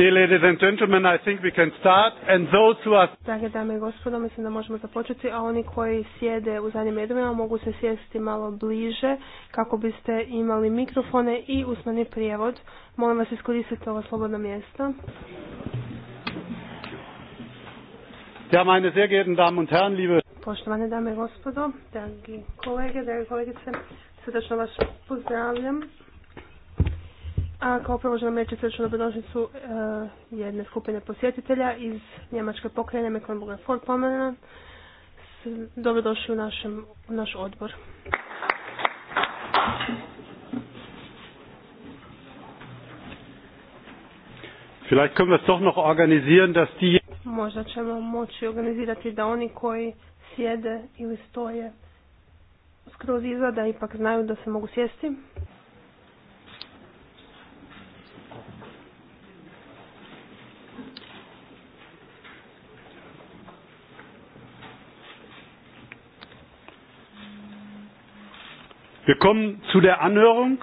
Dear ladies and gentlemen, I think we can start and those who are... Drage dame i gospodo, mislim da možemo započeti, a oni koji sjede u zadnjim redovima mogu se sjesti malo bliže kako biste imali mikrofone i usmeni prijevod. Molim vas iskoristite ovo slobodno mjesto. Ja, meine sehr geehrten Damen und Herren, liebe... Poštovane dame i gospodo, dragi kolege, dragi kolegice, srdačno vas pozdravljam a kao prvo želim reći srčnu dobrodošnicu e, jedne skupine posjetitelja iz Njemačke pokrajine Mecklenburg Ford Pomerana. Dobrodošli u, našem, u naš odbor. Vielleicht können wir es doch noch organisieren, dass die... Možda ćemo moći organizirati da oni koji sjede ili stoje skroz iza da ipak znaju da se mogu sjesti. Wir kommen zu der Anhörung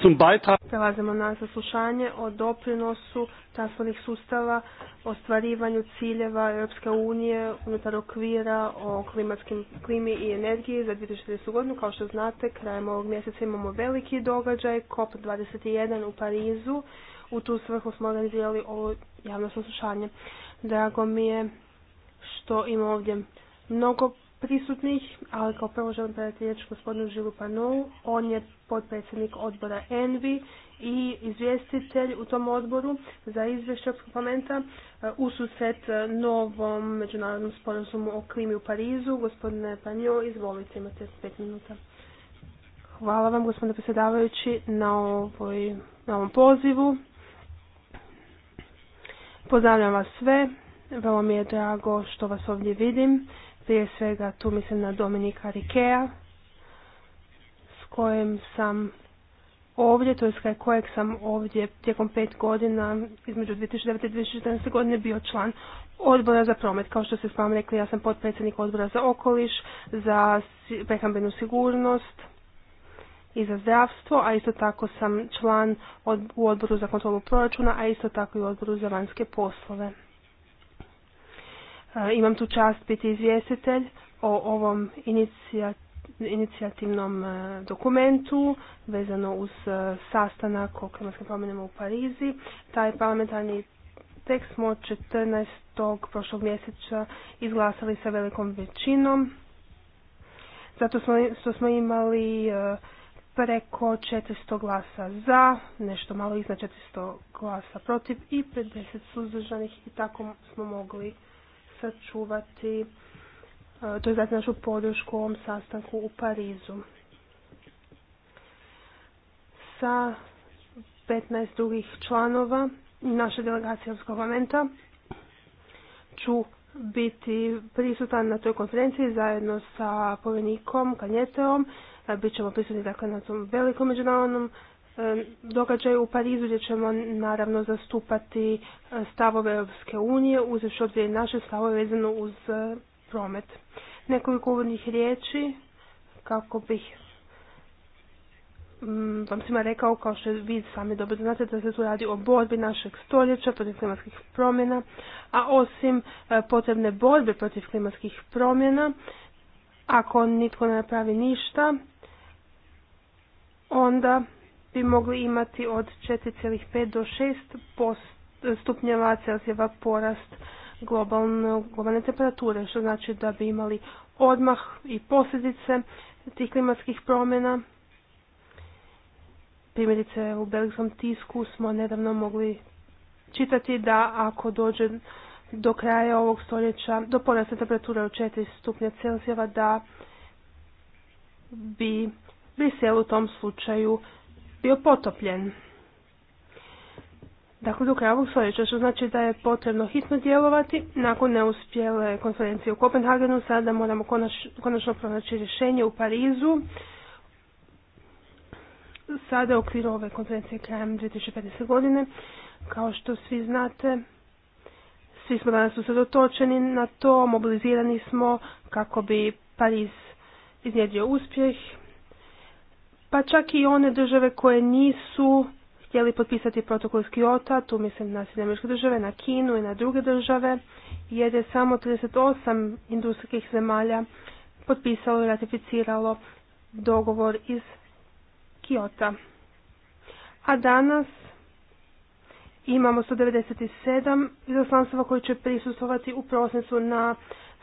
zum Beitrag. Prelazimo na saslušanje o doprinosu transfernih sustava, ostvarivanju ciljeva Europske unije unutar okvira o klimatskim klimi i energiji za 2040. godinu. Kao što znate, krajem ovog mjeseca imamo veliki događaj COP21 u Parizu. U tu svrhu smo organizirali ovo javno saslušanje. Drago mi je što ima ovdje mnogo prisutnih, ali kao prvo želim predati riječ gospodinu Žilu Panu. On je potpredsjednik odbora ENVI i izvjestitelj u tom odboru za izvješće Europskog parlamenta u uh, susret uh, novom međunarodnom sporazumu o klimi u Parizu. Gospodine Panjo, izvolite, imate pet minuta. Hvala vam, gospodine predsjedavajući, na ovom pozivu. Pozdravljam vas sve. Vrlo mi je drago što vas ovdje vidim prije svega tu mislim na Dominika Rikea s kojim sam ovdje, to je kojeg sam ovdje tijekom pet godina između 2009. i 2014. godine bio član odbora za promet. Kao što ste s vam rekli, ja sam potpredsjednik odbora za okoliš, za prehrambenu sigurnost i za zdravstvo, a isto tako sam član u odboru za kontrolu proračuna, a isto tako i u odboru za vanjske poslove. Imam tu čast biti izvjestitelj o ovom inicijativnom e, dokumentu vezano uz e, sastanak o klimatskim promjenama u Parizi. Taj parlamentarni tekst smo 14. prošlog mjeseca izglasali sa velikom većinom. Zato smo, što smo imali e, preko 400 glasa za, nešto malo iznad 400 glasa protiv i 50 suzdržanih i tako smo mogli sačuvati, e, to je znači našu podršku ovom sastanku u Parizu. Sa 15 drugih članova naše delegacije Europskog parlamenta ću biti prisutan na toj konferenciji zajedno sa povenikom Kanjeteom. E, bit ćemo prisutni dakle, na tom velikom međunarodnom događaju u Parizu gdje ćemo naravno zastupati e, stavove Europske unije, što obzir naše stavove vezano uz e, promet. Nekoliko uvodnih riječi kako bih mm, vam svima rekao, kao što vi sami dobro znate, da se tu radi o borbi našeg stoljeća protiv klimatskih promjena, a osim e, potrebne borbe protiv klimatskih promjena, ako nitko ne napravi ništa, onda bi mogli imati od 4,5 do 6 stupnjeva Celzijeva porast globalne, globalne temperature, što znači da bi imali odmah i posljedice tih klimatskih promjena. Primjerice u belgijskom tisku smo nedavno mogli čitati da ako dođe do kraja ovog stoljeća do porasta temperature od 4 stupnja Celzijeva da bi Brisel u tom slučaju bio potopljen. Dakle, do kraja ovog stoljeća, što znači da je potrebno hitno djelovati. Nakon neuspjele konferencije u Kopenhagenu, sada moramo konačno pronaći rješenje u Parizu. Sada u okviru ove konferencije krajem 2015. godine, kao što svi znate, svi smo danas usredotočeni na to, mobilizirani smo kako bi Pariz iznjedio uspjeh, pa čak i one države koje nisu htjeli potpisati protokol iz Kiota, tu mislim na Sjedinjene države, na Kinu i na druge države, jer je samo 38 industrijskih zemalja potpisalo i ratificiralo dogovor iz Kiota. A danas imamo 197 izaslanstva koji će prisustovati u prosincu na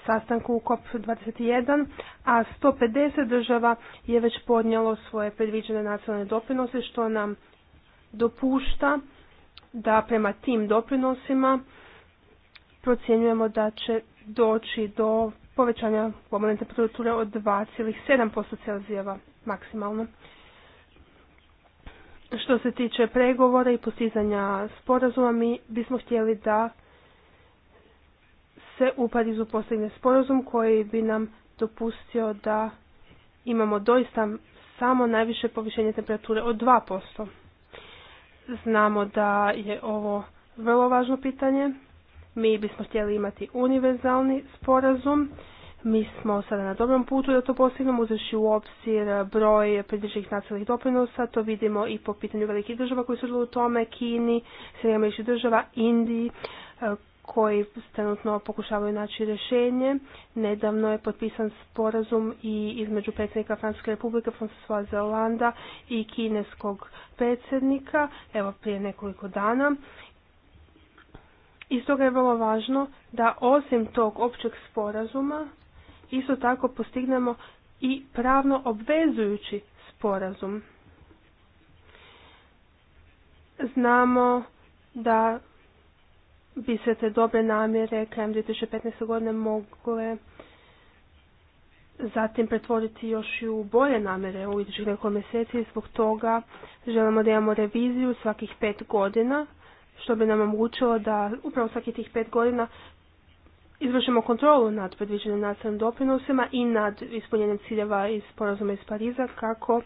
sastanku u COP21, a 150 država je već podnijelo svoje predviđene nacionalne doprinose, što nam dopušta da prema tim doprinosima procjenjujemo da će doći do povećanja globalne temperature od 2,7% Celzijeva maksimalno. Što se tiče pregovora i postizanja sporazuma, mi bismo htjeli da se u Parizu postigne sporazum koji bi nam dopustio da imamo doista samo najviše povišenje temperature od 2%. Znamo da je ovo vrlo važno pitanje. Mi bismo htjeli imati univerzalni sporazum. Mi smo sada na dobrom putu da to postignemo, uzreši u obzir broj predviđenih nacionalnih doprinosa, to vidimo i po pitanju velikih država koji su u tome, Kini, Srednjameričkih država, Indiji, koji trenutno pokušavaju naći rješenje. Nedavno je potpisan sporazum i između predsjednika Francuske republike François Zelanda i kineskog predsjednika, evo prije nekoliko dana. I stoga je vrlo važno da osim tog općeg sporazuma isto tako postignemo i pravno obvezujući sporazum. Znamo da bi se te dobre namjere krajem 2015. godine mogle zatim pretvoriti još i u bolje namjere u idućih nekoliko mjeseci zbog toga želimo da imamo reviziju svakih pet godina što bi nam omogućilo da upravo svakih tih pet godina izvršimo kontrolu nad predviđenim nacionalnim doprinosima i nad ispunjenjem ciljeva iz sporazuma iz Pariza kako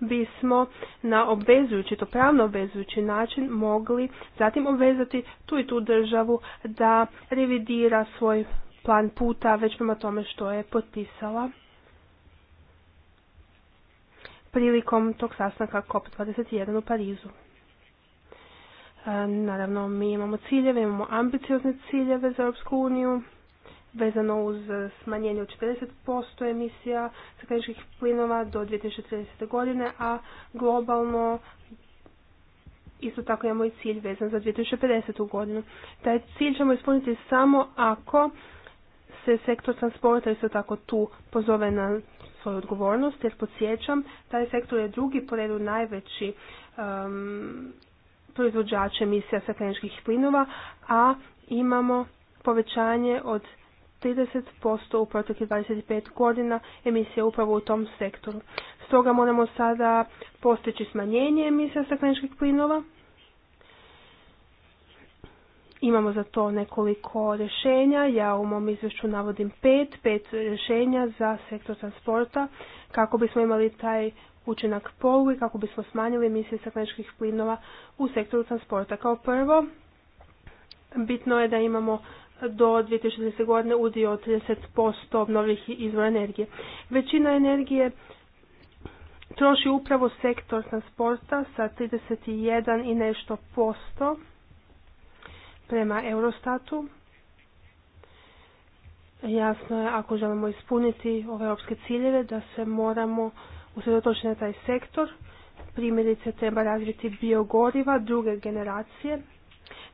bismo na obvezujući, to pravno obvezujući način mogli zatim obvezati tu i tu državu da revidira svoj plan puta već prema tome što je potpisala prilikom tog sastanka COP21 u Parizu. E, naravno, mi imamo ciljeve, imamo ambiciozne ciljeve za Europsku uniju vezano uz smanjenje od 40% emisija stakleničkih plinova do 2030. godine, a globalno isto tako imamo i cilj vezan za 2050. godinu. Taj cilj ćemo ispuniti samo ako se sektor transporta isto tako tu pozove na svoju odgovornost, jer podsjećam, taj sektor je drugi po redu najveći um, proizvođač emisija stakleničkih plinova, a imamo povećanje od 30% u proteklih 25 godina emisije upravo u tom sektoru. Stoga moramo sada postići smanjenje emisija stakleničkih plinova. Imamo za to nekoliko rješenja. Ja u mom izvješću navodim pet, pet rješenja za sektor transporta kako bismo imali taj učinak polu i kako bismo smanjili emisije stakleničkih plinova u sektoru transporta. Kao prvo, bitno je da imamo do 2040. godine udio od 30% obnovljivih izvora energije. Većina energije troši upravo sektor transporta sa 31 i nešto posto prema Eurostatu. Jasno je, ako želimo ispuniti ove europske ciljeve, da se moramo usredotočiti na taj sektor. Primjerice treba razviti biogoriva druge generacije,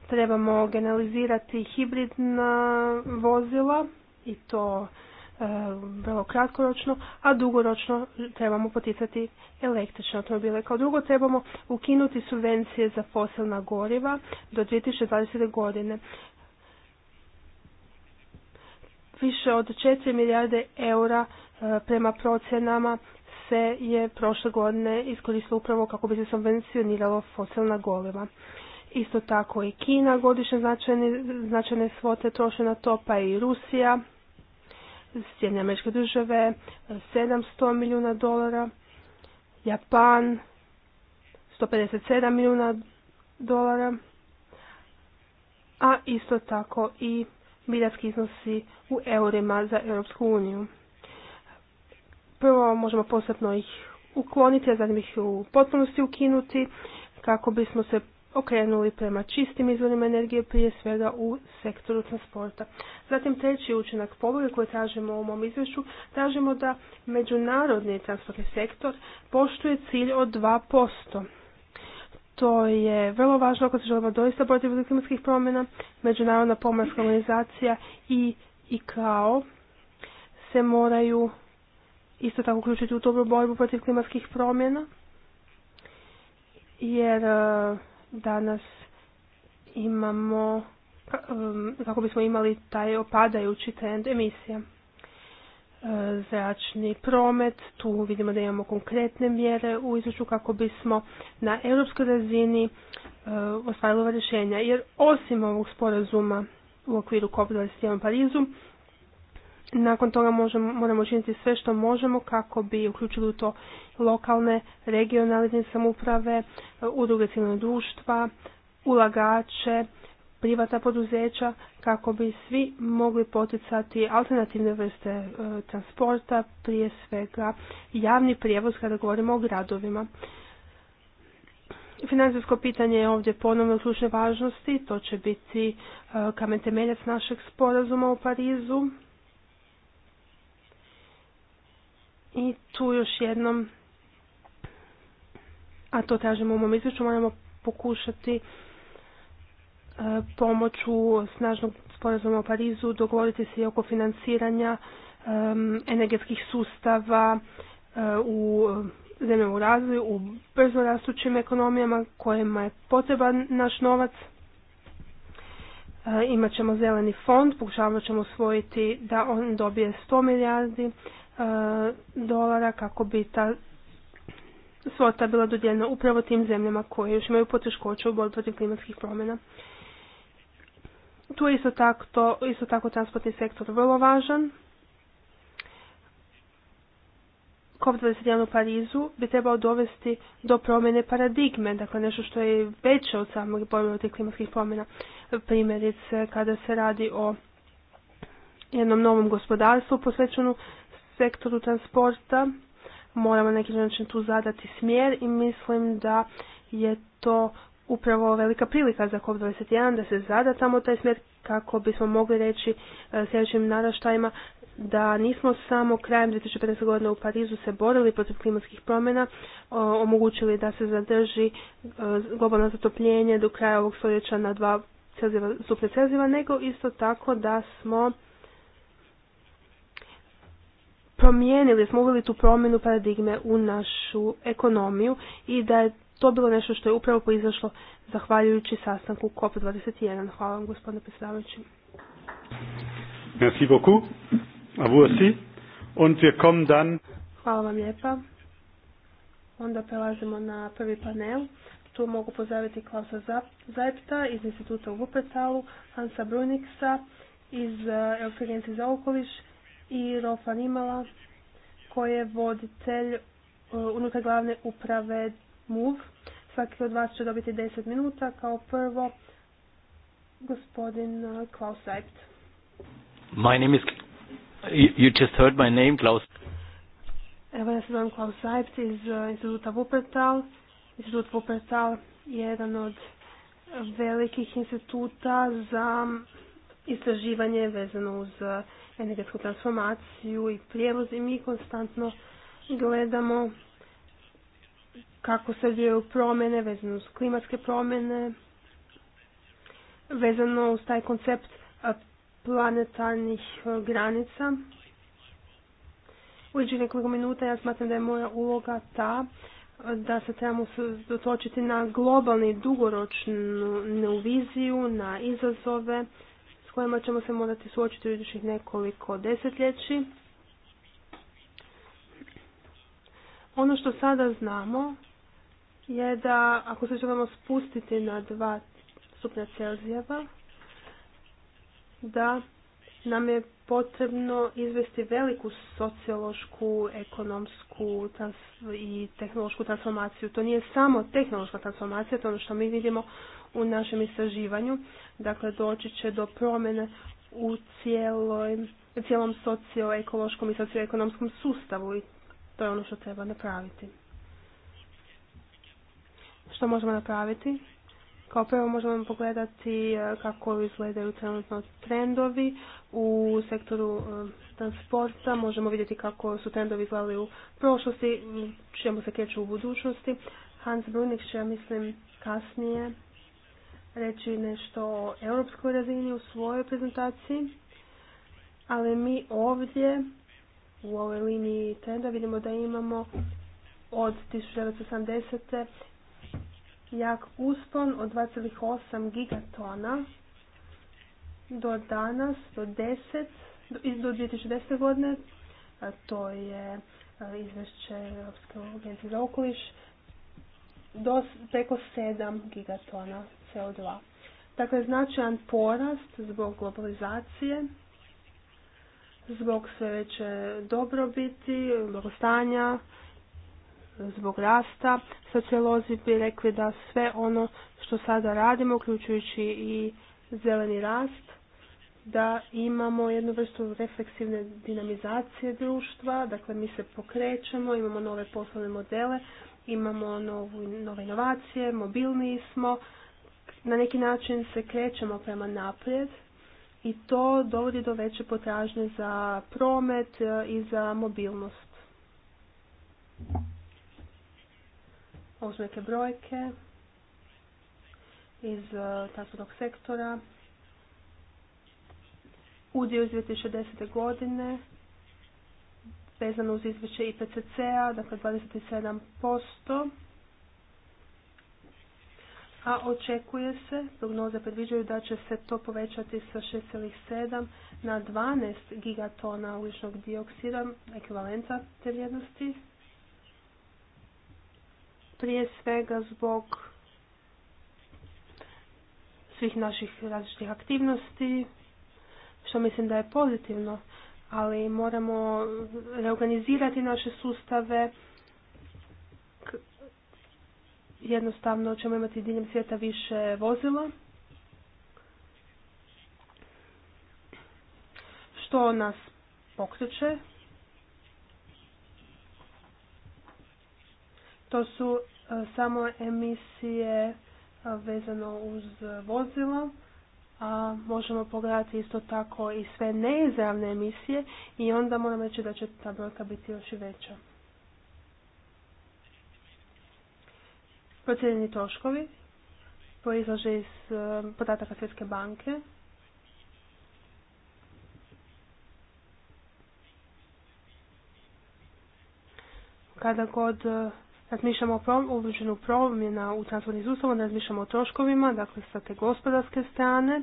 trebamo generalizirati hibridna vozila i to e, vrlo kratkoročno, a dugoročno trebamo poticati električne automobile. Kao drugo trebamo ukinuti subvencije za fosilna goriva do 2020. godine. Više od 4 milijarde eura e, prema procjenama se je prošle godine iskoristilo upravo kako bi se subvencioniralo fosilna goriva. Isto tako i Kina godišnje značajne, značajne svote troše na to, pa i Rusija, Sjedinje američke države, 700 milijuna dolara, Japan, 157 milijuna dolara, a isto tako i milijarski iznosi u eurima za Europsku uniju. Prvo možemo posebno ih ukloniti, a zatim ih u potpunosti ukinuti kako bismo se okrenuli prema čistim izvorima energije prije svega u sektoru transporta. Zatim treći učinak poboga koji tražimo u ovom izvješću, tražimo da međunarodni transportni sektor poštuje cilj od 2%. To je vrlo važno ako se želimo doista boriti protiv klimatskih promjena. Međunarodna pomorska organizacija i kao se moraju isto tako uključiti u dobru borbu protiv klimatskih promjena jer danas imamo, um, kako bismo imali taj opadajući trend emisija. E, zračni promet, tu vidimo da imamo konkretne mjere u izvješću kako bismo na europskoj razini e, ostvarili rješenja. Jer osim ovog sporazuma u okviru COP21 u Parizu, nakon toga možemo, moramo učiniti sve što možemo kako bi uključili u to lokalne, regionalne samouprave, udruge civilnog društva, ulagače, privata poduzeća kako bi svi mogli poticati alternativne vrste e, transporta, prije svega javni prijevoz kada govorimo o gradovima. Financijsko pitanje je ovdje ponovno od ključne važnosti, to će biti e, kamen temeljac našeg sporazuma u Parizu I tu još jednom, a to tražimo u mom izvješću, moramo pokušati e, pomoću snažnog sporazuma u Parizu dogovoriti se i oko financiranja e, energetskih sustava e, u zemljama u razvoju, u brzo rastućim ekonomijama kojima je potreban naš novac. E, imat ćemo zeleni fond, pokušavamo ćemo osvojiti da on dobije 100 milijardi e, dolara kako bi ta svota bila dodijeljena upravo tim zemljama koje još imaju poteškoće u borbi protiv klimatskih promjena. Tu je isto tako, isto tako transportni sektor vrlo važan. COP21 u Parizu bi trebao dovesti do promjene paradigme, dakle nešto što je veće od samog borbe klimatskih promjena. Primjerice, kada se radi o jednom novom gospodarstvu posvećenu sektoru transporta, moramo neki način tu zadati smjer i mislim da je to upravo velika prilika za COP21 da se zada tamo taj smjer kako bismo mogli reći e, sljedećim naraštajima da nismo samo krajem 2015. godine u Parizu se borili protiv klimatskih promjena, omogućili da se zadrži e, globalno zatopljenje do kraja ovog stoljeća na dva stupne Celzijeva, nego isto tako da smo promijenili, smo uveli tu promjenu paradigme u našu ekonomiju i da je to bilo nešto što je upravo proizašlo zahvaljujući sastanku COP21. Hvala vam gospodine predsjedavajući. Merci beaucoup. Und wir kommen dann... Hvala vam lijepa. Onda prelazimo na prvi panel. Tu mogu pozdraviti Klausa Zajpta iz instituta u Wuppertalu, Hansa Bruniksa iz Europske agencije za okoliš i Rolfa Nimala koji je voditelj e, unutar glavne uprave MUV. Svaki od vas će dobiti 10 minuta. Kao prvo, gospodin e, Klaus Zajpt. My name is You just heard my name, Klaus. Evo ja se zovem Klaus Seibt iz eh, instituta Wuppertal. Institut Wuppertal je jedan od velikih instituta za istraživanje vezano uz eh, energetsku transformaciju i prijevoz i mi konstantno gledamo kako se odvijaju promjene vezano uz klimatske promjene, vezano uz taj koncept eh, planetarnih e, granica. U nekoliko minuta ja smatram da je moja uloga ta da se trebamo dotočiti na globalni dugoročnu neuviziju, na izazove s kojima ćemo se morati suočiti u idućih nekoliko desetljeći. Ono što sada znamo je da ako se želimo spustiti na dva stupnja Celzijeva, da nam je potrebno izvesti veliku sociološku, ekonomsku i tehnološku transformaciju. To nije samo tehnološka transformacija, to je ono što mi vidimo u našem istraživanju. Dakle, doći će do promjene u cijelom socioekološkom i socioekonomskom sustavu i to je ono što treba napraviti. Što možemo napraviti? Kao prvo možemo pogledati e, kako izgledaju trenutno trendovi u sektoru e, transporta. Možemo vidjeti kako su trendovi izgledali u prošlosti, čemu se kreću u budućnosti. Hans Brunik će, ja mislim, kasnije reći nešto o europskoj razini u svojoj prezentaciji, ali mi ovdje u ovoj liniji trenda vidimo da imamo od 1970 jak uspon od 2,8 gigatona do danas, do 10, do, 2010. godine, to je izvješće Europske agencije za okoliš, do preko 7 gigatona CO2. Dakle, značajan porast zbog globalizacije, zbog sve veće dobrobiti, blagostanja, zbog rasta. Sociolozi bi rekli da sve ono što sada radimo, uključujući i zeleni rast, da imamo jednu vrstu refleksivne dinamizacije društva, dakle mi se pokrećemo, imamo nove poslovne modele, imamo novu, nove inovacije, mobilni smo, na neki način se krećemo prema naprijed i to dovodi do veće potražnje za promet e, i za mobilnost. Ovo su neke brojke iz e, takvog sektora. Udio iz 2010. godine vezano uz izvješće IPCC-a, dakle 27%. A očekuje se, prognoze predviđaju da će se to povećati sa 6,7 na 12 gigatona ugljičnog dioksida, ekvivalenta te vrijednosti prije svega zbog svih naših različitih aktivnosti, što mislim da je pozitivno, ali moramo reorganizirati naše sustave, jednostavno ćemo imati diljem svijeta više vozila, što nas pokreće To su e, samo emisije e, vezano uz vozila, a možemo pogledati isto tako i sve neizravne emisije i onda moram reći da će ta brojka biti još i veća. Procijenjeni troškovi proizlaže iz e, podataka Svjetske banke. Kada god razmišljamo o uvođenju promjena u transportnim ne razmišljamo o troškovima, dakle sa te gospodarske strane,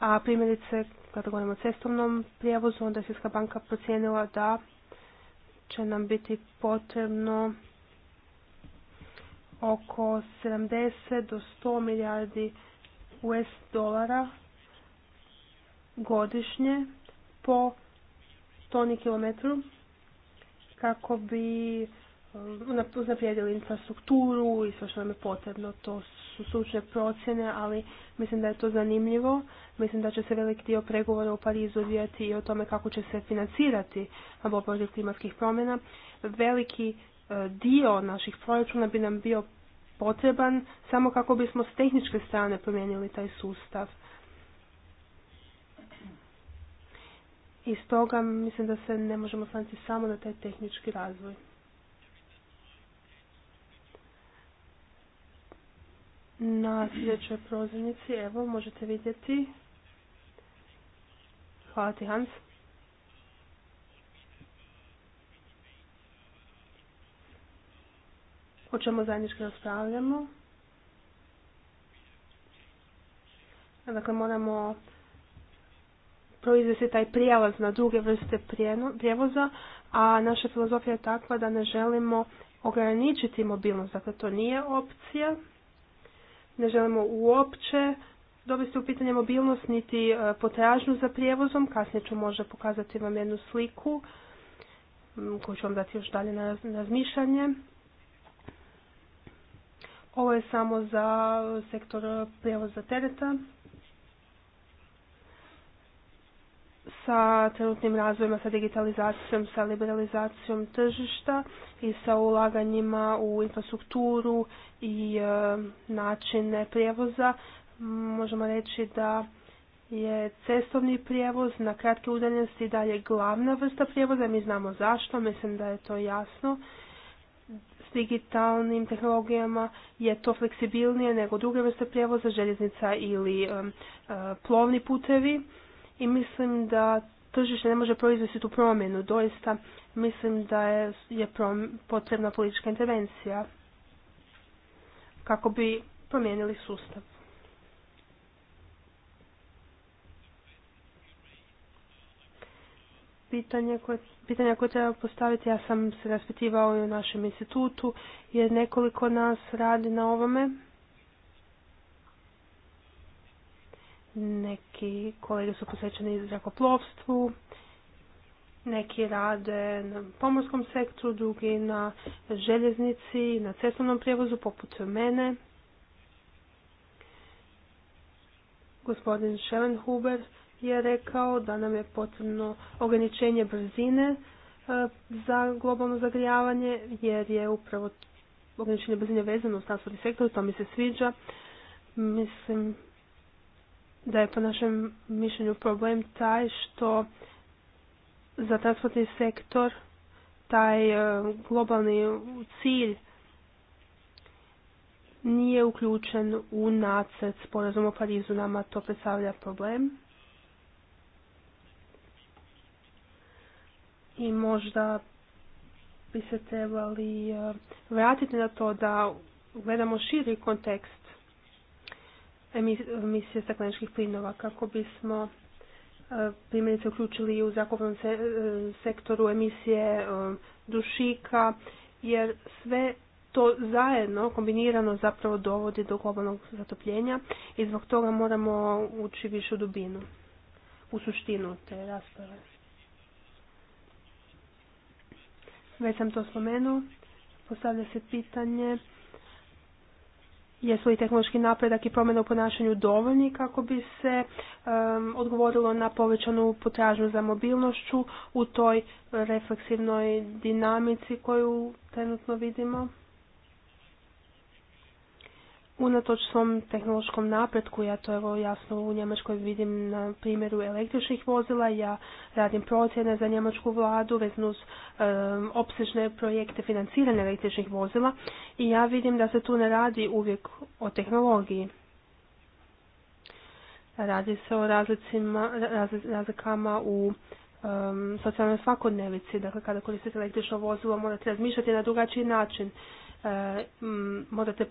a primjerice kada govorimo o cestovnom prijevozu, onda je Svjetska banka procijenila da će nam biti potrebno oko 70 do 100 milijardi US dolara godišnje po toni kilometru kako bi unaprijedili infrastrukturu i sve što nam je potrebno. To su slučne procjene, ali mislim da je to zanimljivo. Mislim da će se velik dio pregovora u Parizu odvijati i o tome kako će se financirati na klimatskih promjena. Veliki e, dio naših proračuna bi nam bio potreban samo kako bismo s tehničke strane promijenili taj sustav. I stoga mislim da se ne možemo slaniti samo na taj tehnički razvoj. na sljedećoj prozirnici, evo, možete vidjeti. Hvala ti, Hans. O čemu zajednički raspravljamo. Dakle, moramo proizvesti taj prijelaz na druge vrste prijevoza, a naša filozofija je takva da ne želimo ograničiti mobilnost. Dakle, to nije opcija, ne želimo uopće dovesti u pitanje mobilnost niti e, potražnju za prijevozom. Kasnije ću možda pokazati vam jednu sliku koju ću vam dati još dalje na razmišljanje. Ovo je samo za sektor prijevoza tereta. sa trenutnim razvojima, sa digitalizacijom, sa liberalizacijom tržišta i sa ulaganjima u infrastrukturu i e, načine prijevoza. Možemo reći da je cestovni prijevoz na kratke udaljenosti i dalje glavna vrsta prijevoza. Mi znamo zašto, mislim da je to jasno. S digitalnim tehnologijama je to fleksibilnije nego druge vrste prijevoza, željeznica ili e, e, plovni putevi i mislim da tržište ne može proizvesti tu promjenu. Doista mislim da je, je prom, potrebna politička intervencija kako bi promijenili sustav. Pitanje koje, pitanja koje treba postaviti, ja sam se raspitivao i u našem institutu, jer nekoliko nas radi na ovome. Neki kolege su posvećeni zrakoplovstvu, neki rade na pomorskom sektoru, drugi na željeznici, na cestovnom prijevozu poput mene. Gospodin Schellenhuber je rekao da nam je potrebno ograničenje brzine e, za globalno zagrijavanje, jer je upravo ograničenje brzine vezano uz transportni sektor, to mi se sviđa. Mislim da je po našem mišljenju problem taj što za transportni sektor taj e, globalni cilj nije uključen u nacrt sporazuma o Parizu. Nama to predstavlja problem. I možda bi se trebali e, vratiti na to da gledamo širi kontekst emisije stakleničkih plinova kako bismo e, primjerice uključili u zakupnom e, sektoru emisije e, dušika jer sve to zajedno kombinirano zapravo dovodi do globalnog zatopljenja i zbog toga moramo ući više u dubinu, u suštinu te rasprave. Već sam to spomenuo, postavlja se pitanje Jesu li tehnološki napredak i promjena u ponašanju dovoljni kako bi se odgovorilo na povećanu potražnju za mobilnošću u toj refleksivnoj dinamici koju trenutno vidimo? Unatoč svom tehnološkom napretku, ja to evo jasno u Njemačkoj vidim na primjeru električnih vozila, ja radim procjene za njemačku vladu vezno uz e, opsežne projekte financiranja električnih vozila i ja vidim da se tu ne radi uvijek o tehnologiji. Radi se o razlicima, razlikama u socijalnoj svakodnevici. Dakle, kada koristite električno vozilo morate razmišljati na drugačiji način. E, morate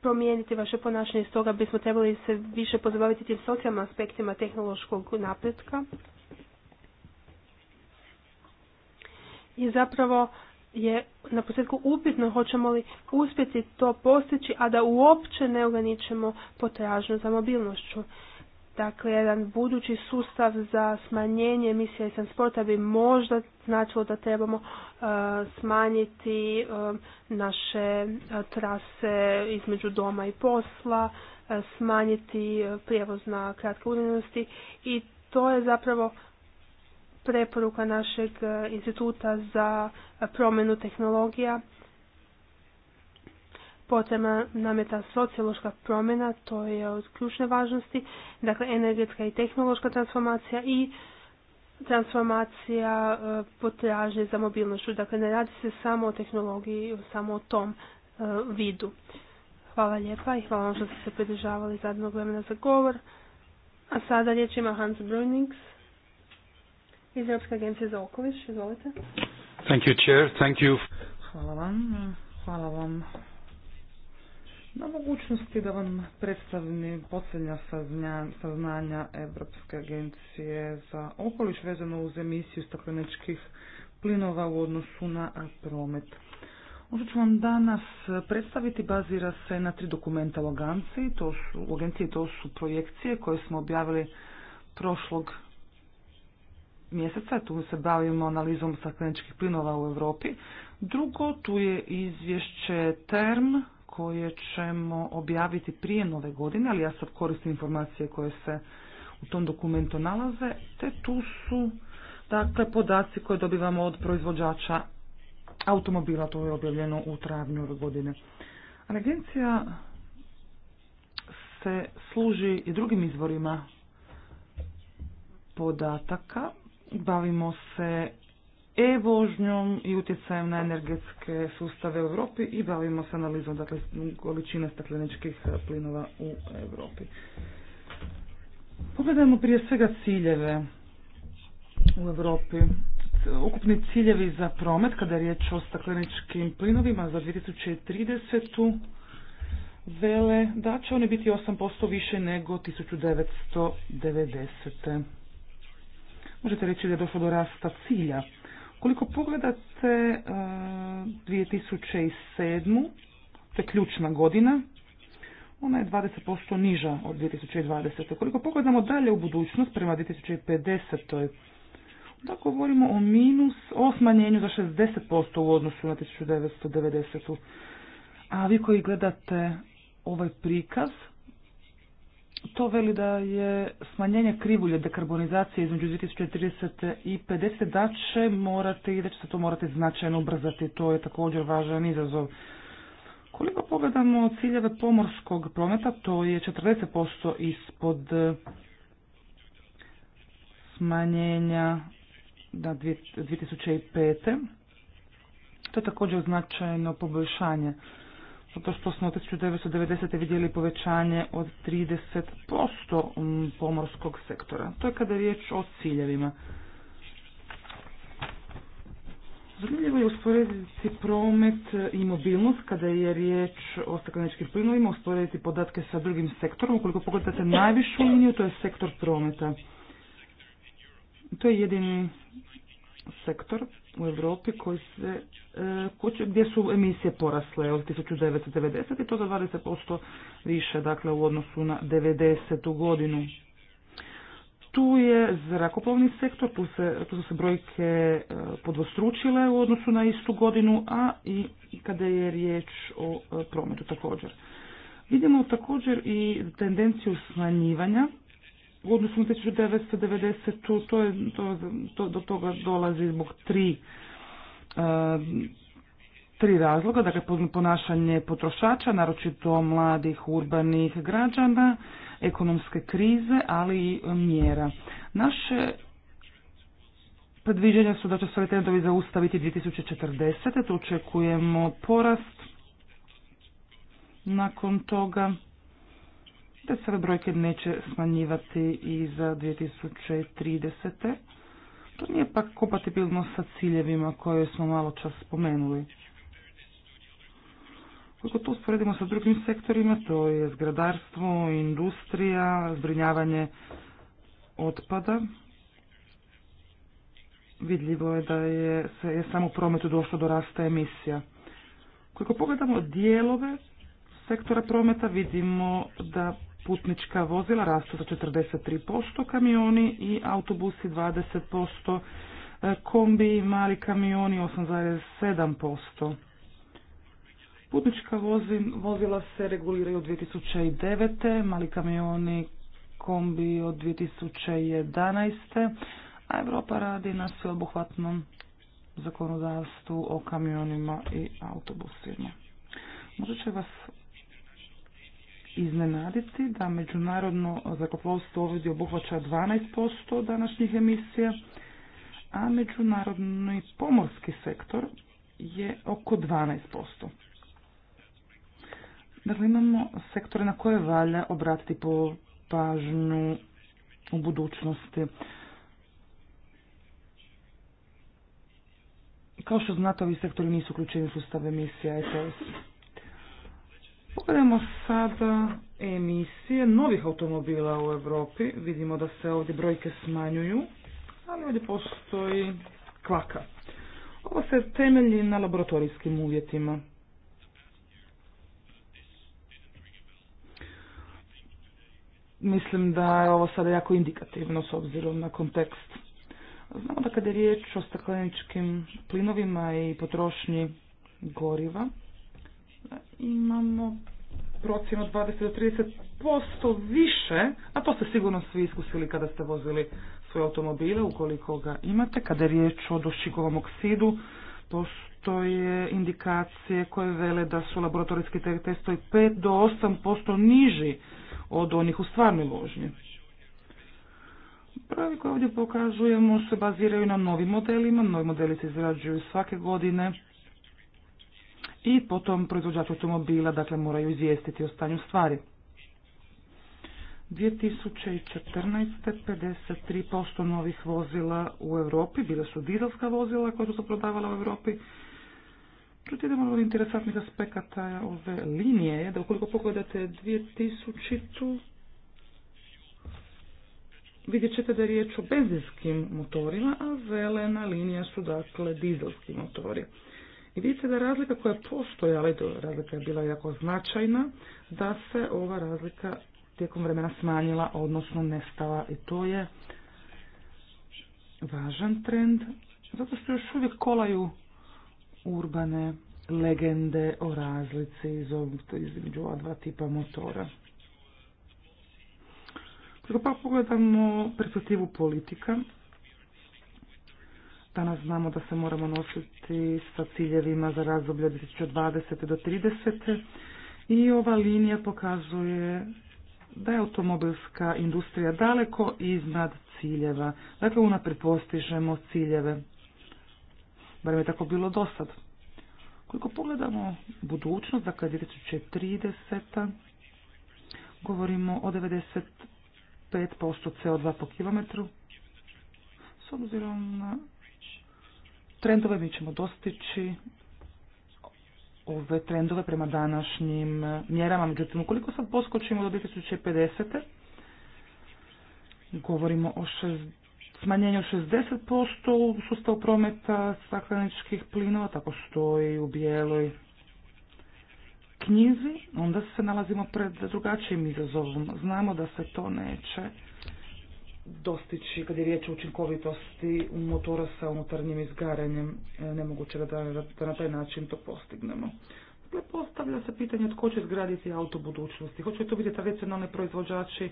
promijeniti vaše ponašanje, stoga bismo trebali se više pozabaviti tim socijalnim aspektima tehnološkog napretka. I zapravo je na posljedku upitno hoćemo li uspjeti to postići, a da uopće ne ograničimo potražnju za mobilnošću. Dakle, jedan budući sustav za smanjenje emisija iz transporta bi možda značilo da trebamo e, smanjiti e, naše e, trase između doma i posla, smanjiti prijevoz na kratke udaljenosti i to je zapravo preporuka našeg instituta za promjenu tehnologija Potrebna eh, nam je ta sociološka promjena, to je od ključne važnosti, dakle energetska i tehnološka transformacija i transformacija eh, potražnje za mobilnošću. Dakle, ne radi se samo o tehnologiji, samo o tom eh, vidu. Hvala lijepa i hvala vam što ste se pridržavali zadnog vremena za govor. A sada riječ ima Hans Brunings iz Europske agencije za okoliš. Izvolite. chair. Thank Hvala vam. Hvala vam na mogućnosti da vam predstavim posljednja saznanja Europske agencije za okoliš vezano uz emisiju stakleničkih plinova u odnosu na promet. Ono što ću vam danas predstaviti bazira se na tri dokumenta u agenciji. To su, u agenciji to su projekcije koje smo objavili prošlog mjeseca. Tu se bavimo analizom stakleničkih plinova u Europi. Drugo, tu je izvješće TERM koje ćemo objaviti prije nove godine, ali ja sad koristim informacije koje se u tom dokumentu nalaze, te tu su dakle podaci koje dobivamo od proizvođača automobila, to je objavljeno u travnju ove godine. agencija se služi i drugim izvorima podataka. Bavimo se e-vožnjom i utjecajem na energetske sustave u Europi i bavimo se analizom dakle, količine stakleničkih e, plinova u Europi. Pogledajmo prije svega ciljeve u Europi. Ukupni ciljevi za promet kada je riječ o stakleničkim plinovima za 2030. vele da će oni biti 8% više nego 1990. Možete reći da je došlo do rasta cilja koliko pogledate 2007. E, to je ključna godina, ona je 20% niža od 2020. Koliko pogledamo dalje u budućnost prema 2050. Da govorimo o minus, o smanjenju za 60% u odnosu na 1990. A vi koji gledate ovaj prikaz, to veli da je smanjenje krivulje dekarbonizacije između 2030. i 50 da će morati, da će se to morati značajno ubrzati. To je također važan izazov. Koliko pogledamo ciljeve pomorskog prometa, to je 40% ispod e, smanjenja na 2005. To je također značajno poboljšanje zato što smo od 1990. vidjeli povećanje od 30% pomorskog sektora. To je kada je riječ o ciljevima. Zanimljivo je usporediti promet i mobilnost kada je riječ o stakleničkim plinovima, usporediti podatke sa drugim sektorom. Ukoliko pogledate najvišu liniju, to je sektor prometa. To je jedini sektor u Europi koji se, e, gdje su emisije porasle od 1990 i to za 20% više, dakle u odnosu na 90. godinu. Tu je zrakoplovni sektor, tu, se, tu su se brojke e, podvostručile u odnosu na istu godinu, a i kada je riječ o e, prometu također. Vidimo također i tendenciju smanjivanja u odnosu na 1990. To je, to, to, do toga dolazi zbog tri uh, tri razloga, dakle ponašanje potrošača, naročito mladih urbanih građana, ekonomske krize, ali i mjera. Naše predviđenja su da će se trendovi zaustaviti 2040. Tu očekujemo porast nakon toga te se ove brojke neće smanjivati i za 2030. To nije pak kompatibilno sa ciljevima koje smo malo čas spomenuli. Koliko to usporedimo sa drugim sektorima, to je zgradarstvo, industrija, zbrinjavanje otpada, vidljivo je da je, je samo u prometu došlo do rasta emisija. Koliko pogledamo dijelove sektora prometa, vidimo da putnička vozila rastu za 43%, kamioni i autobusi 20%, e, kombi, i mali kamioni 8,7%. Putnička vozila se reguliraju od 2009. mali kamioni kombi od 2011. a Europa radi na sveobuhvatnom zakonodavstvu o kamionima i autobusima. Možda će vas iznenaditi da međunarodno zrakoplovstvo ovdje obuhvaća 12% današnjih emisija, a međunarodni pomorski sektor je oko 12%. Dakle, imamo sektore na koje valja obratiti po pažnju u budućnosti. Kao što znate, ovi sektori nisu uključeni u sustav emisija ETS. Pogledajmo sada emisije novih automobila u Europi. Vidimo da se ovdje brojke smanjuju, ali ovdje postoji kvaka. Ovo se temelji na laboratorijskim uvjetima. Mislim da je ovo sada jako indikativno s obzirom na kontekst. Znamo da kada je riječ o stakleničkim plinovima i potrošnji goriva, imamo procjenu 20 do 30% više, a to ste sigurno svi iskusili kada ste vozili svoje automobile, ukoliko ga imate. Kada je riječ o dušikovom oksidu, postoje indikacije koje vele da su laboratorijski testovi 5 do 8% niži od onih u stvarnoj vožnji Pravi koje ovdje pokazujemo se baziraju na novim modelima, novi modeli se izrađuju svake godine i potom proizvođač automobila, dakle moraju izvijestiti o stanju stvari. 2014. 53% novih vozila u Europi, bila su dizelska vozila koja su se prodavala u Europi. Čuti jedan od interesantnih aspekata ove linije je da ukoliko pogledate 2000 vidjet ćete da je riječ o benzinskim motorima, a zelena linija su dakle dizelski motori. I vidite da razlika koja je postojala, i razlika je bila jako značajna, da se ova razlika tijekom vremena smanjila, odnosno nestala. I to je važan trend, zato što još uvijek kolaju urbane legende o razlici između ova dva tipa motora. Kako pa pogledamo perspektivu politika, Danas znamo da se moramo nositi sa ciljevima za razdoblje 2020. do 30. I ova linija pokazuje da je automobilska industrija daleko iznad ciljeva. Dakle, unaprijed postižemo ciljeve. Barem je tako bilo do sad. Koliko pogledamo budućnost, dakle 2030. govorimo o 95% CO2 po kilometru. S obzirom na trendove mi ćemo dostići ove trendove prema današnjim mjerama. Međutim, ukoliko sad poskočimo do 2050. Govorimo o šest, smanjenju 60% u sustavu prometa stakleničkih plinova, tako stoji u bijeloj knjizi, onda se nalazimo pred drugačijim izazovom. Znamo da se to neće dostići kad je riječ o učinkovitosti motora sa unutarnjim izgaranjem. E, nemoguće da, da na taj način to postignemo. Dakle, postavlja se pitanje tko će izgraditi auto budućnosti. Hoće to biti tradicionalni proizvođači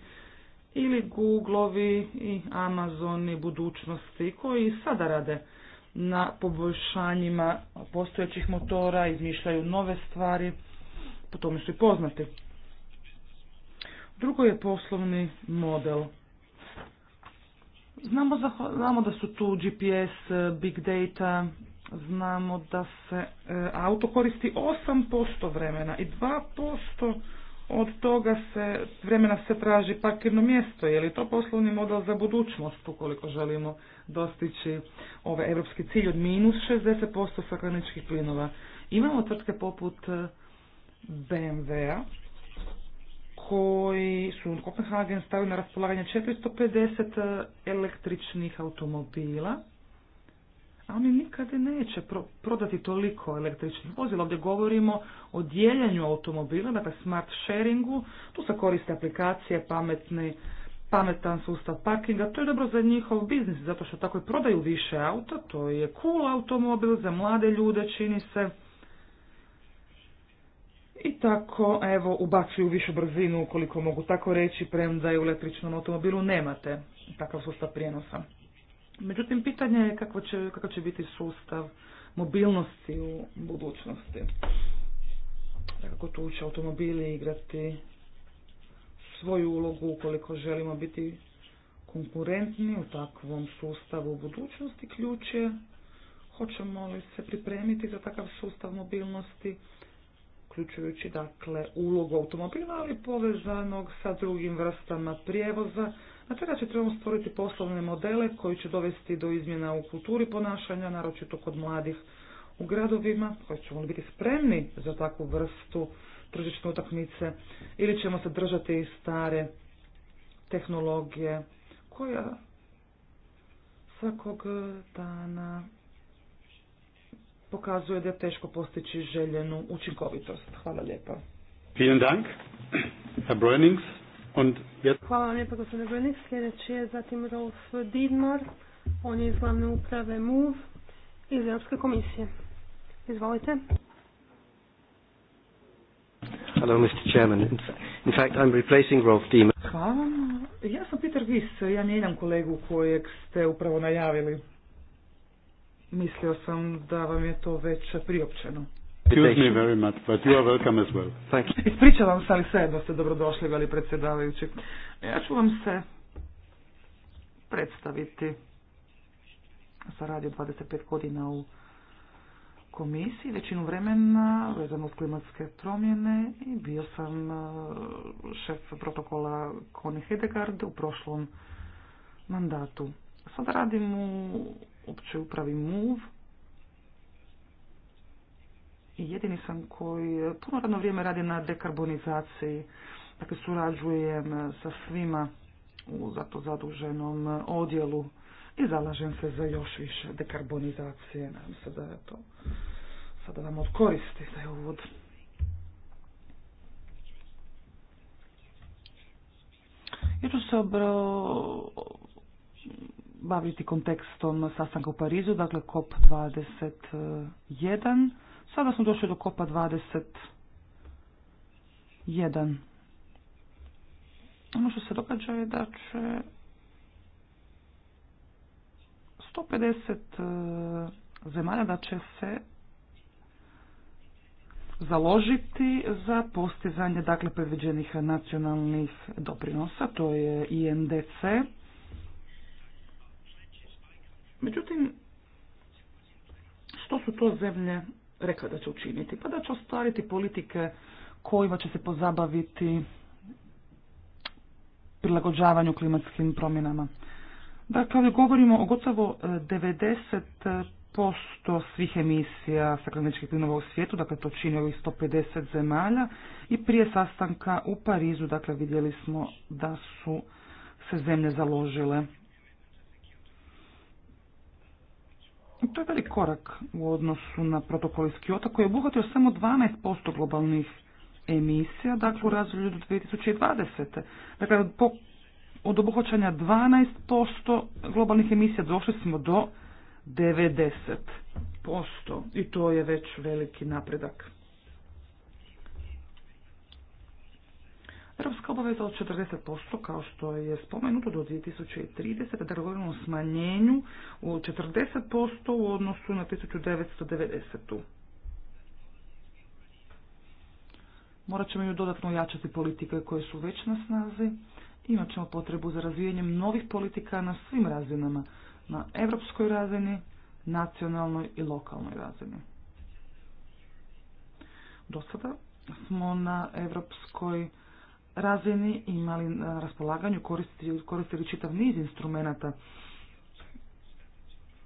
ili Google-ovi i Amazoni budućnosti koji sada rade na poboljšanjima postojećih motora, izmišljaju nove stvari, po tome su i poznati. Drugo je poslovni model. Znamo, za, znamo da su tu GPS, e, big data, znamo da se e, auto koristi 8% vremena i 2% od toga se vremena se traži parkirno mjesto. Je li to poslovni model za budućnost ukoliko želimo dostići ovaj evropski cilj od minus 60% stakleničkih plinova? Imamo tvrtke poput e, BMW-a koji su Kopenhagen stavili na raspolaganje 450 e, električnih automobila, a oni nikada neće prodati toliko električnih vozila. Ovdje govorimo o dijeljenju automobila, dakle smart sharingu, tu se koriste aplikacije, pametni, pametan sustav parkinga, to je dobro za njihov biznis, zato što tako i prodaju više auta, to je cool automobil za mlade ljude, čini se, i tako, evo, ubacuju višu brzinu, ukoliko mogu tako reći, premda je u električnom automobilu nemate takav sustav prijenosa. Međutim, pitanje je kako će, kako će biti sustav mobilnosti u budućnosti. Kako tu će automobili igrati svoju ulogu ukoliko želimo biti konkurentni u takvom sustavu u budućnosti ključ je hoćemo li se pripremiti za takav sustav mobilnosti uključujući dakle ulogu automobila, ali povezanog sa drugim vrstama prijevoza. Na tada će trebamo stvoriti poslovne modele koji će dovesti do izmjena u kulturi ponašanja, naročito kod mladih u gradovima, koji ćemo biti spremni za takvu vrstu tržišne utakmice ili ćemo se držati stare tehnologije koja svakog dana pokazuje da je teško postići željenu učinkovitost. Hvala lijepa. Vielen Dank, Herr Brönings. Und jetzt... Hvala vam lijepa, gospodine Brönings. Sljedeći je zatim Rolf Didmar. On je iz glavne uprave MOVE iz Europske komisije. Izvolite. Hello, Mr. Chairman. In fact, I'm replacing Rolf Diemer. Hvala. Ja sam Peter Wiss, ja nijedam kolegu kojeg ste upravo najavili. Mislio sam da vam je to već priopćeno. Excuse me very much, but you are welcome as well. Thank Ispričavam se, ali svejedno ste dobrodošli, veli predsjedavajući. Ja ću vam se predstaviti. Sa radio 25 godina u komisiji, većinu vremena vezano uz klimatske promjene i bio sam e, šef protokola Koni Hedegard u prošlom mandatu. Sada radim u općoj upravi move. I jedini sam koji puno radno vrijeme radi na dekarbonizaciji. Dakle, surađujem sa svima u zato zaduženom odjelu i zalažem se za još više dekarbonizacije. Nadam se da je to sada vam odkoristi taj ovaj uvod. Ja se obro baviti kontekstom sastanka u Parizu, dakle COP21. Sada smo došli do cop 21. Ono što se događa je da će 150 e, zemalja da će se založiti za postizanje dakle predviđenih nacionalnih doprinosa, to je INDC, Međutim, što su to zemlje rekle da će učiniti? Pa da će ostvariti politike kojima će se pozabaviti prilagođavanju klimatskim promjenama. Dakle, ovdje govorimo o gotovo 90% e, svih emisija stakleničkih plinova u svijetu, dakle to čini ovih 150 zemalja i prije sastanka u Parizu, dakle vidjeli smo da su se zemlje založile To je velik korak u odnosu na protokol iz koji je obuhvatio samo 12% globalnih emisija, dakle u razdoblju do 2020. Dakle, od obuhvaćanja 12% globalnih emisija došli smo do 90%. I to je već veliki napredak. Europska obaveza od 40%, kao što je spomenuto do 2030, da dakle, govorimo o smanjenju u 40% u odnosu na 1990. Morat ćemo ju dodatno ojačati politike koje su već na snazi. Imat ćemo potrebu za razvijenjem novih politika na svim razinama, na evropskoj razini, nacionalnoj i lokalnoj razini. Do sada smo na evropskoj razini imali na raspolaganju koristili, čitav niz instrumenata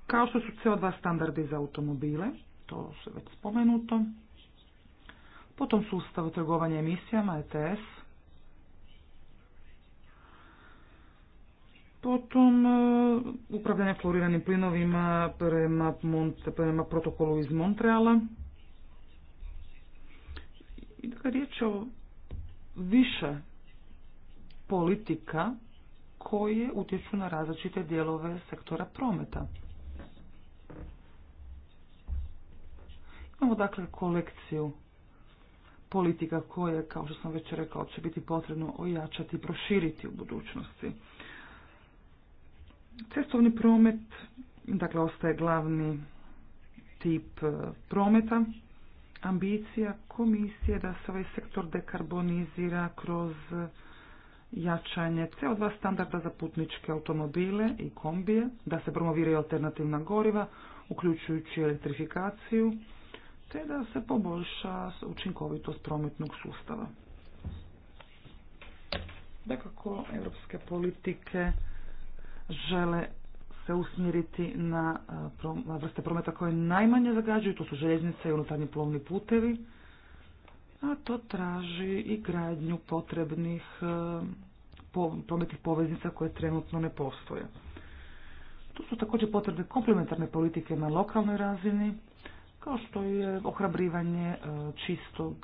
kao što su CO2 standardi za automobile, to se već spomenuto, potom sustav trgovanja emisijama, ETS, potom e, upravljanje floriranim plinovima prema, prema protokolu iz Montreala. I dakle, riječ o više politika koje utječu na različite dijelove sektora prometa. Imamo dakle kolekciju politika koje, kao što sam već rekao, će biti potrebno ojačati i proširiti u budućnosti. Cestovni promet, dakle, ostaje glavni tip eh, prometa ambicija komisije da se ovaj sektor dekarbonizira kroz jačanje CO2 standarda za putničke automobile i kombije, da se promoviraju alternativna goriva, uključujući elektrifikaciju, te da se poboljša učinkovitost prometnog sustava. Dakako, europske politike žele usmjeriti e, na vrste prometa koje najmanje zagađuju, to su željeznice i unutarnji plovni putevi, a to traži i gradnju potrebnih e, prometnih poveznica koje trenutno ne postoje. Tu su također potrebne komplementarne politike na lokalnoj razini, kao što je ohrabrivanje e, čistog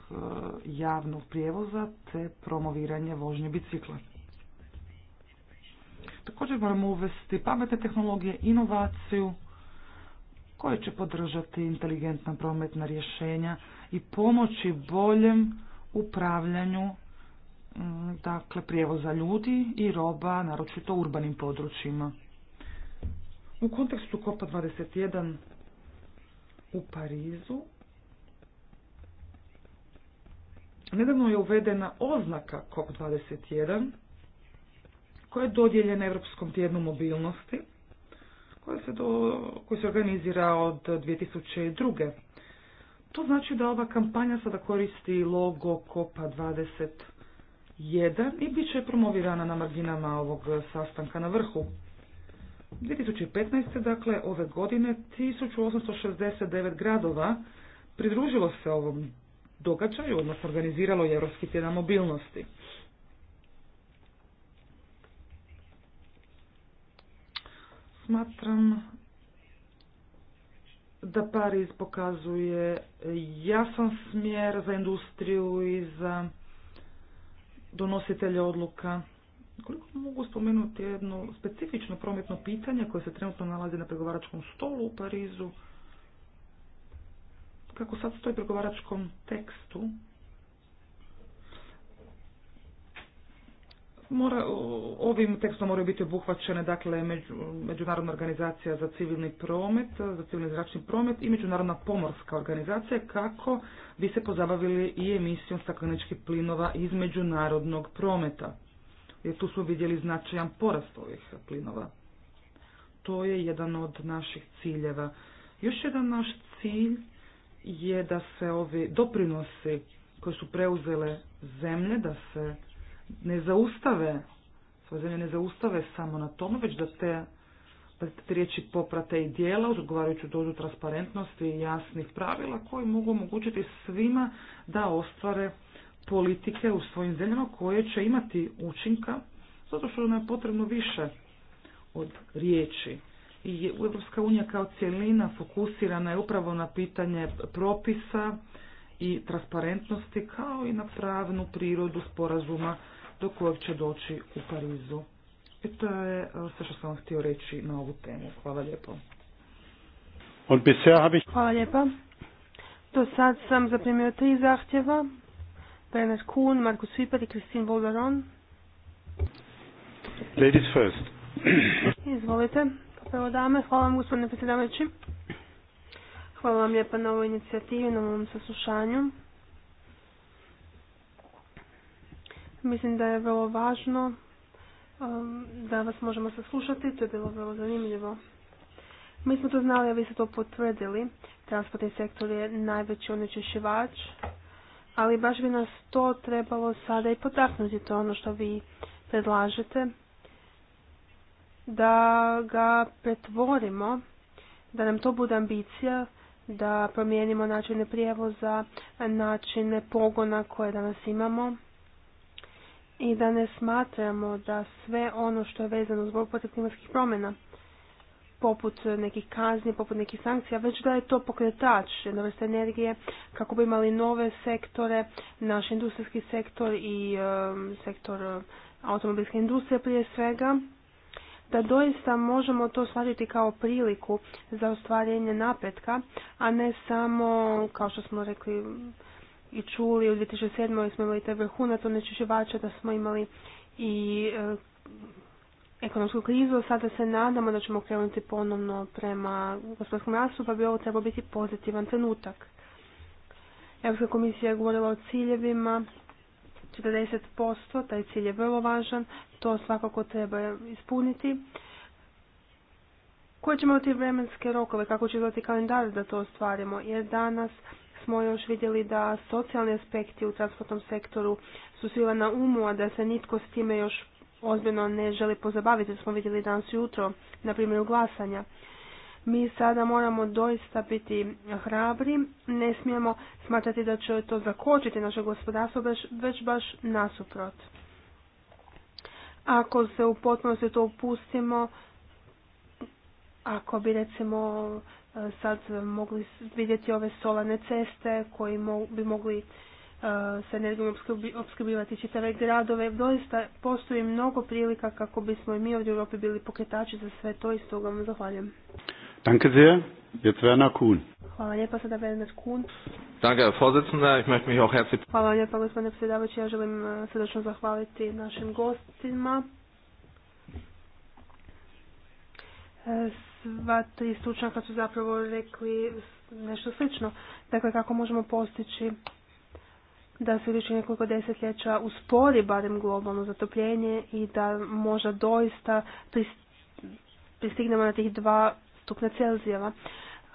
javnog prijevoza te promoviranje vožnje bicikla. Također moramo uvesti pametne tehnologije, inovaciju koje će podržati inteligentna prometna rješenja i pomoći boljem upravljanju mm, dakle, prijevoza ljudi i roba, naročito u urbanim područjima. U kontekstu cop 21 u Parizu nedavno je uvedena oznaka COP21 koja je dodijeljena Europskom tjednu mobilnosti koja se, koji se organizira od 2002. To znači da ova kampanja sada koristi logo Kopa 21 i bit će promovirana na marginama ovog sastanka na vrhu. 2015. dakle ove godine 1869 gradova pridružilo se ovom događaju, odnosno organiziralo je Europski tjedan mobilnosti. Smatram da Pariz pokazuje jasan smjer za industriju i za donositelje odluka. Koliko mogu spomenuti jedno specifično prometno pitanje koje se trenutno nalazi na pregovaračkom stolu u Parizu, kako sad stoji pregovaračkom tekstu, mora, ovim tekstom moraju biti obuhvaćene dakle među, Međunarodna organizacija za civilni promet, za civilni zračni promet i Međunarodna pomorska organizacija kako bi se pozabavili i emisijom stakleničkih plinova iz međunarodnog prometa. Jer tu smo vidjeli značajan porast ovih plinova. To je jedan od naših ciljeva. Još jedan naš cilj je da se ovi doprinosi koje su preuzele zemlje, da se ne zaustave, svoje zemlje ne zaustave samo na tome, već da te, da riječi poprate i dijela odgovarajuću dozu transparentnosti i jasnih pravila koji mogu omogućiti svima da ostvare politike u svojim zemljama koje će imati učinka zato što nam je potrebno više od riječi. I Europska unija kao cijelina fokusirana je upravo na pitanje propisa i transparentnosti kao i na pravnu prirodu sporazuma do kojeg će doći u Parizu. I e, to je e, sve što sam vam htio reći na ovu temu. Hvala lijepo. Hvala lijepa. Do sad sam zaprimio tri zahtjeva. Bernard Kuhn, Marko Svipar i Kristin Voldaron. Ladies first. Izvolite. Prvo dame, hvala vam gospodine predsjedavajući. Hvala vam lijepa na ovoj inicijativi, na ovom saslušanju. Mislim da je vrlo važno um, da vas možemo saslušati, to je bilo vrlo zanimljivo. Mi smo to znali, a vi ste to potvrdili. Transportni sektor je najveći onečišćivač, ali baš bi nas to trebalo sada i potaknuti, to ono što vi predlažete, da ga pretvorimo, da nam to bude ambicija, da promijenimo načine prijevoza, načine pogona koje danas imamo i da ne smatramo da sve ono što je vezano zbog protiv klimatskih promjena, poput nekih kazni, poput nekih sankcija, već da je to pokretač jedna energije kako bi imali nove sektore, naš industrijski sektor i um, sektor uh, automobilske industrije prije svega, da doista možemo to shvatiti kao priliku za ostvarenje napretka, a ne samo, kao što smo rekli, i čuli u 2007. smo imali taj vrhunac onečišćivača da smo imali i e, ekonomsku krizu, sada se nadamo da ćemo krenuti ponovno prema gospodarskom rastu, pa bi ovo trebao biti pozitivan trenutak. Europska komisija je govorila o ciljevima, 40%, taj cilj je vrlo važan, to svakako treba ispuniti. Koje ćemo imati vremenske rokove, kako će izgledati kalendar da to ostvarimo, jer danas smo još vidjeli da socijalni aspekti u transportnom sektoru su svila na umu, a da se nitko s time još ozbiljno ne želi pozabaviti, smo vidjeli danas jutro, na primjeru glasanja. Mi sada moramo doista biti hrabri, ne smijemo smatrati da će to zakočiti naše gospodarstvo, već baš nasuprot. Ako se u potpunosti to upustimo, ako bi recimo sad mogli vidjeti ove solane ceste koji bi mogli e, sa energijom opskrbljivati čitave gradove. Doista postoji mnogo prilika kako bismo i mi ovdje u Europi bili pokretači za sve to i stoga vam zahvaljujem. Danke sehr. Jetzt Werner Kuhn. Hvala lijepa sada Werner Kuhn. Danke, Vorsitzender. Ich möchte mich auch herzlich... Hvala lijepa gospodine predsjedavajući. Ja želim e, srdečno zahvaliti našim gostima sva tri stručnjaka su zapravo rekli nešto slično. Dakle, kako možemo postići da se više nekoliko desetljeća uspori barem globalno zatopljenje i da možda doista pristignemo na tih dva stupnja Celzijeva.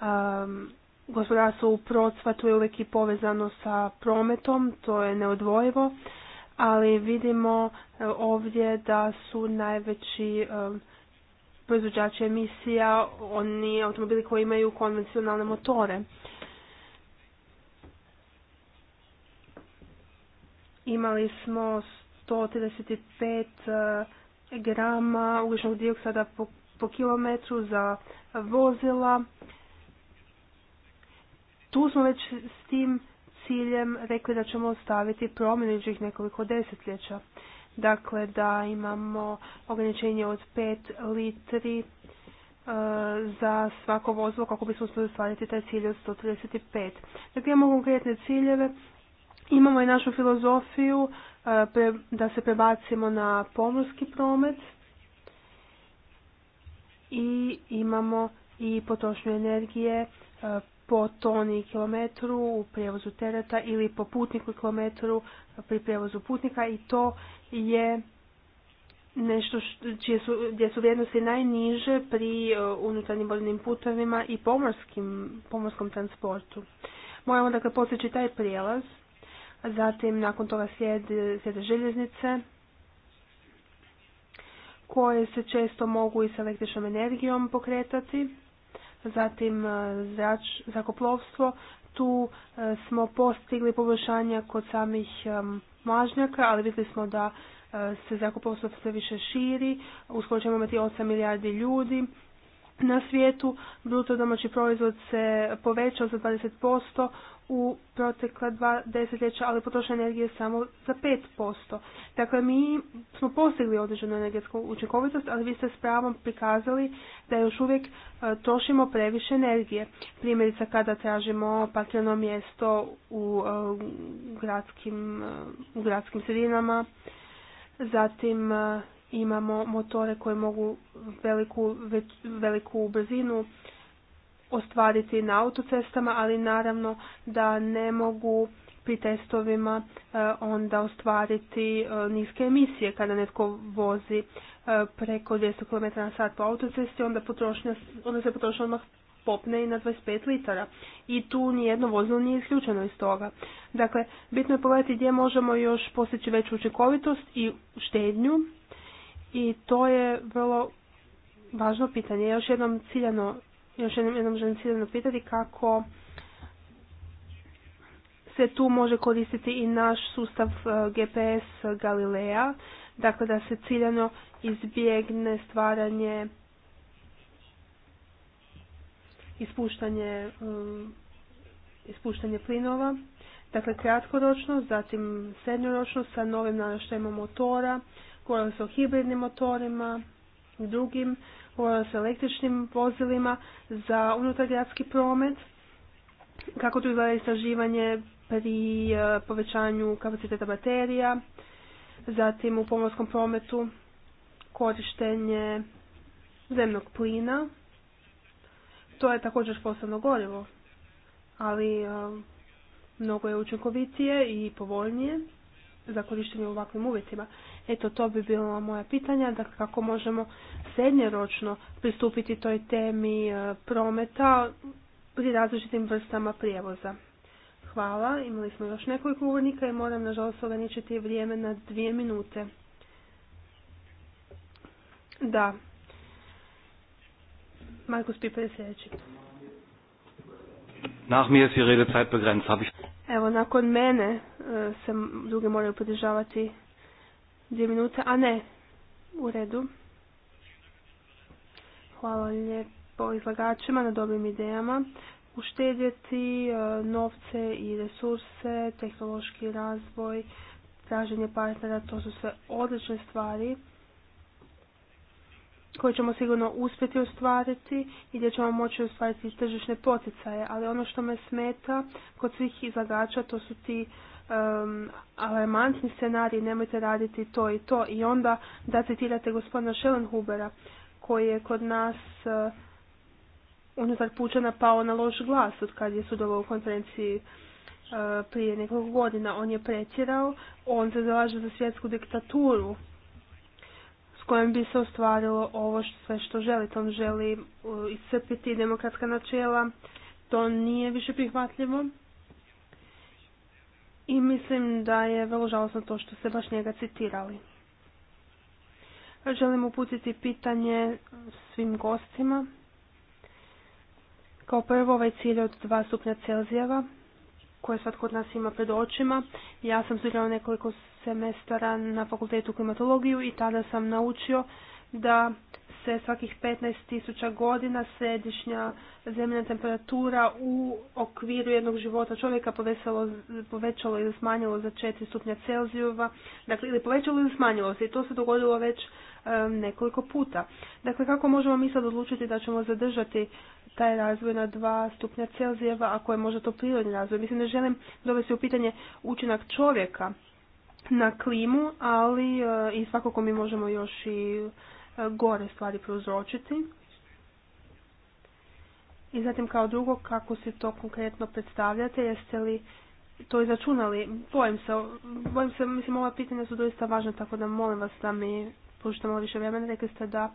Um, gospodarstvo u procvatu je uvijek i povezano sa prometom, to je neodvojivo, ali vidimo ovdje da su najveći proizvođače emisija, oni automobili koji imaju konvencionalne motore. Imali smo 135 eh, grama ugljičnog dioksada po, kilometru za vozila. Tu smo već s tim ciljem rekli da ćemo ostaviti promjenu nekoliko desetljeća dakle da imamo ograničenje od 5 litri e, za svako vozilo kako bismo uspjeli ostvariti taj cilj od 135. Dakle, imamo konkretne ciljeve, imamo i našu filozofiju e, da se prebacimo na pomorski promet i imamo i potrošnju energije e, po toni kilometru u prijevozu tereta ili po putniku kilometru pri prijevozu putnika i to je nešto čije su, gdje su vrijednosti najniže pri e, unutarnjim vodnim putovima i pomorskim, pomorskom transportu. Moramo dakle postići taj prijelaz, zatim nakon toga slijede, slijede željeznice koje se često mogu i sa električnom energijom pokretati zatim e, zrač, zakoplovstvo tu e, smo postigli poboljšanja kod samih mažnjaka, e, ali vidjeli smo da se zakoplovstvo sve više širi, uskoro ćemo imati 8 milijardi ljudi, na svijetu. Bruto domaći proizvod se povećao za 20% u protekla dva desetljeća, ali potrošnja energije samo za 5%. Dakle, mi smo postigli određenu energetsku učinkovitost, ali vi ste s pravom prikazali da još uvijek e, trošimo previše energije. Primjerice kada tražimo parkirno mjesto u e, e, u gradskim sredinama, zatim imamo motore koji mogu veliku, veliku brzinu ostvariti na autocestama, ali naravno da ne mogu pri testovima e, onda ostvariti e, niske emisije kada netko vozi e, preko 200 km na sat po autocesti, onda, potrošnja, onda se potrošnja odmah popne i na 25 litara. I tu nijedno vozilo nije isključeno iz toga. Dakle, bitno je pogledati gdje možemo još postići veću učinkovitost i štednju i to je vrlo važno pitanje. Još jednom ciljano, još jednom, jednom želim ciljano pitati kako se tu može koristiti i naš sustav e, GPS Galilea, dakle da se ciljano izbjegne stvaranje ispuštanje, e, ispuštanje plinova, dakle kratkoročno, zatim srednjoročno sa novim naraštajima motora, govorilo se o hibridnim motorima i drugim, govorilo se o električnim vozilima za unutargradski promet, kako tu izgleda istraživanje pri e, povećanju kapaciteta baterija, zatim u pomorskom prometu korištenje zemnog plina, to je također posebno gorivo, ali e, mnogo je učinkovitije i povoljnije za korištenje u ovakvim uvjetima. Eto, to bi bila moja pitanja, da kako možemo srednjeročno pristupiti toj temi e, prometa pri različitim vrstama prijevoza. Hvala, imali smo još nekoliko govornika i moram nažalost ograničiti vrijeme na dvije minute. Da. Markus Piper je sljedeći. Nach mir ist Evo, nakon mene e, se drugi moraju podržavati dvije minute, a ne, u redu. Hvala lijepo izlagačima na dobrim idejama. Uštedjeti e, novce i resurse, tehnološki razvoj, traženje partnera, to su sve odlične stvari koje ćemo sigurno uspjeti ostvariti i gdje ćemo moći ostvariti tržišne poticaje. Ali ono što me smeta kod svih izlagača to su ti um, alarmantni scenarij, nemojte raditi to i to i onda da citirate gospodina Schellenhubera koji je kod nas uh, unutar pučana pao na loš glas od kad je sudovao u konferenciji e, prije nekoliko godina. On je pretjerao, on se zalaže za svjetsku diktaturu s kojom bi se ostvarilo ovo što, sve što želi On želi uh, iscrpiti demokratska načela, to nije više prihvatljivo i mislim da je vrlo žalosno to što ste baš njega citirali. Želim uputiti pitanje svim gostima. Kao prvo ovaj cilj od dva stupnja Celzijeva koje svatko od nas ima pred očima. Ja sam studirao nekoliko semestara na fakultetu klimatologiju i tada sam naučio da se svakih 15.000 godina središnja zemljena temperatura u okviru jednog života čovjeka povećalo ili smanjilo za 4 stupnja Celzijeva, dakle ili povećalo ili smanjilo se i to se dogodilo već nekoliko puta. Dakle, kako možemo mi sad odlučiti da ćemo zadržati taj razvoj na 2 stupnja Celzijeva, ako je možda to prirodni razvoj? Mislim, ne želim dovesti u pitanje učinak čovjeka na klimu, ali e, i svakako mi možemo još i gore stvari prouzročiti. I zatim kao drugo, kako si to konkretno predstavljate, jeste li to izračunali? Bojim se, bojim se, mislim, ova pitanja su doista važna, tako da molim vas da mi pružite malo više vremena. Rekli ste da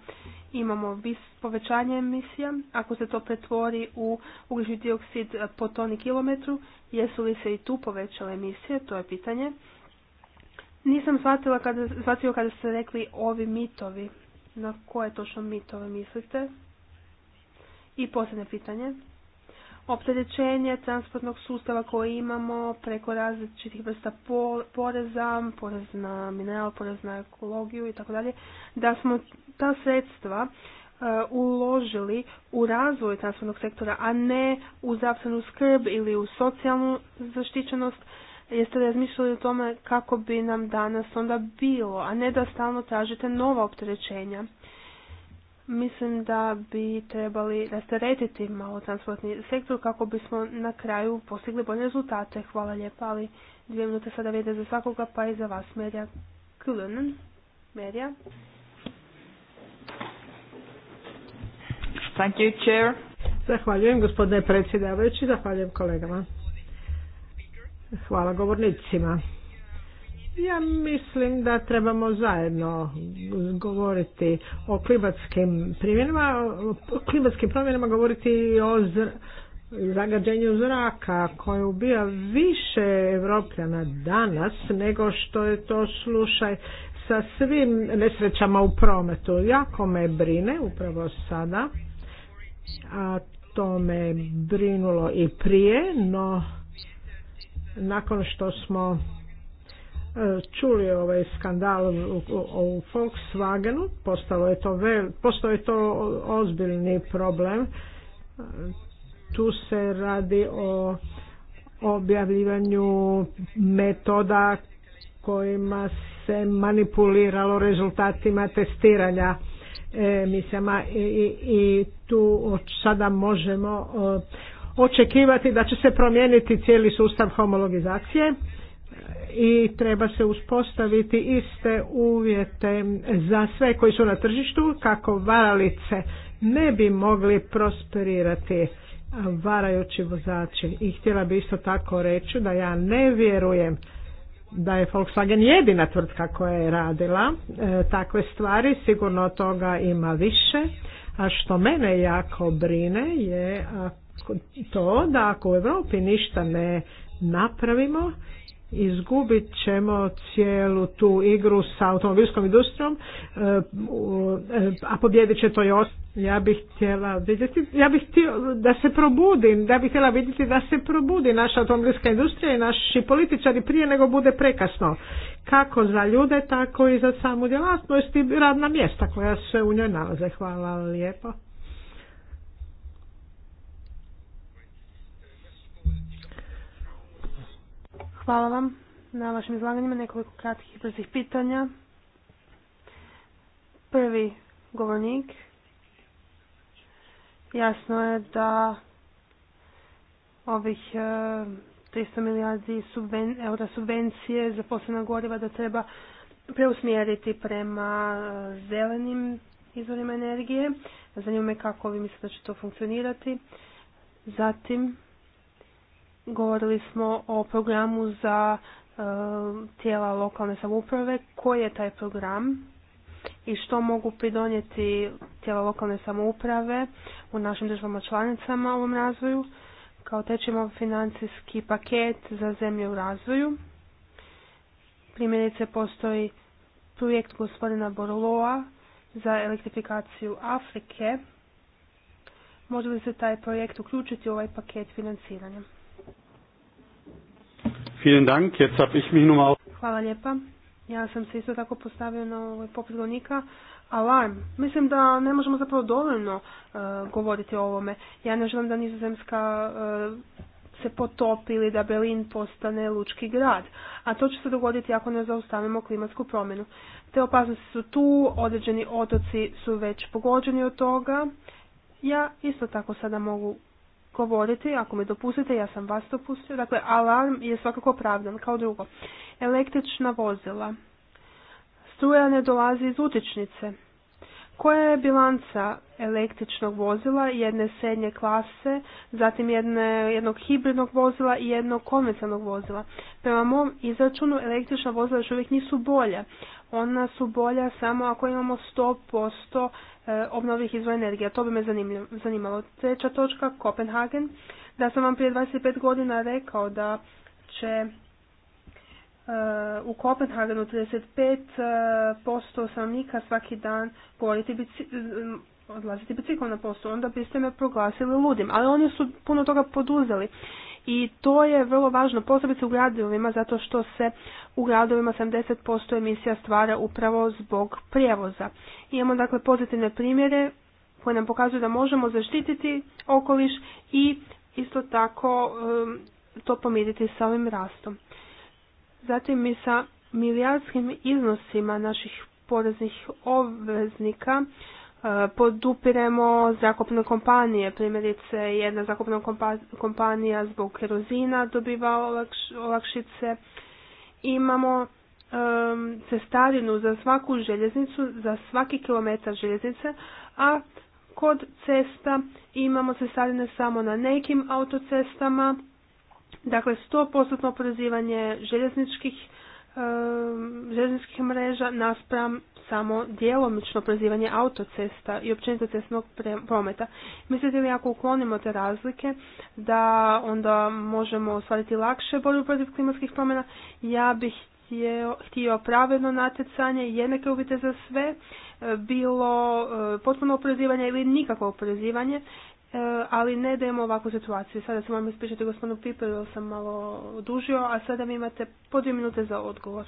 imamo vis, povećanje emisija, ako se to pretvori u ugljični dioksid po toni kilometru, jesu li se i tu povećale emisije, to je pitanje. Nisam shvatila kada, shvatila kada ste rekli ovi mitovi na koje točno mitove mislite? I posljednje pitanje. Opterećenje transportnog sustava koje imamo preko različitih vrsta poreza, porez na mineral, porez na ekologiju i tako dalje, da smo ta sredstva e, uložili u razvoj transportnog sektora, a ne u zdravstvenu skrb ili u socijalnu zaštićenost, jeste li razmišljali o tome kako bi nam danas onda bilo, a ne da stalno tražite nova opterećenja. Mislim da bi trebali rasteretiti malo transportni sektor kako bismo na kraju postigli bolje rezultate. Hvala lijepa, ali dvije minute sada vede za svakoga, pa i za vas, Merja Kulun. Merja. Thank you, chair. Zahvaljujem gospodine predsjedavajući, zahvaljujem kolegama. Hvala govornicima. Ja mislim da trebamo zajedno govoriti o klimatskim primjenama, o klimatskim promjenama govoriti i o zagađenju zraka koje ubija više Evropljana danas nego što je to slušaj sa svim nesrećama u prometu. Jako me brine upravo sada, a to me brinulo i prije, no nakon što smo e, čuli ovaj skandal u Volkswagenu, postalo je to vel, postao je to ozbiljni problem. E, tu se radi o objavljivanju metoda kojima se manipuliralo rezultatima testiranja emisijama i, i, i tu sada možemo e, očekivati da će se promijeniti cijeli sustav homologizacije i treba se uspostaviti iste uvjete za sve koji su na tržištu kako varalice ne bi mogli prosperirati varajući vozači. I htjela bi isto tako reći da ja ne vjerujem da je Volkswagen jedina tvrtka koja je radila e, takve stvari, sigurno toga ima više. A što mene jako brine je to da ako u Europi ništa ne napravimo, izgubit ćemo cijelu tu igru sa automobilskom industrijom, e, e, a pobjedit će to i ja bih htjela vidjeti, ja bih htjela da se probudi, da bih htjela vidjeti da se probudi naša automobilska industrija i naši političari prije nego bude prekasno. Kako za ljude, tako i za samu djelatnost i radna mjesta koja se u njoj nalaze. Hvala lijepo. Hvala vam na vašim izlaganjima. Nekoliko kratkih i brzih pitanja. Prvi govornik. Jasno je da ovih 300 e, milijardi eura subvencije za posljedna goriva da treba preusmjeriti prema e, zelenim izvorima energije. Zanima me kako vi mislite da će to funkcionirati. Zatim, govorili smo o programu za e, tijela lokalne samouprave. Koji je taj program i što mogu pridonijeti tijela lokalne samouprave u našim državama članicama u ovom razvoju? Kao tečemo financijski paket za zemlje u razvoju. Primjerice postoji projekt gospodina Borloa za elektrifikaciju Afrike. Može li se taj projekt uključiti u ovaj paket financiranja? Hvala lijepa. Ja sam se isto tako postavio na ovaj popis Alarm. Mislim da ne možemo zapravo dovoljno e, govoriti o ovome. Ja ne želim da Nizozemska e, se potopi ili da Berlin postane lučki grad. A to će se dogoditi ako ne zaustavimo klimatsku promjenu. Te opasnosti su tu, određeni otoci su već pogođeni od toga. Ja isto tako sada mogu govoriti, ako mi dopustite, ja sam vas dopustio, dakle alarm je svakako pravdan kao drugo. Električna vozila. Struja ne dolazi iz utičnice. Koja je bilanca električnog vozila, jedne srednje klase, zatim jednog hibridnog vozila i jednog konvencionalnog vozila? Prema mom izračunu električna vozila još uvijek nisu bolja, ona su bolja samo ako imamo 100% e, obnovih izvora energija. To bi me zanimalo. Treća točka, Kopenhagen. Da sam vam prije 25 godina rekao da će e, u Kopenhagenu 35% e, samnika svaki dan govoriti bici, odlaziti biciklom na poslu onda biste me proglasili ludim. Ali oni su puno toga poduzeli i to je vrlo važno, posebice u gradovima, zato što se u gradovima 70% emisija stvara upravo zbog prijevoza. Imamo dakle pozitivne primjere koje nam pokazuju da možemo zaštititi okoliš i isto tako um, to pomiriti sa ovim rastom. Zatim mi sa milijardskim iznosima naših poreznih obveznika E, podupiremo zakupne kompanije. Primjerice, jedna zakupna kompanija zbog kerozina dobiva olakšice. Imamo cestarinu za svaku željeznicu, za svaki kilometar željeznice, a kod cesta imamo cestarine samo na nekim autocestama. Dakle, 100% oporezivanje željezničkih željezničkih mreža naspram samo djelomično prozivanje autocesta i općenito cestnog prometa. Mislite li ako uklonimo te razlike da onda možemo ostvariti lakše borbu protiv klimatskih promjena? Ja bih htio, pravedno natjecanje, jednake uvjete za sve, e, bilo e, potpuno oporezivanje ili nikakvo oporezivanje E, ali ne dajemo ovakvu situaciju. Sada se vam ispričati gospodinu jer sam malo odužio, a sada mi imate po dvije minute za odgovor.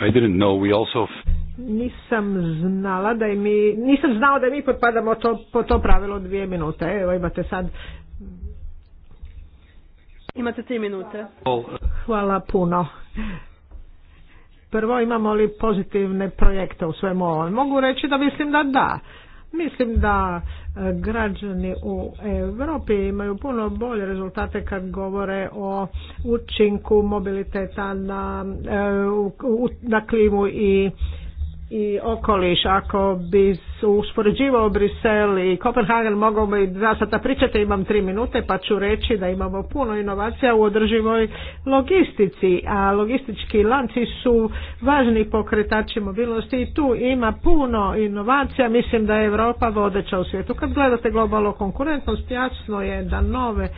I didn't know we also... Nisam znala da mi, nisam znao da mi potpadamo to, po to pravilo dvije minute. Evo imate sad Imate tri minute. Hvala puno. Prvo, imamo li pozitivne projekte u svemu ovom? Mogu reći da mislim da da. Mislim da e, građani u Europi imaju puno bolje rezultate kad govore o učinku mobiliteta na, e, na klimu i i okoliš. Ako bi uspoređivao Brisel i Kopenhagen mogao bi za sata pričati, imam tri minute pa ću reći da imamo puno inovacija u održivoj logistici, a logistički lanci su važni pokretači mobilnosti i tu ima puno inovacija, mislim da je Europa vodeća u svijetu. Kad gledate globalno konkurentnost, jasno je da nove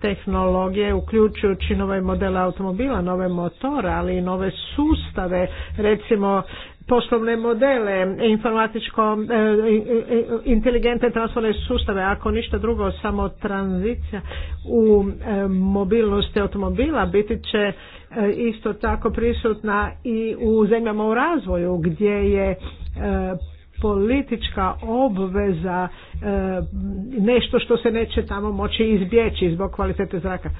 tehnologije uključujući nove modele automobila, nove motore, ali i nove sustave, recimo poslovne modele, informatičko, e, e, e, inteligentne transportne sustave, ako ništa drugo, samo tranzicija u mobilnosti automobila biti će isto tako prisutna i u zemljama u razvoju gdje je politička obveza e, nešto što se neće tamo moći izbjeći zbog kvalitete zraka.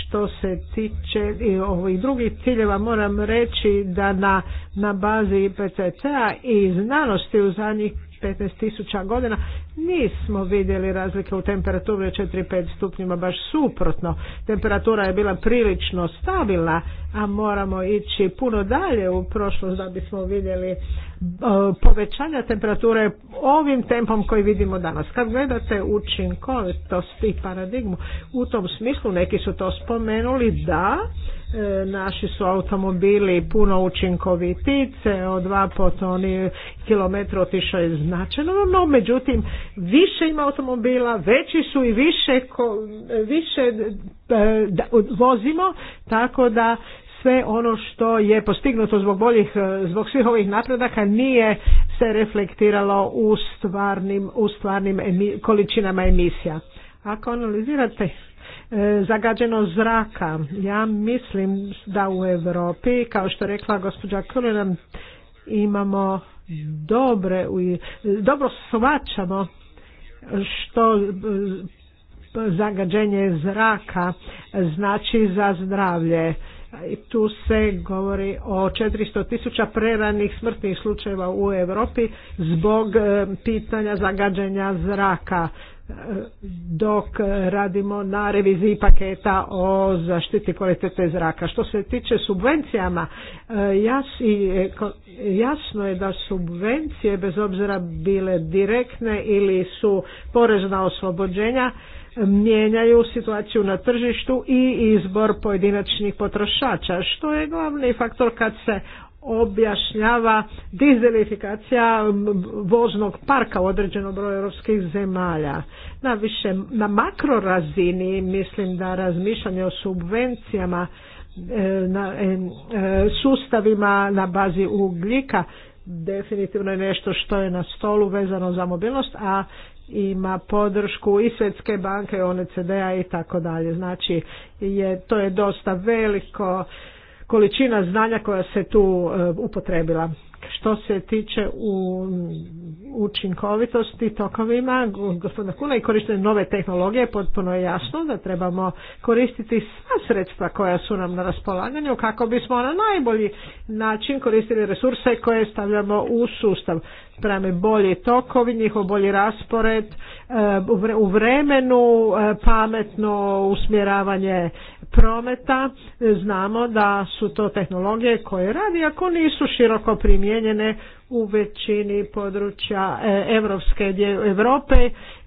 Što se tiče i ovih drugih ciljeva moram reći da na, na bazi IPCC-a i znanosti u zadnjih tisuća godina nismo vidjeli razlike u temperaturi 4-5 stupnjima, baš suprotno. Temperatura je bila prilično stabilna, a moramo ići puno dalje u prošlost da bismo vidjeli e, povećanja temperature ovim tempom koji vidimo danas. Kad gledate učinkovitost i paradigmu, u tom smislu neki su to spomenuli da E, naši su automobili puno učinkovitice, co dva po kilometru otišao je značajno, no međutim više ima automobila, veći su i više, ko, više e, vozimo, tako da sve ono što je postignuto zbog boljih, e, zbog svih ovih napredaka nije se reflektiralo u stvarnim, u stvarnim količinama emisija. Ako analizirate E, zagađenost zraka. Ja mislim da u Europi, kao što rekla gospođa Kulinan, imamo dobre, dobro shvaćamo što e, zagađenje zraka znači za zdravlje i Tu se govori o 400 tisuća preranih smrtnih slučajeva u Europi zbog e, pitanja zagađenja zraka e, dok radimo na reviziji paketa o zaštiti kvalitete zraka. Što se tiče subvencijama, e, jasno je da subvencije bez obzira bile direktne ili su porezna oslobođenja mijenjaju situaciju na tržištu i izbor pojedinačnih potrošača, što je glavni faktor kad se objašnjava dizelifikacija voznog parka u određenom broju europskih zemalja. Na, više, na makro razini mislim da razmišljanje o subvencijama e, na e, sustavima na bazi ugljika definitivno je nešto što je na stolu vezano za mobilnost, a ima podršku i Svjetske banke, OECD-a i tako dalje. Znači, je, to je dosta veliko količina znanja koja se tu e, upotrebila. Što se tiče u učinkovitosti tokovima, gospodina Kuna i korištenje nove tehnologije, potpuno je jasno da trebamo koristiti sva sredstva koja su nam na raspolaganju kako bismo na najbolji način koristili resurse koje stavljamo u sustav prame bolji tokovi, njihov bolji raspored, e, u vremenu e, pametno usmjeravanje prometa. Znamo da su to tehnologije koje radi, ako nisu široko primijenjene u većini područja e, Evropske Europe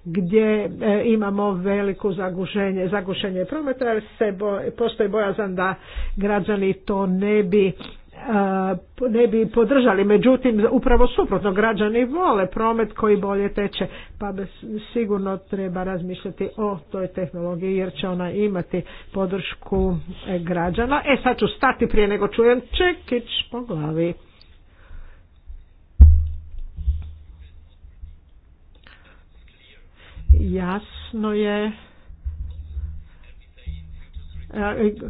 gdje imamo veliko zagušenje, zagušenje prometa jer se postoji bojazan da građani to ne bi E, ne bi podržali. Međutim, upravo suprotno, građani vole promet koji bolje teče, pa sigurno treba razmišljati o toj tehnologiji jer će ona imati podršku e, građana. E sad ću stati prije nego čujem čekić po glavi. Jasno je e,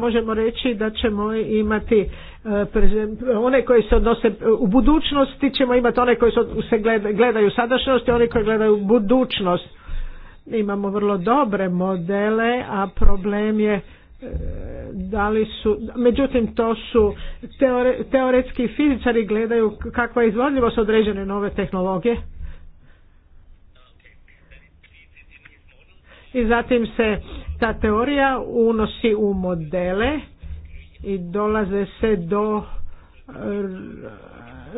možemo reći da ćemo imati e, one koji se odnose e, u budućnosti ćemo imati one koji se gledaju u i one koji gledaju u budućnost imamo vrlo dobre modele a problem je e, da li su, međutim to su teoretski fizičari gledaju kakva je izvodljivost određene nove tehnologije i zatim se ta teorija unosi u modele i dolaze se do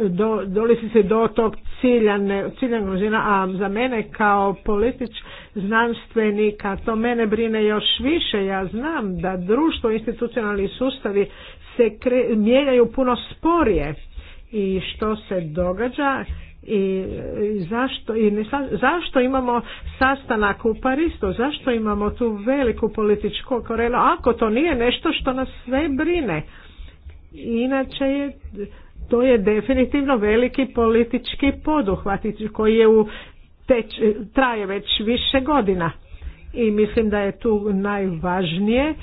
do, dolazi se do tog ciljane, ciljanog a za mene kao politič znanstvenika to mene brine još više. Ja znam da društvo, institucionalni sustavi se kre, mijenjaju puno sporije i što se događa i zašto, i ne, zašto imamo sastanak u Paristu, zašto imamo tu veliku političku korelu, ako to nije nešto što nas sve brine. Inače je, to je definitivno veliki politički poduhvat koji je u traje već više godina. I mislim da je tu najvažnije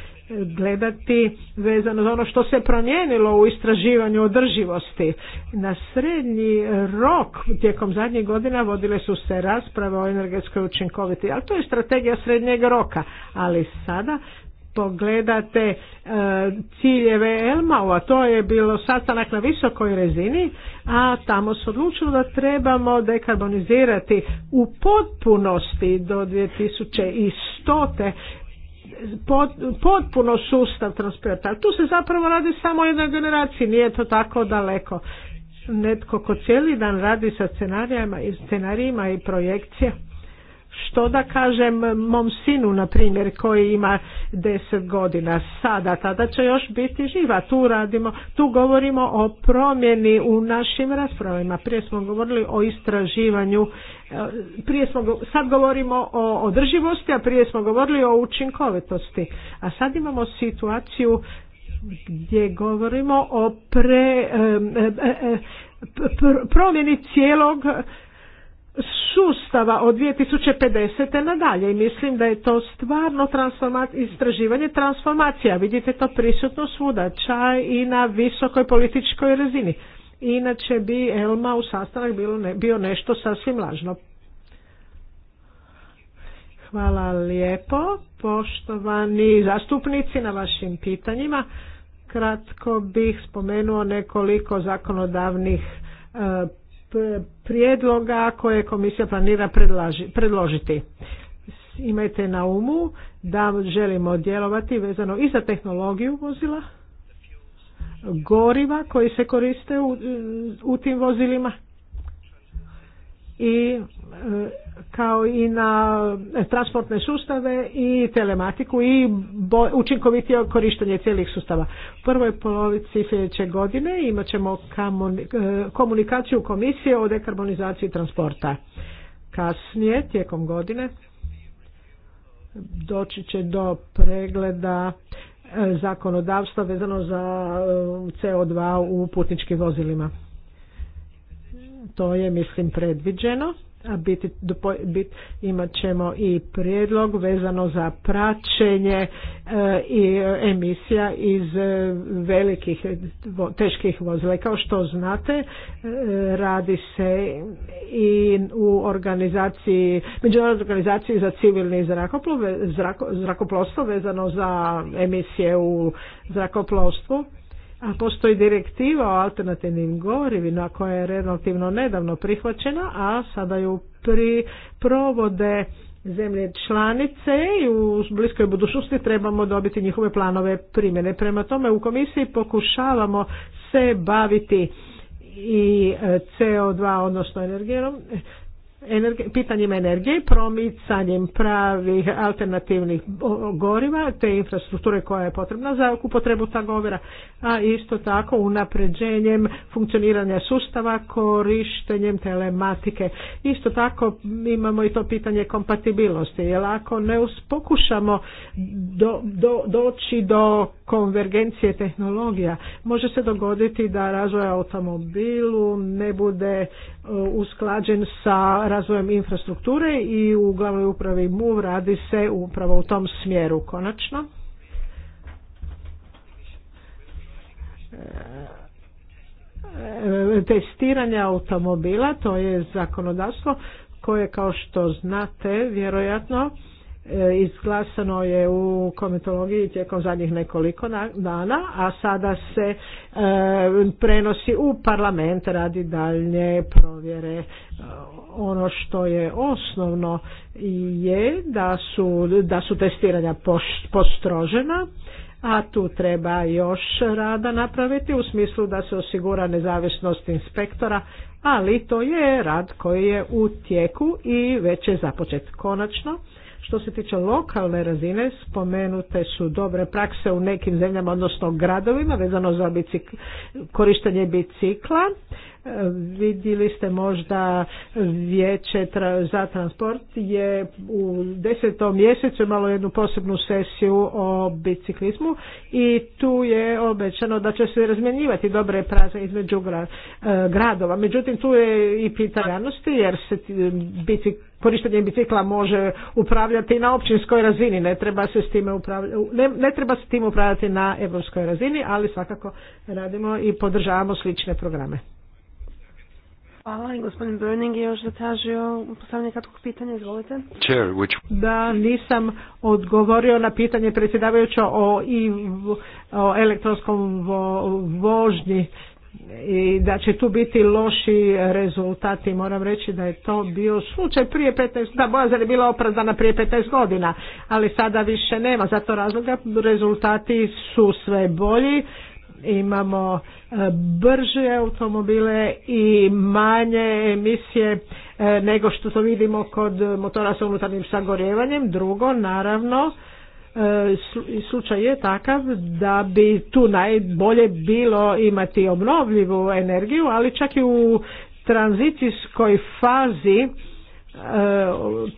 gledati vezano za ono što se promijenilo u istraživanju održivosti. Na srednji rok tijekom zadnjih godina vodile su se rasprave o energetskoj učinkoviti, ali to je strategija srednjeg roka, ali sada pogledate e, ciljeve Elmau, to je bilo sastanak na visokoj rezini, a tamo se odlučilo da trebamo dekarbonizirati u potpunosti do 2100 potpuno sustav transplantacije. Tu se zapravo radi samo o jednoj generaciji, nije to tako daleko. Netko ko cijeli dan radi sa scenarijima i scenarijima i projekcijama što da kažem mom sinu na primjer koji ima deset godina sada tada će još biti živa tu radimo tu govorimo o promjeni u našim raspravama prije smo govorili o istraživanju e, prije smo sad govorimo o održivosti a prije smo govorili o učinkovitosti a sad imamo situaciju gdje govorimo o pre, e, e, promjeni cijelog sustava od 2050. nadalje i mislim da je to stvarno transformat, istraživanje transformacija. Vidite to prisutno svuda, čaj i na visokoj političkoj razini. Inače bi Elma u sastanak bilo ne, bio nešto sasvim lažno. Hvala lijepo, poštovani zastupnici na vašim pitanjima. Kratko bih spomenuo nekoliko zakonodavnih e, prijedloga koje komisija planira predložiti. Imajte na umu da želimo djelovati vezano i za tehnologiju vozila, goriva koji se koriste u, u tim vozilima i e, kao i na transportne sustave i telematiku i učinkovitije korištenje cijelih sustava. U prvoj polovici sljedeće godine imat ćemo e, komunikaciju komisije o dekarbonizaciji transporta. Kasnije, tijekom godine, doći će do pregleda e, zakonodavstva vezano za e, CO2 u putničkim vozilima. To je, mislim, predviđeno biti, bit, imat ćemo i prijedlog vezano za praćenje e, i emisija iz e, velikih teških vozila. kao što znate, e, radi se i u organizaciji, međunarodnoj organizaciji za civilni zrakoplov, zrakoplovstvo vezano za emisije u zrakoplovstvu a postoji direktiva o alternativnim gorivima koja je relativno nedavno prihvaćena, a sada ju pri provode zemlje članice i u bliskoj budućnosti trebamo dobiti njihove planove primjene. Prema tome u komisiji pokušavamo se baviti i e, CO2 odnosno energijom energi, pitanjima energije, promicanjem pravih alternativnih goriva, te infrastrukture koja je potrebna za upotrebu govora, a isto tako unapređenjem funkcioniranja sustava, korištenjem telematike. Isto tako imamo i to pitanje kompatibilnosti, jer ako ne pokušamo do, do, doći do konvergencije tehnologija, može se dogoditi da razvoj automobilu ne bude e, usklađen sa razvojem infrastrukture i u glavnoj upravi MUV radi se upravo u tom smjeru konačno. E, testiranja automobila, to je zakonodavstvo koje kao što znate vjerojatno E, izglasano je u komitologiji tijekom zadnjih nekoliko dana, a sada se e, prenosi u parlament radi daljnje provjere. E, ono što je osnovno je da su, da su testiranja postrožena, a tu treba još rada napraviti u smislu da se osigura nezavisnost inspektora, ali to je rad koji je u tijeku i već je započet konačno što se tiče lokalne razine, spomenute su dobre prakse u nekim zemljama, odnosno gradovima, vezano za bicikl, korištenje bicikla. E, vidjeli ste možda vijeće za transport je u desetom mjesecu imalo jednu posebnu sesiju o biciklizmu i tu je obećano da će se razmjenjivati dobre praze između e, gradova. Međutim, tu je i pitanje jer se bicikl korištenjem bicikla može upravljati na općinskoj razini, ne treba se s time upravljati, ne, treba se tim upravljati na europskoj razini, ali svakako radimo i podržavamo slične programe. Hvala i gospodin Burning je još zatražio postavljanje kratkog pitanja, izvolite. Da, nisam odgovorio na pitanje predsjedavajuća o, i, o elektronskom vo, vožnji i da će tu biti loši rezultati. Moram reći da je to bio slučaj prije 15, da bojazan je bila opravdana prije 15 godina, ali sada više nema. Zato razloga rezultati su sve bolji. Imamo e, brže automobile i manje emisije e, nego što to vidimo kod motora sa unutarnjim sagorjevanjem. Drugo, naravno, E, slučaj je takav da bi tu najbolje bilo imati obnovljivu energiju, ali čak i u tranzicijskoj fazi E,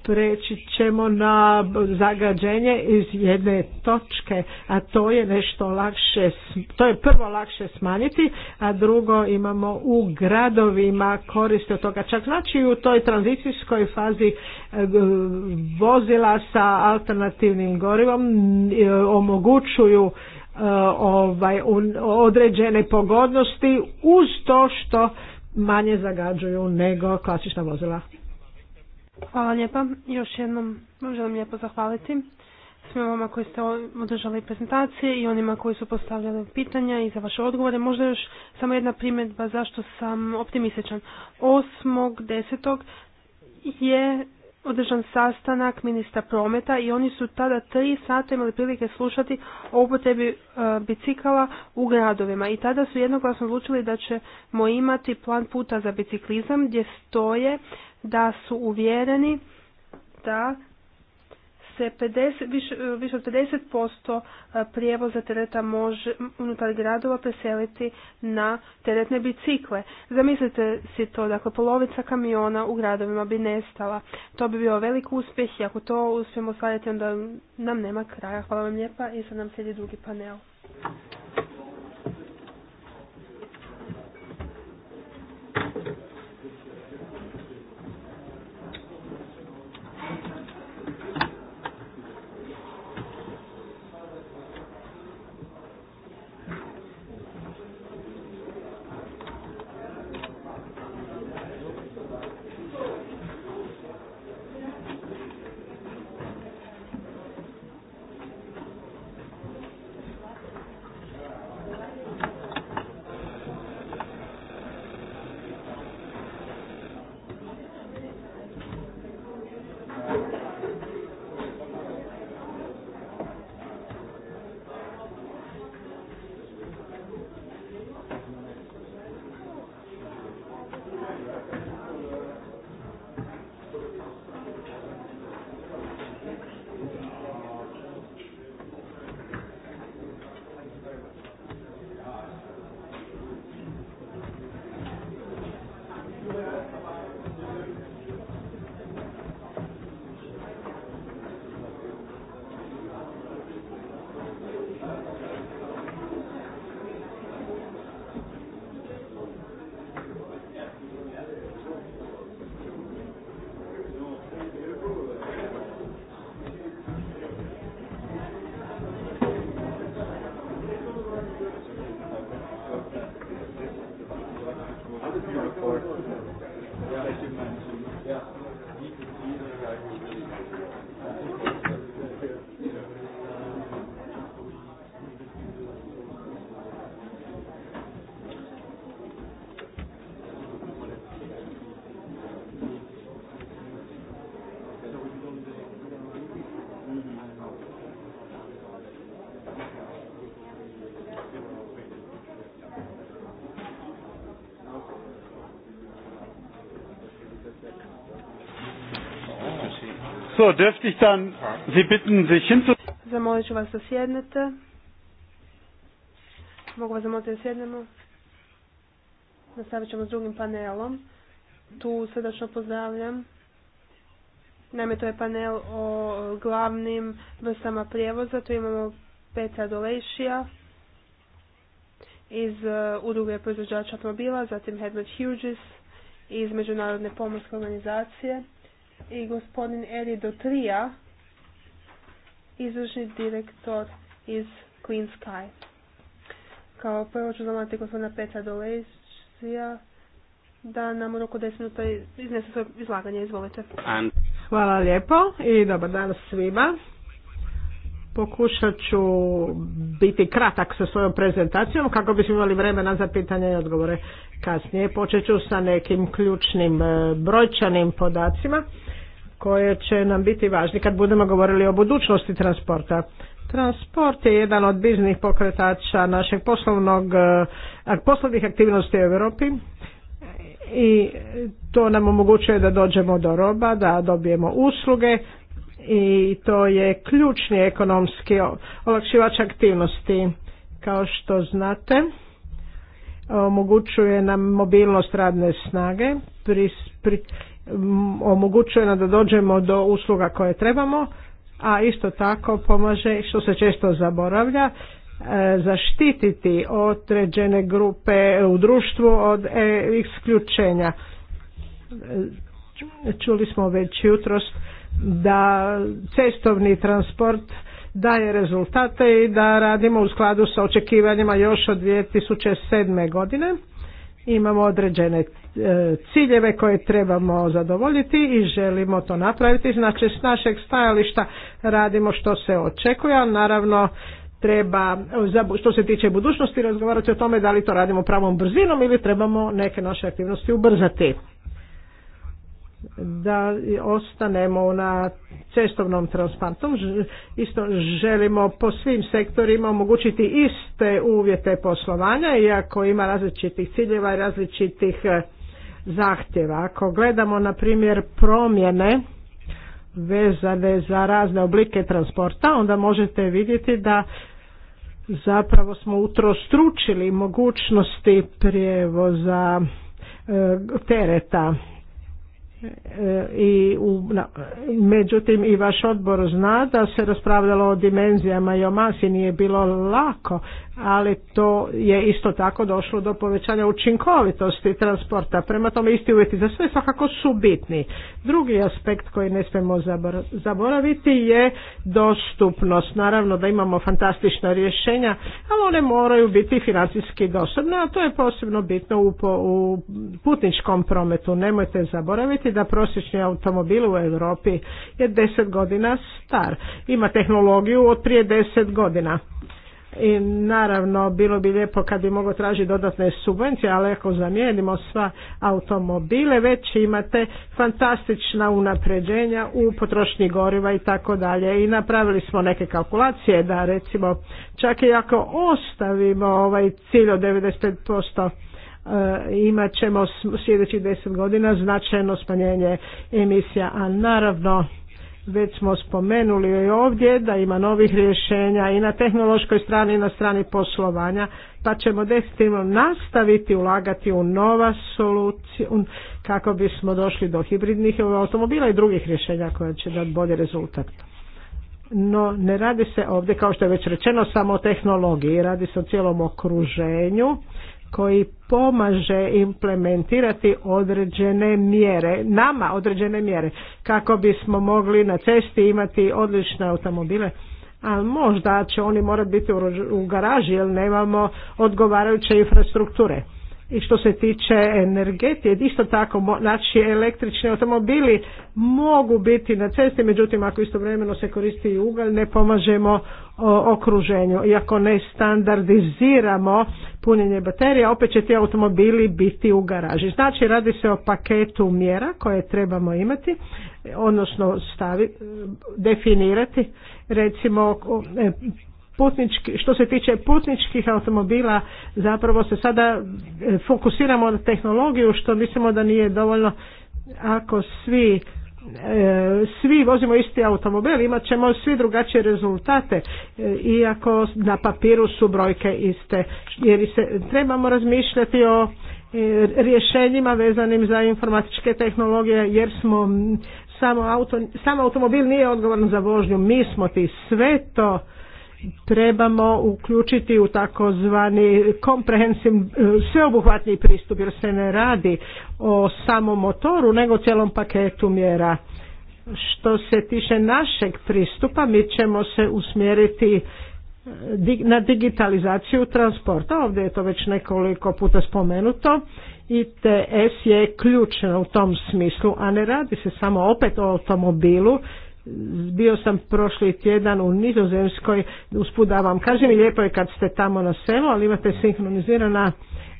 preći ćemo na zagađenje iz jedne točke, a to je nešto lakše, to je prvo lakše smanjiti, a drugo imamo u gradovima koriste od toga. Čak znači u toj tranzicijskoj fazi e, vozila sa alternativnim gorivom e, omogućuju ovaj određene pogodnosti uz to što manje zagađuju nego klasična vozila. Hvala lijepa. Još jednom vam želim lijepo zahvaliti svima vama koji ste održali prezentacije i onima koji su postavljali pitanja i za vaše odgovore. Možda još samo jedna primjedba zašto sam optimističan. 8.10. je održan sastanak ministra prometa i oni su tada tri sata imali prilike slušati o upotrebi e, bicikala u gradovima i tada su jednoglasno odlučili da ćemo imati plan puta za biciklizam gdje stoje da su uvjereni da se 50, više, više od 50% e, prijevoza tereta može unutar gradova preseliti na teretne bicikle. Zamislite si to, dakle polovica kamiona u gradovima bi nestala. To bi bio velik uspjeh i ako to uspijemo ostvariti onda nam nema kraja. Hvala vam lijepa i sad nam slijedi drugi panel. So, dürfte ich dann Sie bitten, sich hinzu... Zamolit ću vas da sjednete. Mogu vas zamoliti da sjednemo. Nastavit ćemo s drugim panelom. Tu srdačno pozdravljam. Naime, to je panel o glavnim vrstama prijevoza. Tu imamo Petra Dolešija iz e, udruge proizvođača automobila, zatim Hedmet Hughes iz Međunarodne pomorske organizacije i gospodin Eri Dotrija, izvršni direktor iz Clean Sky. Kao prvo ću zamati gospodina Petra Dolezija da nam u roku 10 minuta iznese svoje izlaganje. Izvolite. Hvala lijepo i dobar dan svima. Pokušat ću biti kratak sa svojom prezentacijom kako bismo imali vremena za pitanje i odgovore kasnije. Počet ću sa nekim ključnim e, brojčanim podacima koje će nam biti važni kad budemo govorili o budućnosti transporta. Transport je jedan od biznih pokretača našeg poslovnog, e, poslovnih aktivnosti u Europi i to nam omogućuje da dođemo do roba, da dobijemo usluge i to je ključni ekonomski olakšivač aktivnosti. Kao što znate, omogućuje nam mobilnost radne snage, pri omogućuje nam da dođemo do usluga koje trebamo, a isto tako pomaže, što se često zaboravlja, e, zaštititi određene grupe u društvu od e, isključenja. E, čuli smo već jutros da cestovni transport daje rezultate i da radimo u skladu sa očekivanjima još od 2007. godine imamo određene e, ciljeve koje trebamo zadovoljiti i želimo to napraviti. Znači s našeg stajališta radimo što se očekuje, naravno treba, što se tiče budućnosti, razgovarati o tome da li to radimo pravom brzinom ili trebamo neke naše aktivnosti ubrzati da ostanemo na cestovnom transportu. Isto želimo po svim sektorima omogućiti iste uvjete poslovanja, iako ima različitih ciljeva i različitih e, zahtjeva. Ako gledamo na primjer promjene vezane za razne oblike transporta, onda možete vidjeti da zapravo smo utrostručili mogućnosti prijevoza e, tereta i u, na, međutim i vaš odbor zna da se raspravljalo o dimenzijama i o masi nije bilo lako ali to je isto tako došlo do povećanja učinkovitosti transporta. Prema tome isti uvjeti za sve svakako su bitni. Drugi aspekt koji ne smemo zaboraviti je dostupnost. Naravno da imamo fantastična rješenja, ali one moraju biti financijski dostupne, a to je posebno bitno u, putničkom prometu. Nemojte zaboraviti da prosječni automobil u Europi je 10 godina star. Ima tehnologiju od prije 10 godina i naravno bilo bi lijepo kad bi mogao tražiti dodatne subvencije, ali ako zamijenimo sva automobile već imate fantastična unapređenja u potrošnji goriva i tako dalje i napravili smo neke kalkulacije da recimo čak i ako ostavimo ovaj cilj od 95% eh, imat ćemo sljedećih 10 godina značajno smanjenje emisija, a naravno već smo spomenuli i ovdje da ima novih rješenja i na tehnološkoj strani i na strani poslovanja, pa ćemo definitivno nastaviti ulagati u nova solucija kako bismo došli do hibridnih automobila i drugih rješenja koja će dati bolji rezultat. No, ne radi se ovdje, kao što je već rečeno, samo o tehnologiji, radi se o cijelom okruženju koji pomaže implementirati određene mjere, nama određene mjere, kako bismo mogli na cesti imati odlične automobile. ali možda će oni morati biti u garaži jer nemamo odgovarajuće infrastrukture. I što se tiče energetije, isto tako, naši električni automobili mogu biti na cesti, međutim ako istovremeno se koristi i ugalj, ne pomažemo okruženju. Iako ne standardiziramo punjenje baterija, opet će ti automobili biti u garaži. Znači radi se o paketu mjera koje trebamo imati, odnosno stavi, definirati, recimo e, putnički, što se tiče putničkih automobila zapravo se sada e, fokusiramo na tehnologiju što mislimo da nije dovoljno ako svi E, svi vozimo isti automobil, imat ćemo svi drugačije rezultate, e, iako na papiru su brojke iste. Jer se, trebamo razmišljati o e, rješenjima vezanim za informatičke tehnologije, jer smo samo auto, sam automobil nije odgovoran za vožnju, mi smo ti sve to trebamo uključiti u takozvani komprehensiv eh, sveobuhvatni pristup jer se ne radi o samom motoru nego cijelom paketu mjera. Što se tiče našeg pristupa mi ćemo se usmjeriti eh, na digitalizaciju transporta, ovdje je to već nekoliko puta spomenuto i ITS je ključna u tom smislu, a ne radi se samo opet o automobilu bio sam prošli tjedan u Nizozemskoj, uspudavam da vam kažem, lijepo je kad ste tamo na selu, ali imate sinhronizirana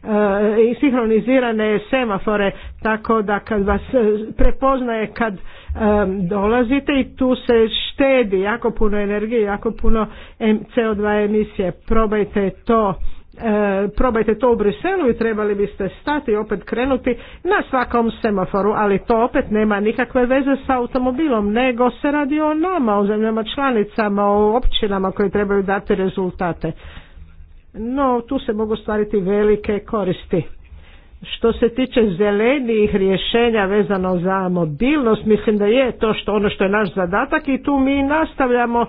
eh, i sinhronizirane semafore tako da kad vas eh, prepoznaje kad eh, dolazite i tu se štedi jako puno energije, jako puno CO2 emisije. Probajte to E, probajte to u Briselu i trebali biste stati i opet krenuti na svakom semaforu, ali to opet nema nikakve veze sa automobilom, nego se radi o nama, o zemljama članicama, o općinama koje trebaju dati rezultate. No, tu se mogu stvariti velike koristi. Što se tiče zelenijih rješenja vezano za mobilnost, mislim da je to što ono što je naš zadatak i tu mi nastavljamo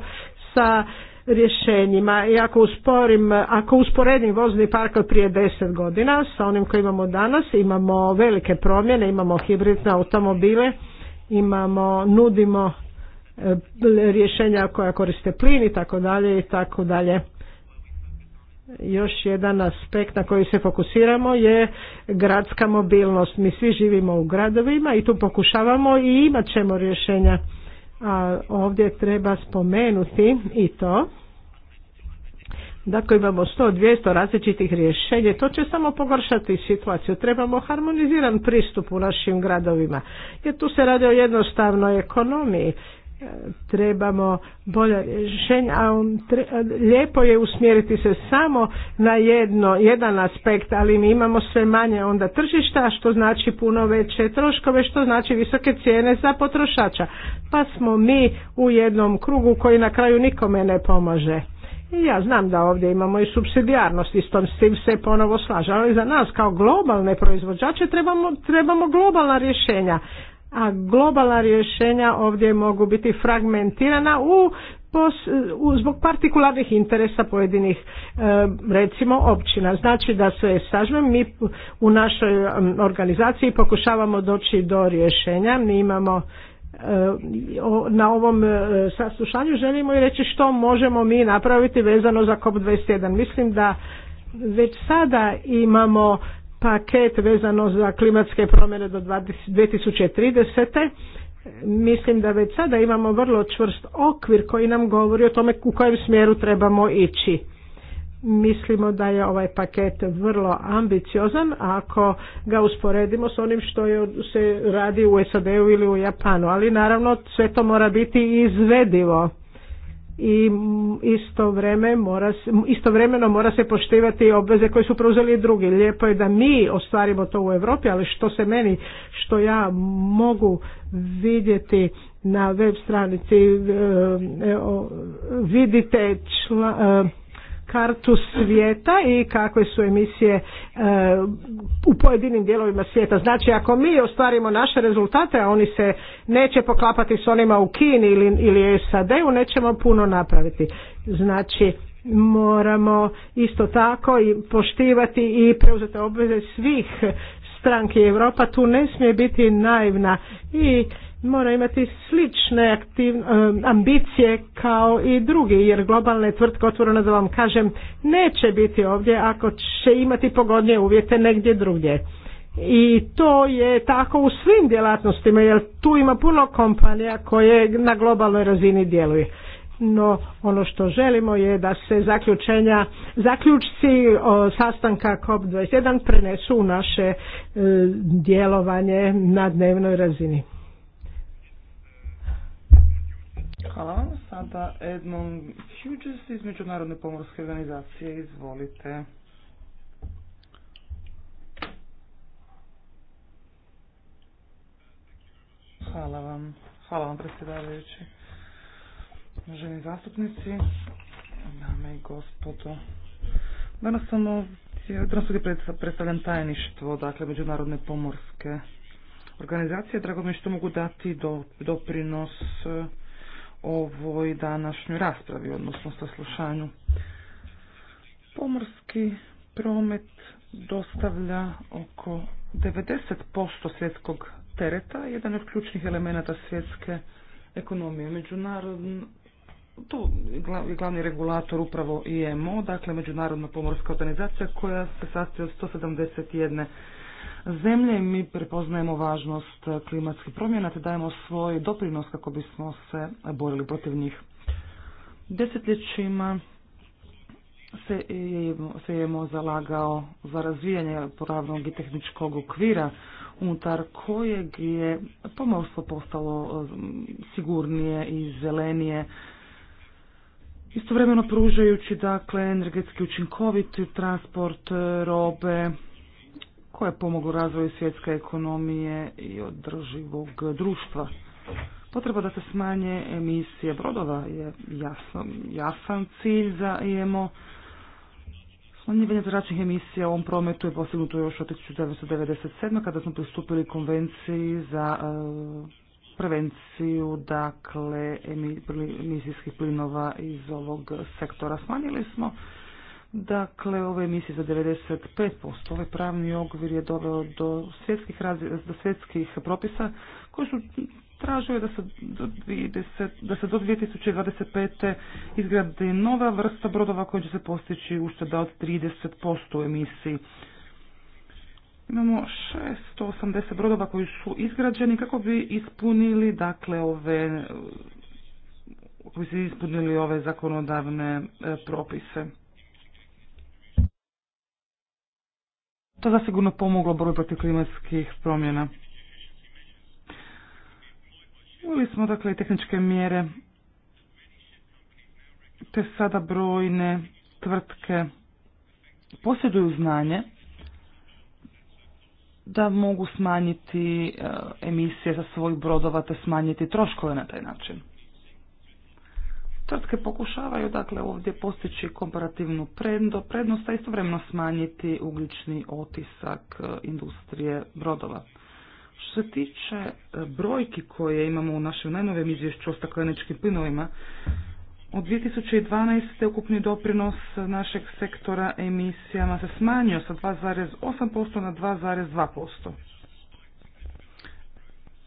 sa rješenjima i ako, usporim, ako usporedim vozni park od prije deset godina sa onim koji imamo danas imamo velike promjene, imamo hibridne automobile, imamo, nudimo e, rješenja koja koriste plin i tako dalje i tako dalje. Još jedan aspekt na koji se fokusiramo je gradska mobilnost. Mi svi živimo u gradovima i tu pokušavamo i imat ćemo rješenja a ovdje treba spomenuti i to da ako imamo 100-200 različitih rješenja, to će samo pogoršati situaciju. Trebamo harmoniziran pristup u našim gradovima. Jer tu se radi o jednostavnoj ekonomiji trebamo bolja rješenja, a on lijepo je usmjeriti se samo na jedno, jedan aspekt, ali mi imamo sve manje onda tržišta, što znači puno veće troškove, što znači visoke cijene za potrošača. Pa smo mi u jednom krugu koji na kraju nikome ne pomaže. I ja znam da ovdje imamo i subsidijarnost i s tim se ponovo slažem, ali za nas kao globalne proizvođače trebamo, trebamo globalna rješenja a globalna rješenja ovdje mogu biti fragmentirana u, zbog partikularnih interesa pojedinih e, recimo općina. Znači da se sažmem, mi u našoj organizaciji pokušavamo doći do rješenja, mi imamo e, na ovom e, saslušanju želimo i reći što možemo mi napraviti vezano za COP21. Mislim da već sada imamo paket vezano za klimatske promjene do 2030. Mislim da već sada imamo vrlo čvrst okvir koji nam govori o tome u kojem smjeru trebamo ići. Mislimo da je ovaj paket vrlo ambiciozan ako ga usporedimo s onim što je, se radi u SAD-u ili u Japanu, ali naravno sve to mora biti izvedivo i istovremeno mora, istovremeno mora se poštivati obveze koje su preuzeli drugi. Lijepo je da mi ostvarimo to u Europi, ali što se meni, što ja mogu vidjeti na web stranici, eh, eh, vidite eh, kartu svijeta i kakve su emisije e, u pojedinim dijelovima svijeta. Znači ako mi ostvarimo naše rezultate, a oni se neće poklapati s onima u Kini ili, ili SAD-u, nećemo puno napraviti. Znači moramo isto tako i poštivati i preuzeti obveze svih stranki Europa tu ne smije biti naivna i mora imati slične aktiv, eh, ambicije kao i drugi, jer globalne tvrtke, otvoreno da vam kažem, neće biti ovdje ako će imati pogodnije uvjete negdje drugdje. I to je tako u svim djelatnostima, jer tu ima puno kompanija koje na globalnoj razini djeluju. No, ono što želimo je da se zaključenja, zaključci o sastanka COP21 prenesu u naše eh, djelovanje na dnevnoj razini. Hvala vam. Sada Edmond Hughes iz Međunarodne pomorske organizacije. Izvolite. Hvala vam. Hvala vam predsjedavajući. Ženi zastupnici, dame i gospodo. Danas sam ovdje, predstavljam tajništvo, dakle, Međunarodne pomorske organizacije. Drago mi je što mogu dati doprinos ovoj današnjoj raspravi, odnosno saslušanju. Pomorski promet dostavlja oko 90% svjetskog tereta, jedan od ključnih elemenata svjetske ekonomije. Međunarodno, to je glavni regulator upravo IMO, dakle Međunarodna pomorska organizacija koja se sastoji od 171 zemlje. Mi prepoznajemo važnost klimatskih promjena te dajemo svoj doprinos kako bismo se borili protiv njih. Desetljećima se je, se je zalagao za razvijanje poravnog i tehničkog okvira unutar kojeg je pomorstvo postalo um, sigurnije i zelenije istovremeno pružajući dakle energetski učinkoviti transport e, robe koje pomogu pomoglo razvoju svjetske ekonomije i održivog društva. Potreba da se smanje emisije brodova je jasan, jasan cilj za IMO. E Smanjivanje zračnih emisija u ovom prometu je postignuto još od 1997. kada smo pristupili konvenciji za e, prevenciju dakle emisijskih plinova iz ovog sektora. Smanjili smo Dakle, ove emisije za 95%, ovaj pravni okvir je doveo do svjetskih, do svjetskih propisa koji su tražili da se do, 20, da se do 2025. izgradi nova vrsta brodova koja će se postići ušteda od 30% u emisiji. Imamo 680 brodova koji su izgrađeni kako bi ispunili dakle ove kako ispunili ove zakonodavne e, propise. To je zasigurno pomoglo borbi protiv klimatskih promjena. Uveli smo dakle i tehničke mjere, te sada brojne tvrtke posjeduju znanje da mogu smanjiti e, emisije sa svojih brodova te smanjiti troškove na taj način. Tvrtke pokušavaju dakle ovdje postići komparativnu prednost, a istovremeno smanjiti ugljični otisak e, industrije brodova. Što se tiče e, brojki koje imamo u našem najnovijem izvješću o stakleničkim plinovima, od 2012. ukupni doprinos našeg sektora emisijama se smanjio sa 2,8% na 2,2%.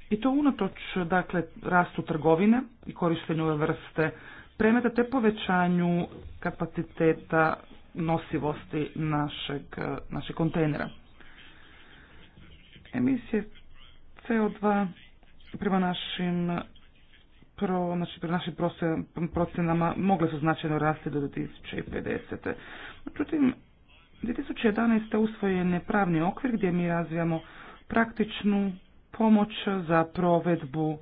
I to unatoč dakle, rastu trgovine i korištenju ove vrste premeta te povećanju kapaciteta nosivosti našeg, našeg kontejnera. Emisije CO2 prema našim pro, znači, prema našim procjenama mogle su značajno rasti do 2050. Međutim, 2011. usvojen je pravni okvir gdje mi razvijamo praktičnu pomoć za provedbu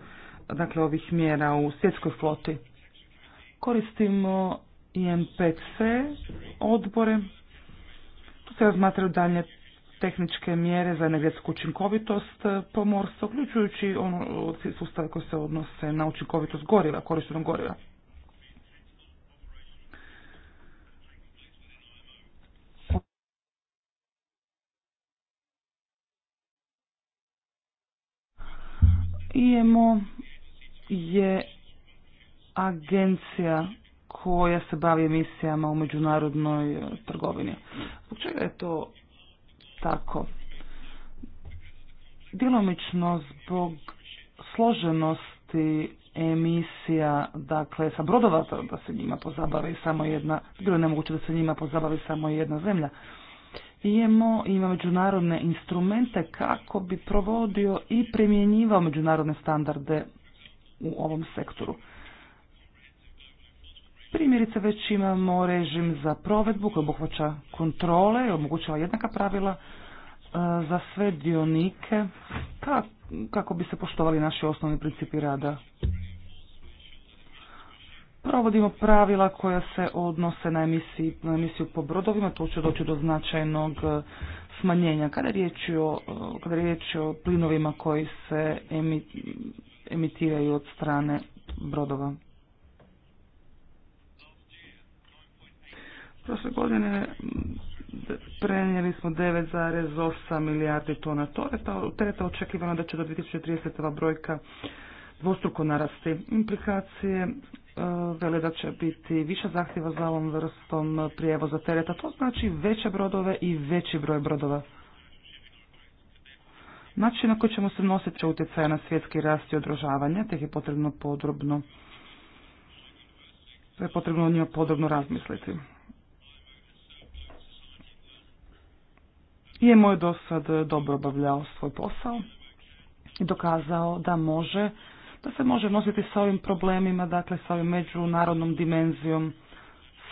dakle, ovih mjera u svjetskoj floti koristimo IMPC odbore. Tu se razmatraju dalje tehničke mjere za energetsku učinkovitost pomorstva, uključujući ono sustave koje se odnose na učinkovitost goriva, korištenog goriva. IMO je agencija koja se bavi emisijama u međunarodnoj e, trgovini. Zbog čega je to tako? Djelomično zbog složenosti emisija, dakle sa brodova da se njima pozabavi samo jedna, bilo je nemoguće da se njima pozabavi samo jedna zemlja. IMO ima međunarodne instrumente kako bi provodio i primjenjivao međunarodne standarde u ovom sektoru. Primjerice već imamo režim za provedbu koji obuhvaća kontrole i omogućava jednaka pravila e, za sve dionike kako bi se poštovali naši osnovni principi rada. Provodimo pravila koja se odnose na, emisiju po brodovima, To će doći do značajnog e, smanjenja. Kada e, kada je riječ o plinovima koji se emitiraju od strane brodova. Prošle godine mm, prenijeli smo 9,8 milijardi tona tereta. Očekivano da će do 2030. brojka dvostruko narasti. Implikacije e, vele da će biti više zahtjeva za ovom vrstom prijevoza tereta. To znači veće brodove i veći broj brodova. Način na koji ćemo se nositi će utjecaja na svjetski rast i održavanje, te je potrebno podrobno je potrebno o njima podrobno razmisliti. I je moj dosad e, dobro obavljao svoj posao i dokazao da može, da se može nositi sa ovim problemima, dakle sa ovim međunarodnom dimenzijom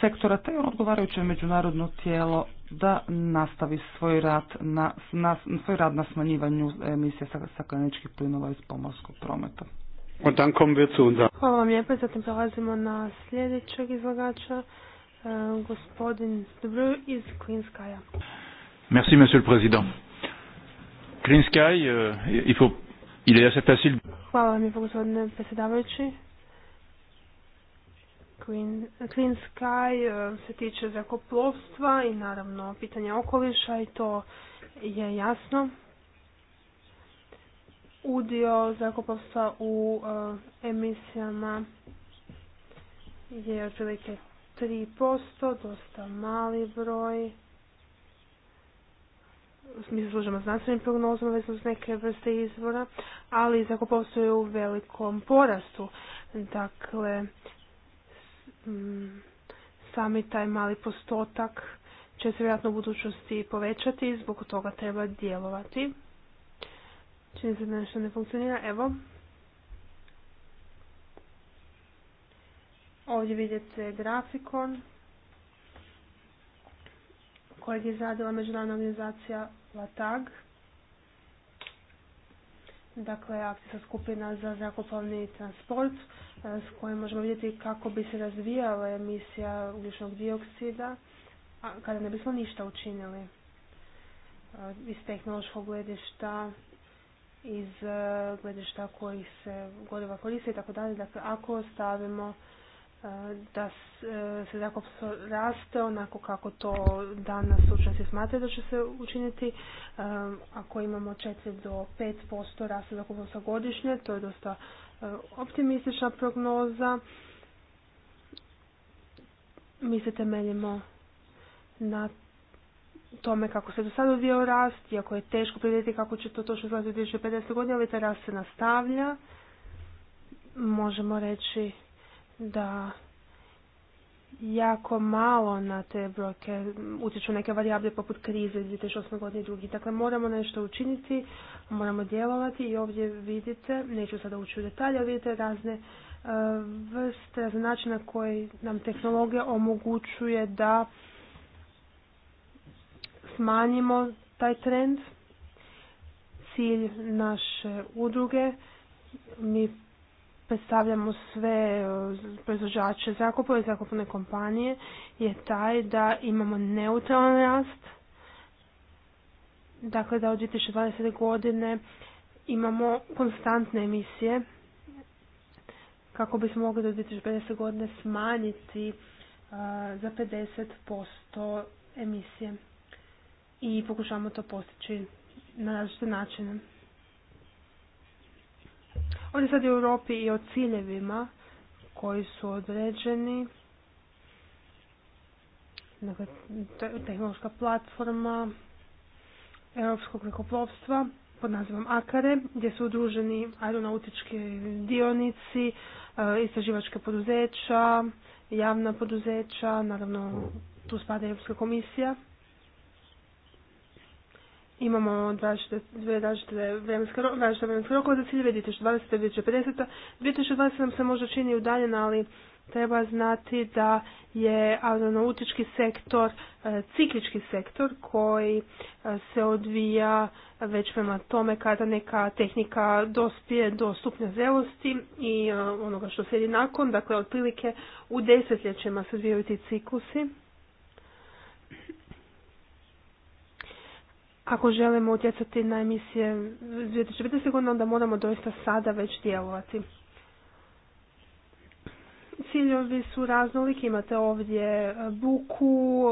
sektora, te on odgovarajuće međunarodno tijelo da nastavi svoj rad na, na svoj rad na smanjivanju emisije stakleničkih plinova iz pomorskog prometa. Hvala vam lijepo i zatim prelazimo na sljedećeg izlagača, e, gospodin iz Klinskaja. Merci, Monsieur le Président. Green Sky, euh, il, faut, il est assez facile. Hvala vam gospodine predsjedavajući. Clean, Sky uh, se tiče zrakoplovstva i naravno pitanja okoliša i to je jasno. Udio zrakoplovstva u uh, emisijama je otprilike 3%, dosta mali broj mi se služimo znanstvenim prognozama vezano s neke vrste izvora, ali zako postoje u velikom porastu. Dakle, mm, sami taj mali postotak će se vjerojatno u budućnosti povećati zbog toga treba djelovati. Čini se da nešto ne funkcionira. Evo. Ovdje vidite grafikon kojeg je izradila Međunarodna organizacija LATAG, dakle akcija skupina za zrakoplovni transport e, s kojim možemo vidjeti kako bi se razvijala emisija ugljičnog dioksida a kada ne bismo ništa učinili e, iz tehnološkog gledišta iz e, gledišta kojih se godova koriste i tako dalje. Dakle, ako stavimo da e, se zakon raste onako kako to danas stručnjaci smatra da će se učiniti. E, ako imamo 4 do 5% rasta sa godišnje, to je dosta e, optimistična prognoza. Mi se temeljimo na tome kako se do sada odvijao rast, iako je teško predvidjeti kako će to točno izgledati u 2050. godini, ali taj rast se nastavlja. Možemo reći da jako malo na te brojke utječu neke varijable poput krize 2008. godine i drugi. Dakle, moramo nešto učiniti, moramo djelovati i ovdje vidite, neću sada ući u detalje, ali vidite razne e, vrste, razne načine koji nam tehnologija omogućuje da smanjimo taj trend. Cilj naše udruge, mi predstavljamo sve e, proizvođače zakupove i zakupne kompanije je taj da imamo neutralan rast, dakle da od 2020. godine imamo konstantne emisije kako bismo mogli do 2050. godine smanjiti e, za 50% emisije i pokušavamo to postići na različite načine sad je u Europi i o ciljevima koji su određeni. Dakle, tehnološka platforma europskog rekoplovstva pod nazivom Akare, gdje su udruženi aeronautički dionici, e, istraživačka poduzeća, javna poduzeća, naravno tu spada Europska komisija imamo različite, dvije vremenske, različite rokova za ciljeve 2020. 2050. 2020 nam se možda čini udaljena, ali treba znati da je aeronautički sektor e, ciklički sektor koji e, se odvija već prema tome kada neka tehnika dospije do stupnja zelosti i e, onoga što slijedi nakon, dakle otprilike u desetljećima se odvijaju ti ciklusi ako želimo utjecati na emisije 2015. godine, onda moramo doista sada već djelovati. Ciljovi su raznoliki, imate ovdje e, buku,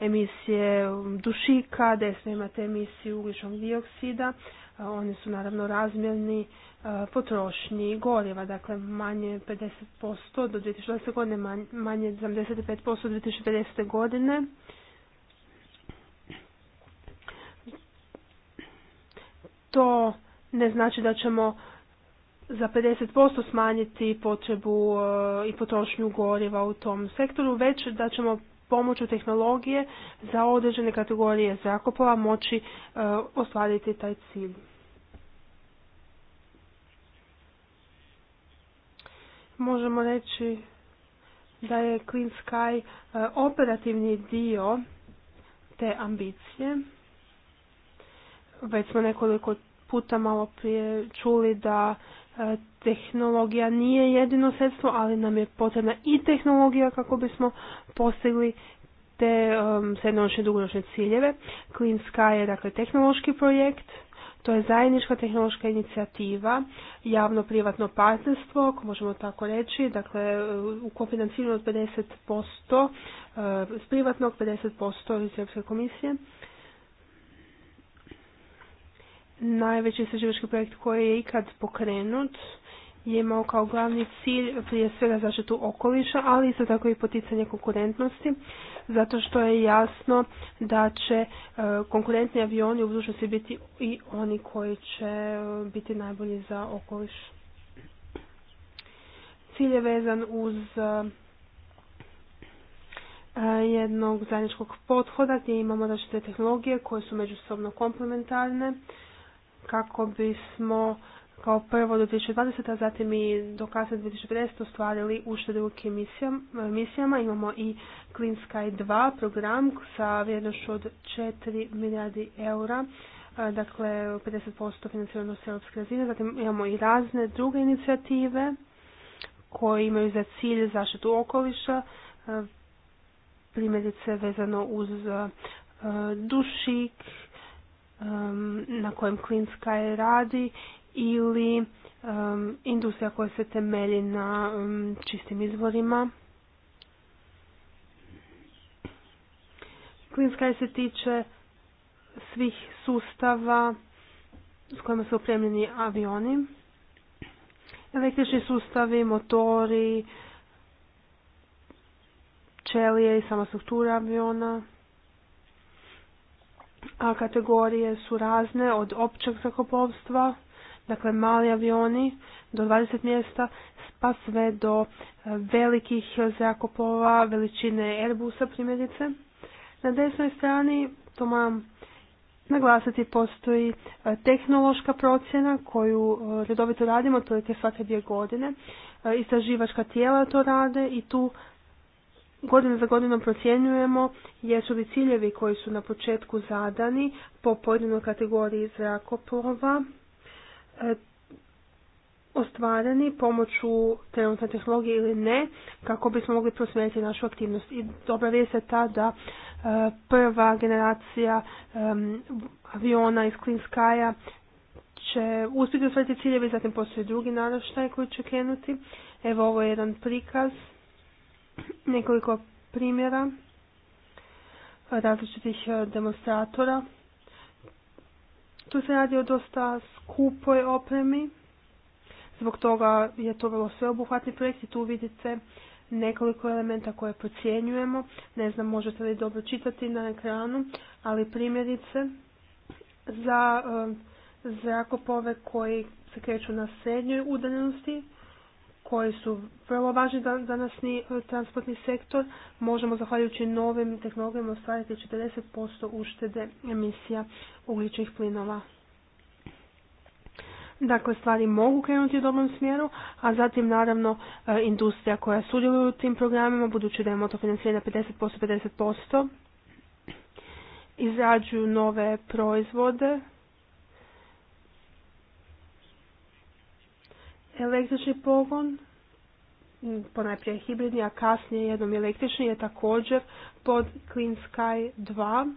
e, emisije dušika, desno imate emisiju ugljičnog dioksida, e, oni su naravno razmjerni potrošnji goriva, dakle manje 50% do 2020. godine, manje 75% do 2050. godine to ne znači da ćemo za 50% smanjiti potrebu e, i potrošnju goriva u tom sektoru, već da ćemo pomoću tehnologije za određene kategorije zrakoplova moći e, ostvariti taj cilj. Možemo reći da je Clean Sky e, operativni dio te ambicije već smo nekoliko puta malo prije čuli da e, tehnologija nije jedino sredstvo, ali nam je potrebna i tehnologija kako bismo postigli te um, i dugoročne ciljeve. Clean Sky je dakle tehnološki projekt, to je zajednička tehnološka inicijativa, javno-privatno partnerstvo, ako možemo tako reći, dakle u kofinanciranju od 50% e, s privatnog, 50% iz Europske komisije najveći istraživački projekt koji je ikad pokrenut je imao kao glavni cilj prije svega zaštitu okoliša, ali isto tako i poticanje konkurentnosti, zato što je jasno da će e, konkurentni avioni u budućnosti biti i oni koji će e, biti najbolji za okoliš. Cilj je vezan uz e, jednog zajedničkog pothoda gdje imamo različite tehnologije koje su međusobno komplementarne, kako bismo kao prvo do 2020, a zatim i do kasne 2050 ostvarili uštede u emisijama. E, imamo i Clean Sky 2 program sa vrijednošću od 4 milijardi eura, e, dakle 50% financirano s europske razine. Zatim imamo i razne druge inicijative koje imaju za cilj zaštitu okoliša, e, primjerice vezano uz dušik, um, na kojem Clean Sky radi ili um, industrija koja se temelji na um, čistim izvorima. Clean Sky se tiče svih sustava s kojima su opremljeni avioni, električni sustavi, motori, čelije i sama struktura aviona a kategorije su razne od općeg zrakoplovstva, dakle mali avioni do 20 mjesta, pa sve do e, velikih zrakoplova veličine Airbusa primjerice. Na desnoj strani, to moram naglasiti, postoji e, tehnološka procjena koju e, redovito radimo, tolike svake dvije godine. Istraživačka tijela to rade i tu Godinu za godinom procjenjujemo jesu li ciljevi koji su na početku zadani po pojedinoj kategoriji zrakoplova e, ostvareni pomoću trenutne tehnologije ili ne, kako bismo mogli prosmjeriti našu aktivnost. I dobra vijest je ta da e, prva generacija e, aviona iz Clean Sky-a će uspjeti ostvariti ciljevi, zatim postoji drugi naraštaj koji će krenuti. Evo ovo je jedan prikaz nekoliko primjera različitih e, demonstratora. Tu se radi o dosta skupoj opremi, zbog toga je to vrlo sveobuhvatni projekt i tu vidite nekoliko elementa koje procjenjujemo. Ne znam možete li dobro čitati na ekranu, ali primjerice za e, zrakopove koji se kreću na srednjoj udaljenosti koji su vrlo važni za e, transportni sektor, možemo zahvaljujući novim tehnologijama ostvariti 40% uštede emisija ugljičnih plinova. Dakle, stvari mogu krenuti u dobrom smjeru, a zatim naravno e, industrija koja sudjeluje u tim programima, budući da je to 50%, 50%, izrađuju nove proizvode, električni pogon, ponajprije hibridni, a kasnije jednom električni je također pod Clean Sky 2.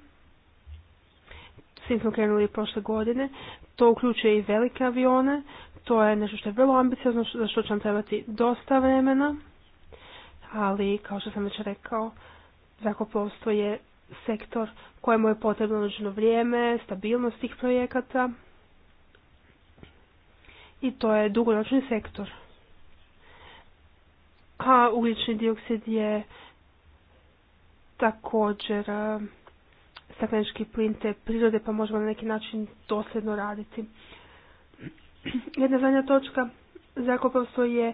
Svi smo krenuli prošle godine. To uključuje i velike avione. To je nešto što je vrlo ambiciozno, za što će nam trebati dosta vremena. Ali, kao što sam već rekao, zrakoplovstvo je sektor kojemu je potrebno određeno vrijeme, stabilnost tih projekata i to je dugoročni sektor. A ugljični dioksid je također staklenički plin te prirode pa možemo na neki način dosljedno raditi. Jedna zadnja točka, zakopavstvo je e,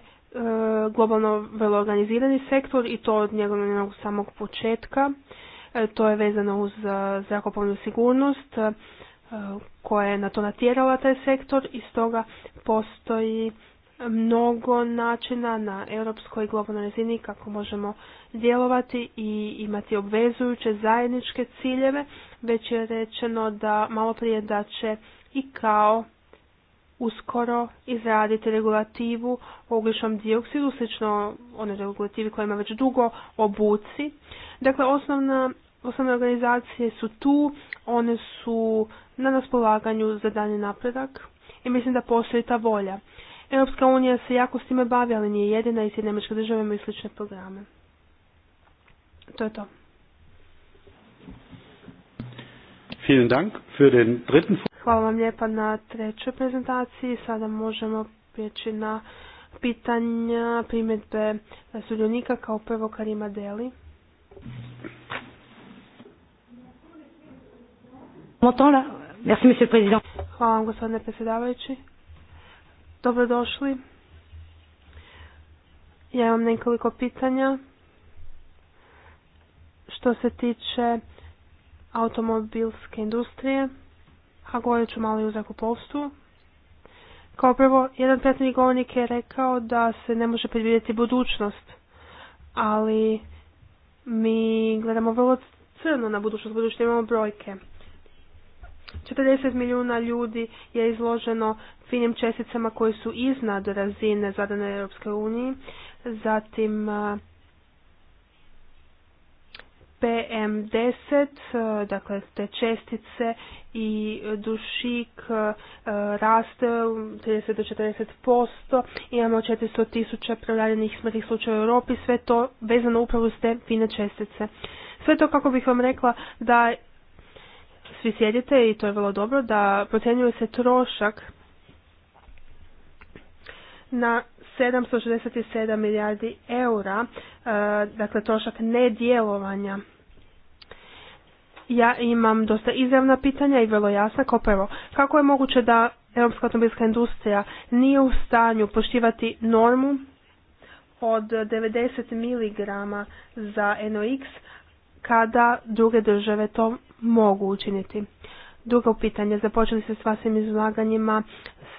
globalno vrlo organizirani sektor i to od njegovog samog početka. E, to je vezano uz zrakoplovnu sigurnost koja je na to natjerala taj sektor i stoga postoji mnogo načina na europskoj i globalnoj razini kako možemo djelovati i imati obvezujuće zajedničke ciljeve, već je rečeno da malo prije da će i kao uskoro izraditi regulativu o ugljičnom dioksidu, slično one regulativi koja ima već dugo obuci. Dakle, osnovna, osnovne organizacije su tu, one su na raspolaganju za dani napredak i mislim da postoji ta volja. Europska unija se jako s time bavi, ali nije jedina i država države imaju slične programe. To je to. Hvala vam lijepa na trećoj prezentaciji. Sada možemo prijeći na pitanja, primjedbe sudionika kao prvo Karima Deli. Motora Hvala vam, gospodine predsjedavajući. Dobrodošli. Ja imam nekoliko pitanja što se tiče automobilske industrije, a govorit ću malo i u zakupovstvu. Kao prvo, jedan prijatelji govornik je rekao da se ne može predvidjeti budućnost, ali mi gledamo vrlo crno na budućnost, budućnost imamo brojke. 40 milijuna ljudi je izloženo finim česticama koji su iznad razine zadane Europske unije. Zatim PM10, dakle te čestice i dušik raste 30 do 40%. Imamo 400 tisuća prijavljenih smrtnih slučaja u Europi, sve to vezano upravo s te fine čestice. Sve to kako bih vam rekla da svi sjedite i to je vrlo dobro da procjenjuje se trošak na 767 milijardi eura, eh, dakle trošak nedjelovanja. Ja imam dosta izravna pitanja i vrlo jasna. Kao prvo, kako je moguće da europska automobilska industrija nije u stanju poštivati normu od 90 mg za NOx kada druge države to mogu učiniti. Drugo pitanje, započeli se s vašim izlaganjima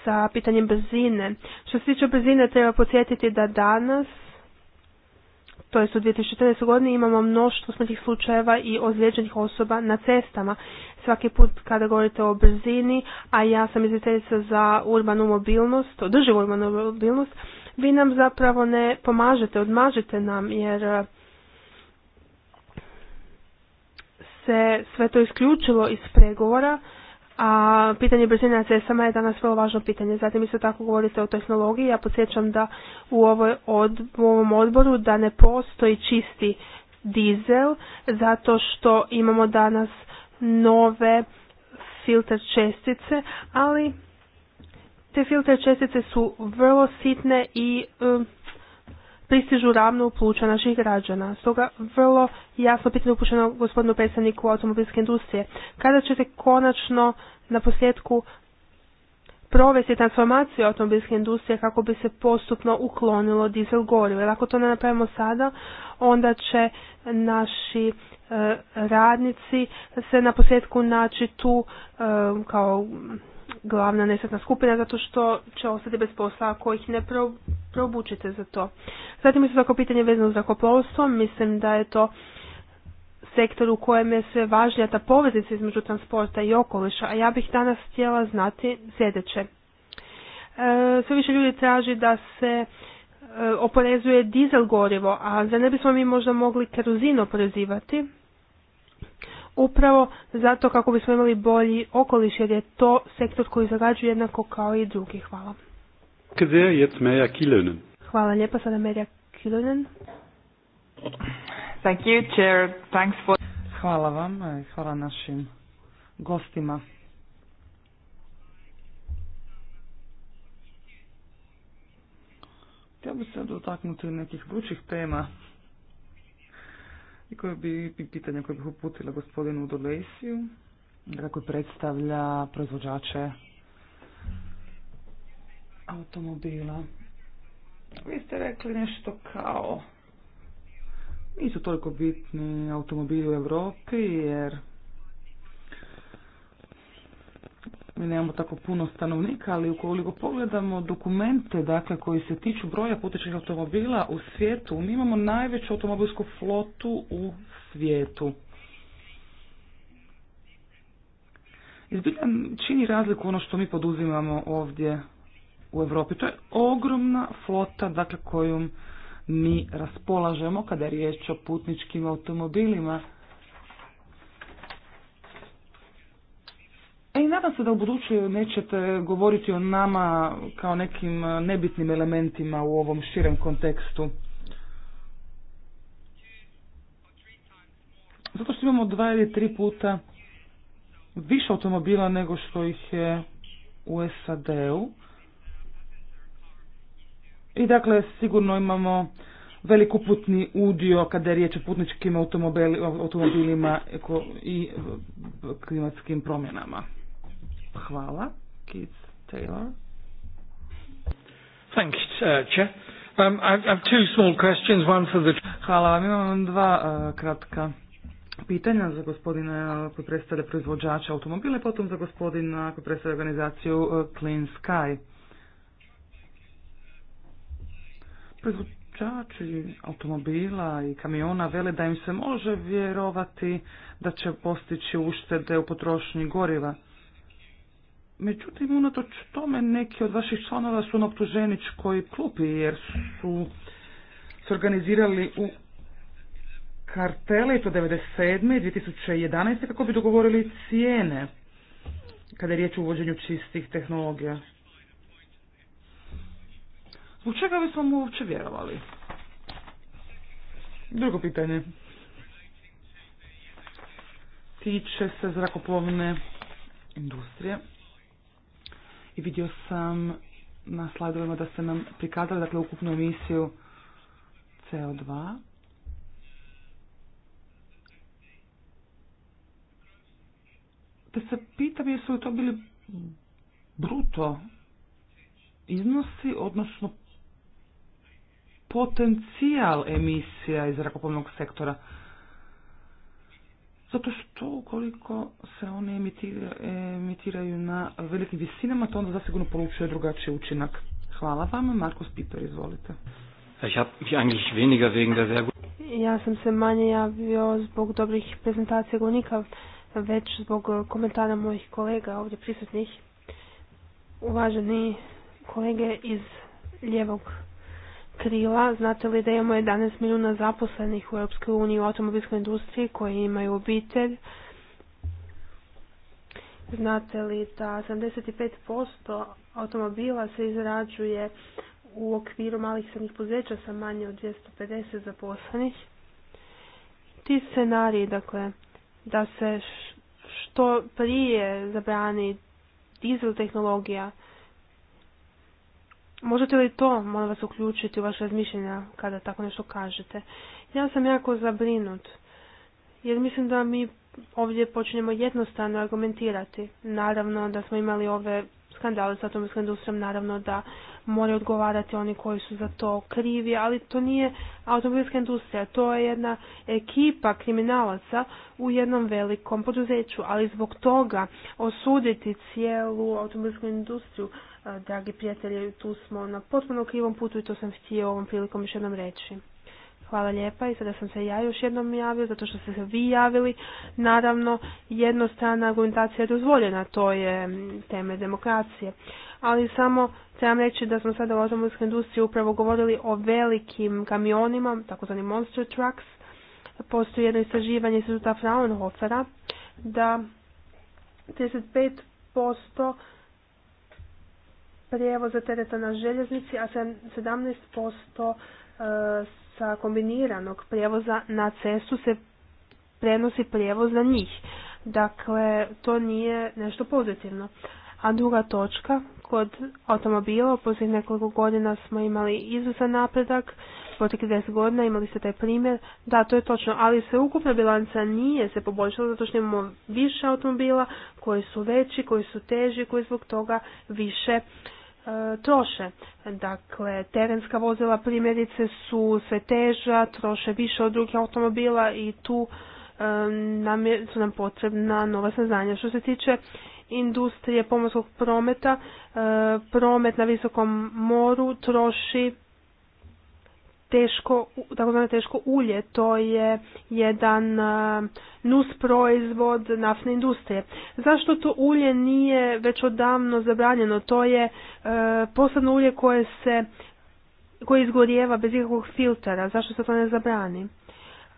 sa pitanjem brzine. Što se tiče brzine, treba podsjetiti da danas, to jest u 2014. godini, imamo mnoštvo smrtnih slučajeva i ozlijeđenih osoba na cestama. Svaki put kada govorite o brzini, a ja sam izvjeteljica za urbanu mobilnost, održivu urbanu mobilnost, vi nam zapravo ne pomažete, odmažete nam, jer se sve to isključilo iz pregovora, a pitanje brzine na cestama je danas vrlo važno pitanje. Zatim isto tako govorite o tehnologiji. Ja podsjećam da u, ovoj od, ovom odboru da ne postoji čisti dizel zato što imamo danas nove filter čestice, ali te filter čestice su vrlo sitne i um, pristižu ravno u pluća naših građana. Stoga vrlo jasno pitanje upućeno gospodinu predstavniku automobilske industrije. Kada ćete konačno na posljedku provesti transformaciju automobilske industrije kako bi se postupno uklonilo dizel gorivo. Jer ako to ne napravimo sada, onda će naši e, radnici se na posljedku naći tu e, kao glavna nesretna skupina zato što će ostati bez posla ako ih ne pro, probučite za to. Zatim isto tako pitanje vezano uz zrakoplovstvom. mislim da je to sektor u kojem je sve važnija ta poveznica između transporta i okoliša, a ja bih danas htjela znati sljedeće. E, sve više ljudi traži da se e, oporezuje dizel gorivo, a za ne bismo mi možda mogli kerozin oporezivati, upravo zato kako bismo imali bolji okoliš jer je to sektor koji zagađuje jednako kao i drugi. Hvala. Hvala lijepa, sada Merja Kilonen. Thank you, chair. Thanks for... Hvala vam, e, hvala našim gostima. Htio bi se dotaknuti nekih vrućih tema i koje bi, pitanje koje bih uputila gospodinu Dolesiju, kako dakle, predstavlja proizvođače automobila. Vi ste rekli nešto kao nisu toliko bitni automobili u Europi jer mi nemamo tako puno stanovnika, ali ukoliko pogledamo dokumente dakle, koji se tiču broja putničkih automobila u svijetu, mi imamo najveću automobilsku flotu u svijetu. Izbiljan čini razliku ono što mi poduzimamo ovdje u Europi. To je ogromna flota dakle, kojom mi raspolažemo kada je riječ o putničkim automobilima. E i nadam se da u buduću nećete govoriti o nama kao nekim e, nebitnim elementima u ovom širem kontekstu. Zato što imamo dva ili tri puta više automobila nego što ih je u SAD-u. I dakle, sigurno imamo velik putni udio kada je riječ o putničkim automobilima i e, klimatskim promjenama. Hvala. Keith Taylor. Thanks, uh, Um, I've, two small questions, one for the... Hvala vam, imam dva uh, kratka pitanja za gospodina uh, koji predstavlja proizvođača i potom za gospodina koji predstavlja organizaciju Clean Sky. Proizvođači automobila i kamiona vele da im se može vjerovati da će postići uštede u potrošnji goriva. Međutim, unatoč tome neki od vaših članova su na optuženičkoj klupi jer su se organizirali u kartele i to 97. i 2011. kako bi dogovorili cijene kada je riječ o uvođenju čistih tehnologija. U čega bismo mu uopće vjerovali? Drugo pitanje. Tiče se zrakoplovne industrije i vidio sam na slajdovima da ste nam prikazali dakle, ukupnu emisiju CO2. Te se pitam jesu li to bili bruto iznosi, odnosno potencijal emisija iz rakopolnog sektora. Zato što ukoliko se one emitiraju na velikim visinama, to onda zasigurno polučuje drugačiji učinak. Hvala vam, Markus Piper, izvolite. Ja sam se manje javio zbog dobrih prezentacija govornika, već zbog komentara mojih kolega ovdje prisutnih. Uvaženi kolege iz lijevog krila, znate li da imamo 11 milijuna zaposlenih u Europskoj uniji u automobilskoj industriji koji imaju obitelj? Znate li da 75% automobila se izrađuje u okviru malih srednjih poduzeća sa manje od 250 zaposlenih? Ti scenariji, dakle, da se što prije zabrani dizel tehnologija, Možete li to, molim vas, uključiti u vaše razmišljenja kada tako nešto kažete? Ja sam jako zabrinut, jer mislim da mi ovdje počinjemo jednostavno argumentirati. Naravno da smo imali ove skandale sa tom industrijom, naravno da moraju odgovarati oni koji su za to krivi, ali to nije automobilska industrija, to je jedna ekipa kriminalaca u jednom velikom poduzeću, ali zbog toga osuditi cijelu automobilsku industriju, dragi prijatelji, tu smo na potpuno krivom putu i to sam htio ovom prilikom još jednom reći. Hvala lijepa i sada sam se ja još jednom javio zato što ste se vi javili. Naravno, jednostrana argumentacija je dozvoljena, to je teme demokracije ali samo trebam reći da smo sada u automobilskoj industriji upravo govorili o velikim kamionima, takozvani monster trucks. Postoji jedno istraživanje instituta Fraunhofera da 35% prijevoza tereta na željeznici, a 17% e, sa kombiniranog prijevoza na cestu se prenosi prijevoz na njih. Dakle, to nije nešto pozitivno. A druga točka kod automobila. U posljednjih nekoliko godina smo imali izuzan napredak, proteklih 10 godina imali ste taj primjer. Da, to je točno, ali sve ukupna bilanca nije se poboljšala zato što imamo više automobila koji su veći, koji su teži, koji zbog toga više e, troše. Dakle, terenska vozila primjerice su sve teža, troše više od drugih automobila i tu e, su nam potrebna nova saznanja. Što se tiče industrije pomorskog prometa, e, promet na visokom moru troši teško, takozvano teško ulje, to je jedan e, nus proizvod naftne industrije. Zašto to ulje nije već odavno zabranjeno? To je e, posebno ulje koje se koje izgorijeva bez ikakvog filtera. Zašto se to ne zabrani?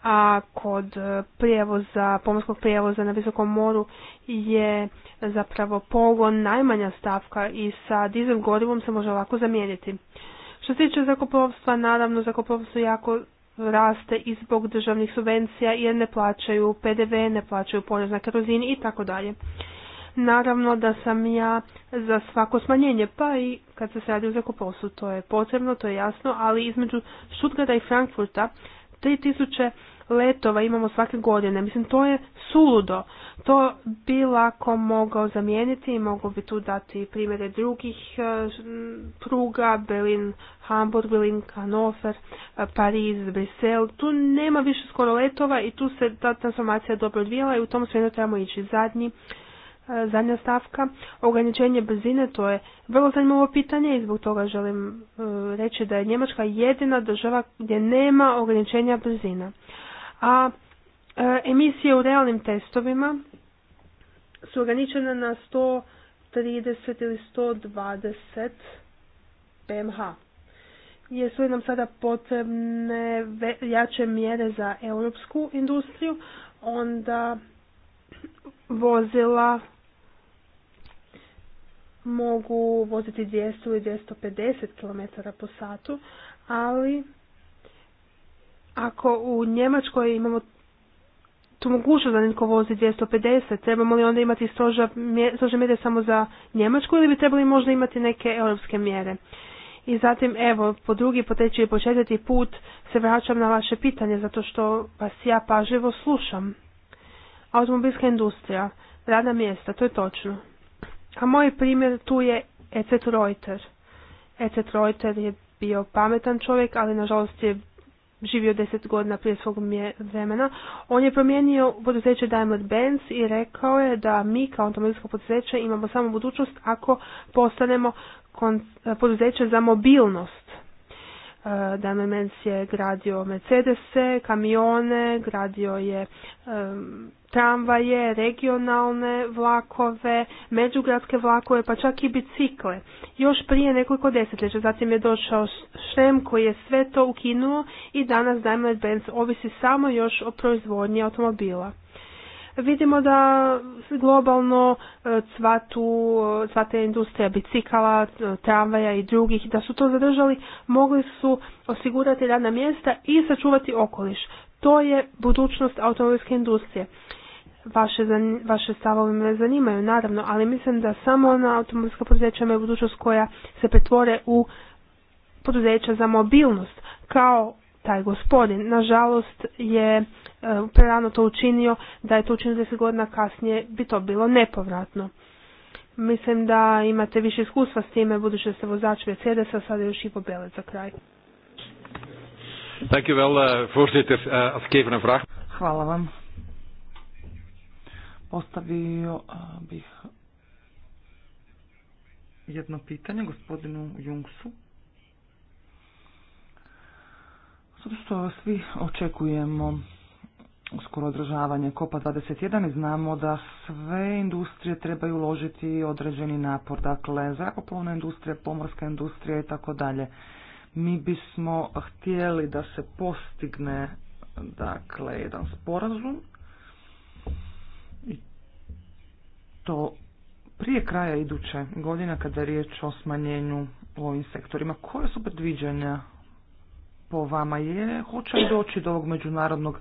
a kod e, prijevoza, pomorskog prijevoza na visokom moru je zapravo pogon najmanja stavka i sa dizel gorivom se može lako zamijeniti. Što se tiče zakoplovstva, naravno zakoplovstvo jako raste i zbog državnih subvencija jer ne plaćaju PDV, ne plaćaju porez na kerozin i tako dalje. Naravno da sam ja za svako smanjenje, pa i kad se radi u zakoplovstvu, to je potrebno, to je jasno, ali između Štutgara i Frankfurta 3000 letova imamo svake godine. Mislim, to je suludo. To bi lako mogao zamijeniti i mogu bi tu dati primjere drugih e, pruga, Berlin, Hamburg, Berlin, Hannover, e, Pariz, Brisel. Tu nema više skoro letova i tu se ta transformacija dobro odvijela i u tom smjeru trebamo ići zadnji. E, zadnja stavka, ograničenje brzine, to je vrlo zanimljivo pitanje i zbog toga želim reći da je Njemačka jedina država gdje nema ograničenja brzina a e, emisije u realnim testovima su ograničene na 130 ili 120 PMH. Jesu li nam sada potrebne jače mjere za europsku industriju, onda vozila mogu voziti 200 ili 250 km po satu, ali ako u Njemačkoj imamo tu mogućnost da netko vozi 250, trebamo li onda imati strože mjere samo za Njemačku ili bi trebali možda imati neke europske mjere? I zatim, evo, po drugi, po treći i po četvrti put se vraćam na vaše pitanje, zato što vas ja pažljivo slušam. Automobilska industrija, radna mjesta, to je točno. A moj primjer tu je Ecet Reuter. Ecet Reuter je bio pametan čovjek, ali nažalost je živio deset godina prije svog vremena, on je promijenio poduzeće Diamond Benz i rekao je da mi kao automobilsko poduzeće imamo samo budućnost ako postanemo poduzeće za mobilnost. E, da Mens je gradio Mercedese, kamione, gradio je e, tramvaje, regionalne vlakove, međugradske vlakove, pa čak i bicikle. Još prije nekoliko desetljeća zatim je došao Šrem koji je sve to ukinuo i danas Daimler Benz ovisi samo još o proizvodnji automobila vidimo da globalno cvatu, e, cvate e, industrija bicikala, e, tramvaja i drugih, da su to zadržali, mogli su osigurati radna mjesta i sačuvati okoliš. To je budućnost automobilske industrije. Vaše, vaše stavove me zanimaju, naravno, ali mislim da samo ona automobilska poduzeća je budućnost koja se pretvore u poduzeća za mobilnost, kao taj gospodin. Nažalost je E, prerano to učinio, da je to učinio deset godina kasnije, bi to bilo nepovratno. Mislim da imate više iskustva s time, budući da ste vozač Mercedesa, sada još i pobele za kraj. Eh, eh, Hvala vam. Postavio eh, bih jedno pitanje gospodinu Jungsu. Zato što svi očekujemo skoro održavanje Kopa 21 i znamo da sve industrije trebaju uložiti određeni napor, dakle zrakoplovna industrija, pomorska industrija i tako dalje. Mi bismo htjeli da se postigne dakle jedan sporazum i to prije kraja iduće godine kada je riječ o smanjenju u ovim sektorima. Koje su predviđanja po vama je, hoće li doći do ovog međunarodnog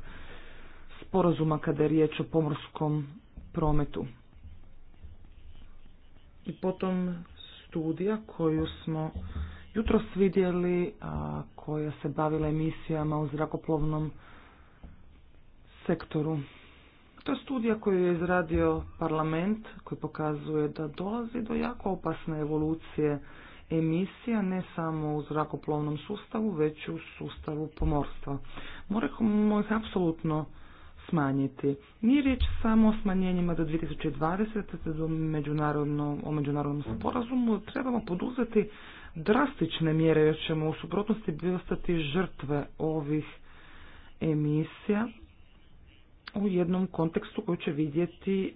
sporazuma kada je riječ o pomorskom prometu. I potom studija koju smo jutro vidjeli, a koja se bavila emisijama u zrakoplovnom sektoru. To je studija koju je izradio parlament koji pokazuje da dolazi do jako opasne evolucije emisija ne samo u zrakoplovnom sustavu, već u sustavu pomorstva. Moramo ih apsolutno smanjiti. Nije riječ samo o smanjenjima do 2020. Do međunarodno, o međunarodnom sporazumu. Trebamo poduzeti drastične mjere jer ćemo u suprotnosti bi ostati žrtve ovih emisija u jednom kontekstu koji će vidjeti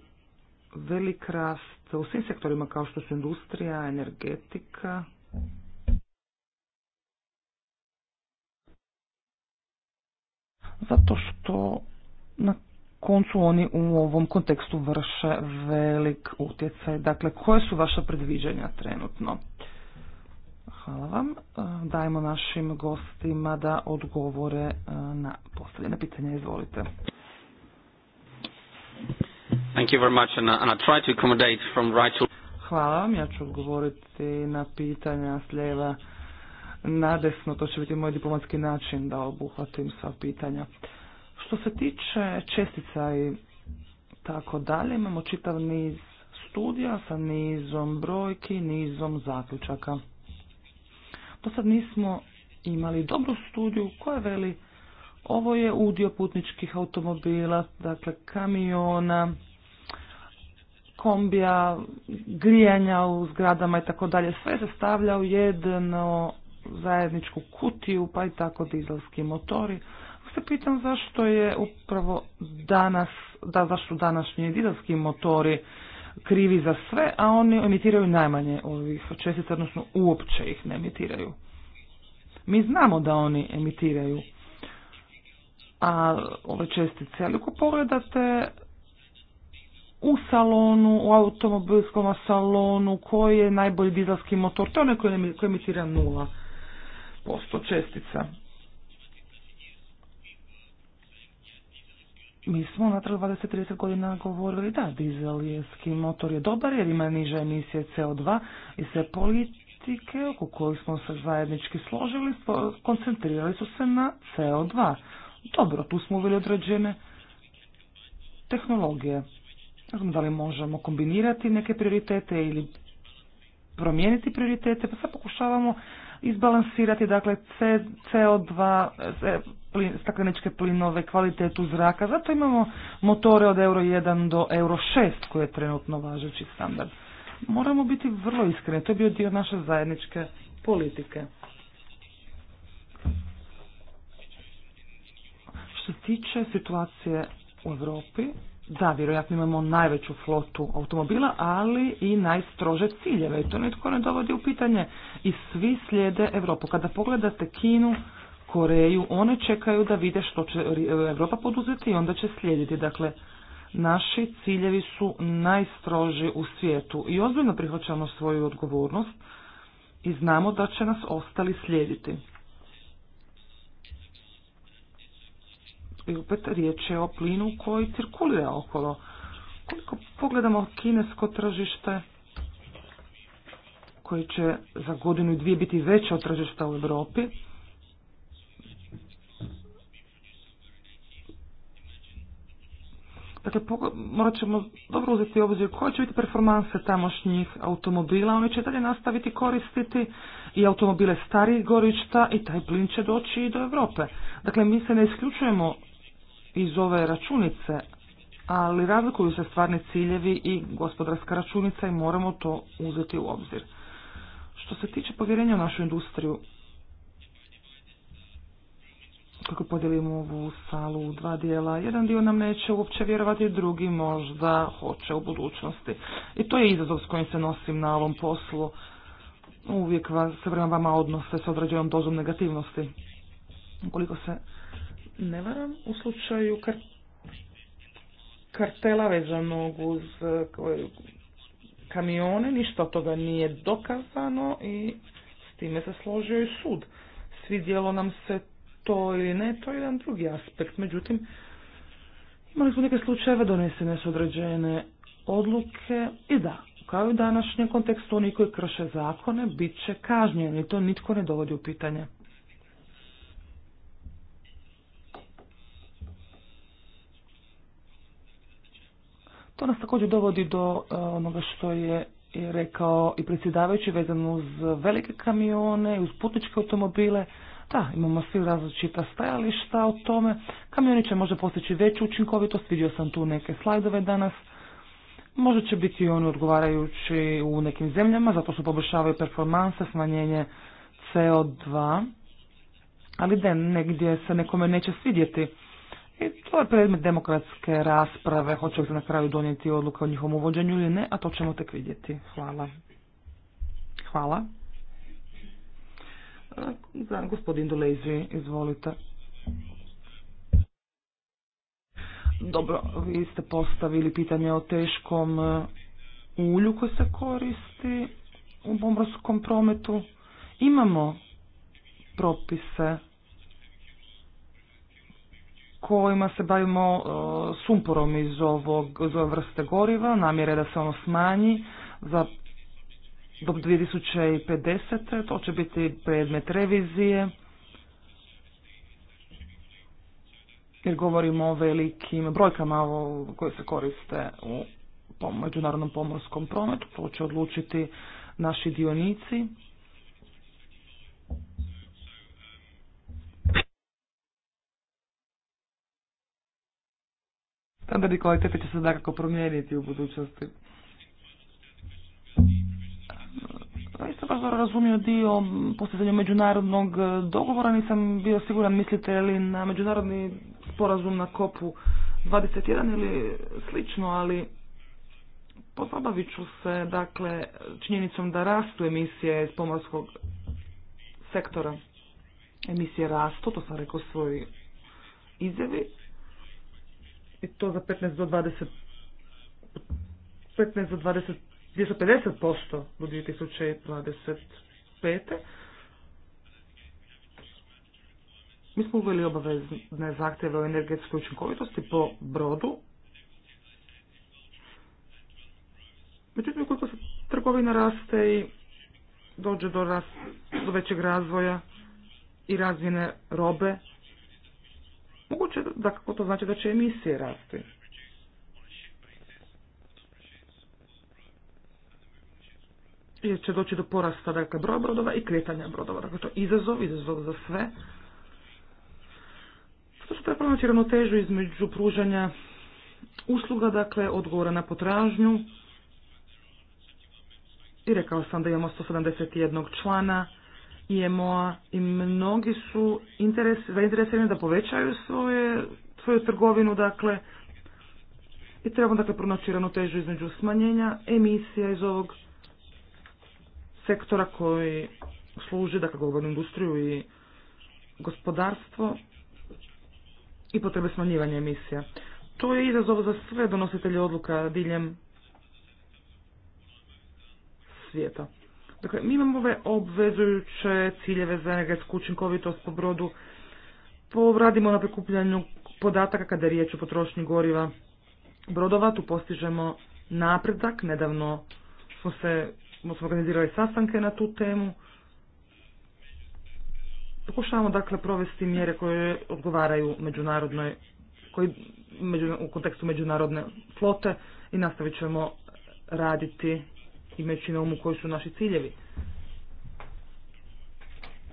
velik rast u svim sektorima kao što su industrija, energetika, zato što na koncu oni u ovom kontekstu vrše velik utjecaj. Dakle, koje su vaša predviđanja trenutno? Hvala vam. E, dajemo našim gostima da odgovore e, na postavljena pitanja. Izvolite. Thank you very much and I to accommodate from right to Hvala vam, ja ću odgovoriti na pitanja s lijeva na desno, to će biti moj diplomatski način da obuhvatim sva pitanja. Što se tiče čestica i tako dalje, imamo čitav niz studija sa nizom brojki, nizom zaključaka. Do sad nismo imali dobru studiju koja veli ovo je udio putničkih automobila, dakle kamiona, kombija, grijanja u zgradama i tako dalje. Sve se stavlja u jedno zajedničku kutiju, pa i tako dizelski motori se pitam zašto je upravo danas, da zašto današnji dizelski motori krivi za sve, a oni emitiraju najmanje ovih čestica, odnosno uopće ih ne emitiraju. Mi znamo da oni emitiraju a ove čestice, ali ako pogledate u salonu, u automobilskom salonu, koji je najbolji dizelski motor, to je onaj koji emitira nula posto čestica. Mi smo natrag 20-30 godina govorili da dizelijski motor je dobar jer ima niže emisije CO2 i sve politike oko kojih smo se zajednički složili koncentrirali su se na CO2. Dobro, tu smo uveli određene tehnologije. Ne znam da li možemo kombinirati neke prioritete ili promijeniti prioritete, pa sad pokušavamo izbalansirati dakle CO2 stakleničke plinove, kvalitetu zraka. Zato imamo motore od Euro 1 do Euro 6 koji je trenutno važeći standard. Moramo biti vrlo iskreni, to je bio dio naše zajedničke politike. Što se tiče situacije u Europi, da, vjerojatno imamo najveću flotu automobila, ali i najstrože ciljeve i to nitko ne dovodi u pitanje. I svi slijede Evropu. Kada pogledate Kinu, Koreju, one čekaju da vide što će Europa poduzeti i onda će slijediti. Dakle, naši ciljevi su najstroži u svijetu i ozbiljno prihvaćamo svoju odgovornost i znamo da će nas ostali slijediti. I opet riječ je o plinu koji cirkulira okolo. Koliko pogledamo kinesko tržište, koje će za godinu i dvije biti veće od tržišta u Europi, Dakle, morat ćemo dobro uzeti obzir koje će biti performanse tamošnjih automobila. Oni će dalje nastaviti koristiti i automobile starih gorišta i taj plin će doći i do Europe. Dakle, mi se ne isključujemo iz ove računice, ali razlikuju se stvarni ciljevi i gospodarska računica i moramo to uzeti u obzir. Što se tiče povjerenja u našu industriju, kako podijelimo ovu salu u dva dijela, jedan dio nam neće uopće vjerovati, drugi možda hoće u budućnosti. I to je izazov s kojim se nosim na ovom poslu. Uvijek se prema vama odnose s određenom dozom negativnosti. Ukoliko se ne varam, u slučaju kar kartela vezanog uz eh, kamione, ništa od toga nije dokazano i s time se složio i sud. Svidjelo nam se to ili ne, to je jedan drugi aspekt. Međutim, imali smo neke slučajeve, donesene su određene odluke i da, kao i u današnjem kontekstu, oni koji krše zakone bit će kažnjeni, to nitko ne dovodi u pitanje. To nas također dovodi do e, onoga što je rekao i predsjedavajući vezano uz velike kamione, uz putničke automobile. Da, imamo svi različita stajališta o tome. Kamioni će možda postići veću učinkovitost, vidio sam tu neke slajdove danas. Možda će biti oni odgovarajući u nekim zemljama, zato što poboljšavaju performanse, smanjenje CO2, ali da negdje se nekome neće svidjeti. I to je predmet demokratske rasprave, hoće li se na kraju donijeti odluka o njihovom uvođenju ili ne, a to ćemo tek vidjeti. Hvala. Hvala. E, gospodin Dolezi, izvolite. Dobro, vi ste postavili pitanje o teškom e, ulju koje se koristi u pomorskom prometu. Imamo propise kojima se bavimo e, sumporom iz, ovog, ove vrste goriva, namjere da se ono smanji za do 2050. To će biti predmet revizije. Jer govorimo o velikim brojkama koje se koriste u međunarodnom pomorskom prometu. To će odlučiti naši dionici. Standardi kvalitete će se dakako promijeniti u budućnosti. Isto vas dobro razumio dio postizanja međunarodnog dogovora, nisam bio siguran mislite li na međunarodni sporazum na kopu 21 ili slično, ali pozabavit ću se dakle činjenicom da rastu emisije iz pomorskog sektora. Emisije rastu, to sam rekao svoj izjavi, i to za 15 do 20 15 do 20 250% do 2025. Mi smo uveli obavezne zahtjeve o energetskoj učinkovitosti po brodu. Međutim, ukoliko se trgovina raste i dođe do, do većeg razvoja i razvine robe, Moguće da kako to znači da će emisije rasti. jer će doći do porasta dakle, broja brodova i kretanja brodova. Dakle, to je izazov, izazov za sve. Što se treba pronaći ravnotežu između pružanja usluga, dakle, odgovora na potražnju. I rekao sam da imamo 171 člana imo i mnogi su interes, zainteresirani da povećaju svoje, svoju trgovinu, dakle, i trebamo dakle pronaći ravnotežu između smanjenja emisija iz ovog sektora koji služi, dakle, globalnu industriju i gospodarstvo i potrebe smanjivanja emisija. To je izazov za sve donositelje odluka diljem svijeta. Dakle, mi imamo ove obvezujuće ciljeve za energetsku učinkovitost po brodu. Radimo na prikupljanju podataka kada je riječ o potrošnji goriva brodova. Tu postižemo napredak. Nedavno smo se smo organizirali sastanke na tu temu. Pokušavamo dakle provesti mjere koje odgovaraju međunarodnoj, koji, u kontekstu međunarodne flote i nastavit ćemo raditi imajući na umu koji su naši ciljevi.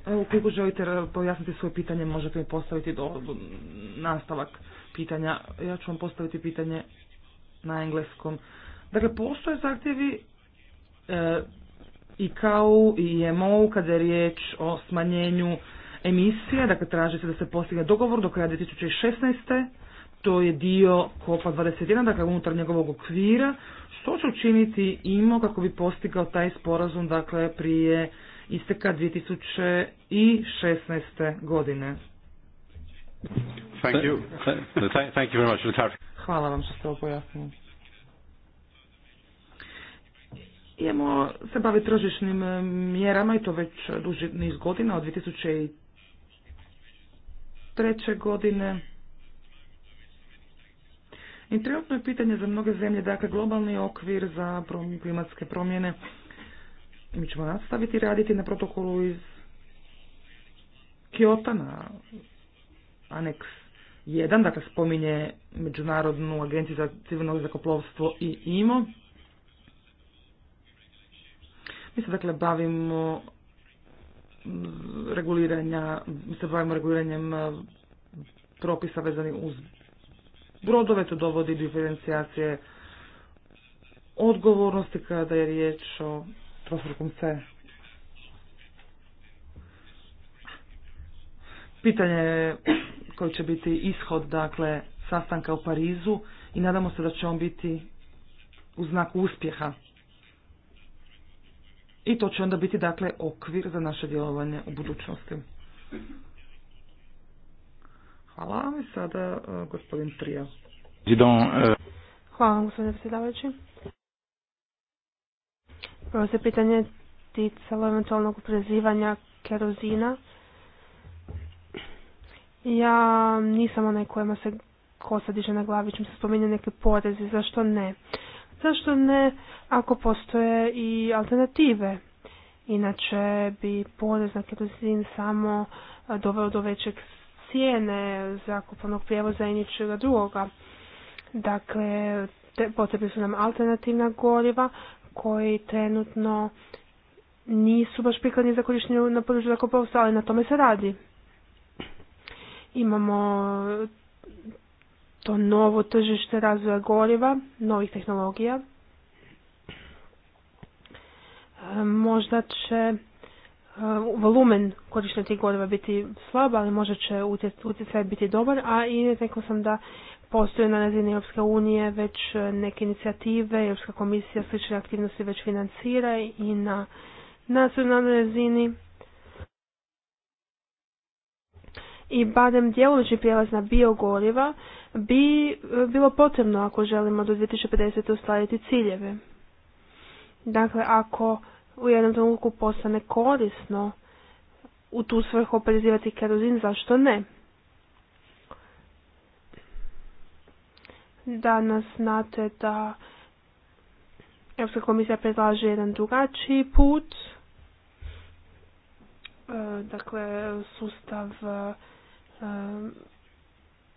Evo, kako želite pojasniti svoje pitanje, možete mi postaviti do, nastavak pitanja. Ja ću vam postaviti pitanje na engleskom. Dakle, postoje zahtjevi e, i kao i IMO kada je riječ o smanjenju emisije, dakle traži se da se postigne dogovor do kraja 2016 to je dio Kopa 21, dakle unutar njegovog okvira, što će učiniti IMO kako bi postigao taj sporazum dakle prije isteka 2016. godine. Thank you. Thank you very much. Hvala vam što ste ovo pojasnili. Idemo se bavi tržišnim mjerama i to već duži niz godina, od 2003. godine. I trenutno je pitanje za mnoge zemlje, dakle globalni okvir za klimatske promjene. Mi ćemo nastaviti raditi na protokolu iz Kiota na aneks 1, dakle spominje Međunarodnu agenciju za civilno zakoplovstvo i IMO. Mi se dakle bavimo reguliranja, mi se bavimo reguliranjem propisa vezanih uz brodove, to dovodi do diferencijacije odgovornosti kada je riječ o trostrukom C. Pitanje koji će biti ishod dakle sastanka u Parizu i nadamo se da će on biti u znaku uspjeha. I to će onda biti dakle okvir za naše djelovanje u budućnosti. Hvala vam i sada e, gospodin Trija. E, Hvala vam gospodine predsjedavajući. Prvo se pitanje ticalo eventualnog prezivanja kerozina. Ja nisam onaj kojima se kosa diže na glavi, čim se spominje neke porezi, zašto ne? Zašto ne ako postoje i alternative? Inače bi porez na kerozin samo e, doveo do većeg cijene zakupanog prijevoza i ničega drugoga. Dakle, potrebni su nam alternativna goriva koji trenutno nisu baš prikladni za korištenje na području zakupovstva, ali na tome se radi. Imamo to novo tržište razvoja goriva, novih tehnologija. E, možda će Eh, volumen korištenja tih goriva biti slaba, ali možda će utjecaj biti dobar, a i rekao sam da postoje na razini Europske unije već eh, neke inicijative, Europska komisija slične aktivnosti već financira i na nacionalnoj razini. I barem djelomični prijelaz na biogoriva bi eh, bilo potrebno ako želimo do 2050. ostvariti ciljeve. Dakle, ako u jednom trenutku postane korisno u tu svrhu oprezivati kerozin, zašto ne? Danas znate da Europska komisija predlaže jedan drugačiji put, e, dakle sustav e, e,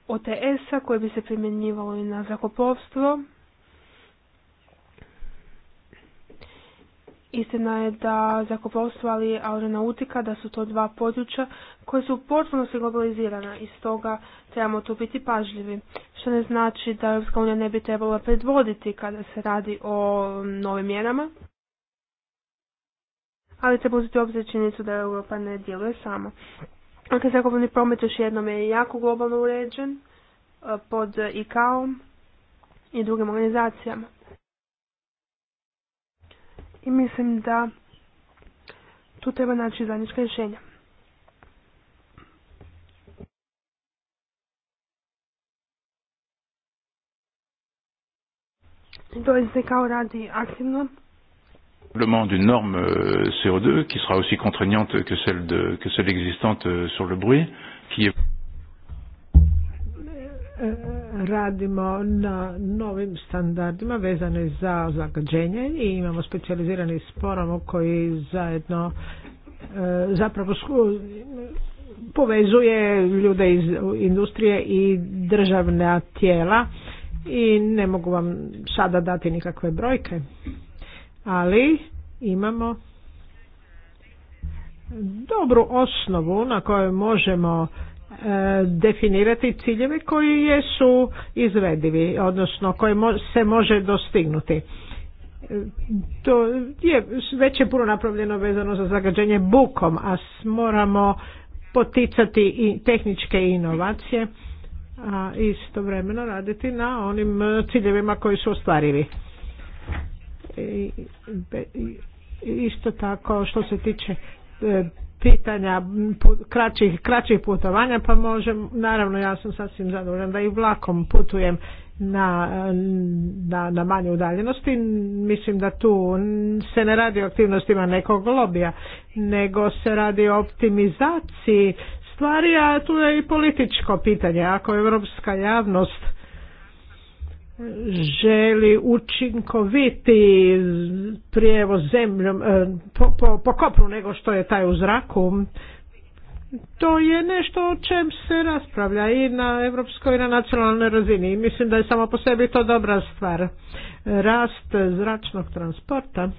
OTS-a koji bi se primjenjivalo i na zrakoplovstvo. Istina je da zakoplovstvo ali i da su to dva područja koje su potpuno se globalizirana i stoga trebamo tu biti pažljivi. Što ne znači da Europska unija ne bi trebala predvoditi kada se radi o novim mjerama. Ali treba uzeti u obzir činjenicu da Europa ne djeluje sama. Ok, dakle, zrakoplovni promet još jednom je jako globalno uređen eh, pod icao i drugim organizacijama i mislim da tu treba naći zajednička rješenja. Doista kao radi aktivno monde d'une norme euh, CO2 qui sera aussi contraignante que celle, de, que celle existante euh, sur le bruit, qui est radimo na novim standardima vezane za zagađenje i imamo specijalizirani sporom koji zajedno e, zapravo povezuje ljude iz industrije i državna tijela i ne mogu vam sada dati nikakve brojke ali imamo dobru osnovu na kojoj možemo definirati ciljeve koji jesu izvedivi, odnosno koje se može dostignuti. E, to je, već je puno napravljeno vezano za zagađenje bukom, a moramo poticati i tehničke inovacije, a istovremeno raditi na onim e, ciljevima koji su ostvarivi. E, isto tako što se tiče pitanja kraćih, kraćih putovanja pa možem, naravno ja sam sasvim zadovoljan da i vlakom putujem na, na, na manje udaljenosti. Mislim da tu se ne radi o aktivnostima nekog lobija, nego se radi o optimizaciji stvari, a tu je i političko pitanje. Ako europska javnost želi učinkoviti prijevoz zemljom e, po, po, po kopru nego što je taj u zraku to je nešto o čem se raspravlja i na europskoj i na nacionalnoj razini i mislim da je samo po sebi to dobra stvar rast zračnog transporta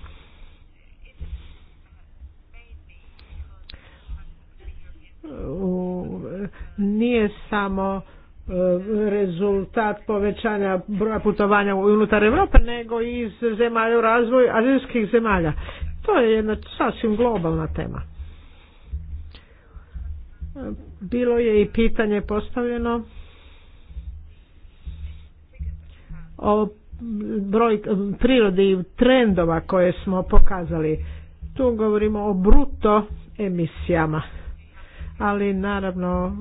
u, nije samo rezultat povećanja broja putovanja unutar Europe nego iz zemalja u razvoju azijskih zemalja. To je jedna sasvim globalna tema. Bilo je i pitanje postavljeno o broj prirodi trendova koje smo pokazali. Tu govorimo o bruto emisijama, ali naravno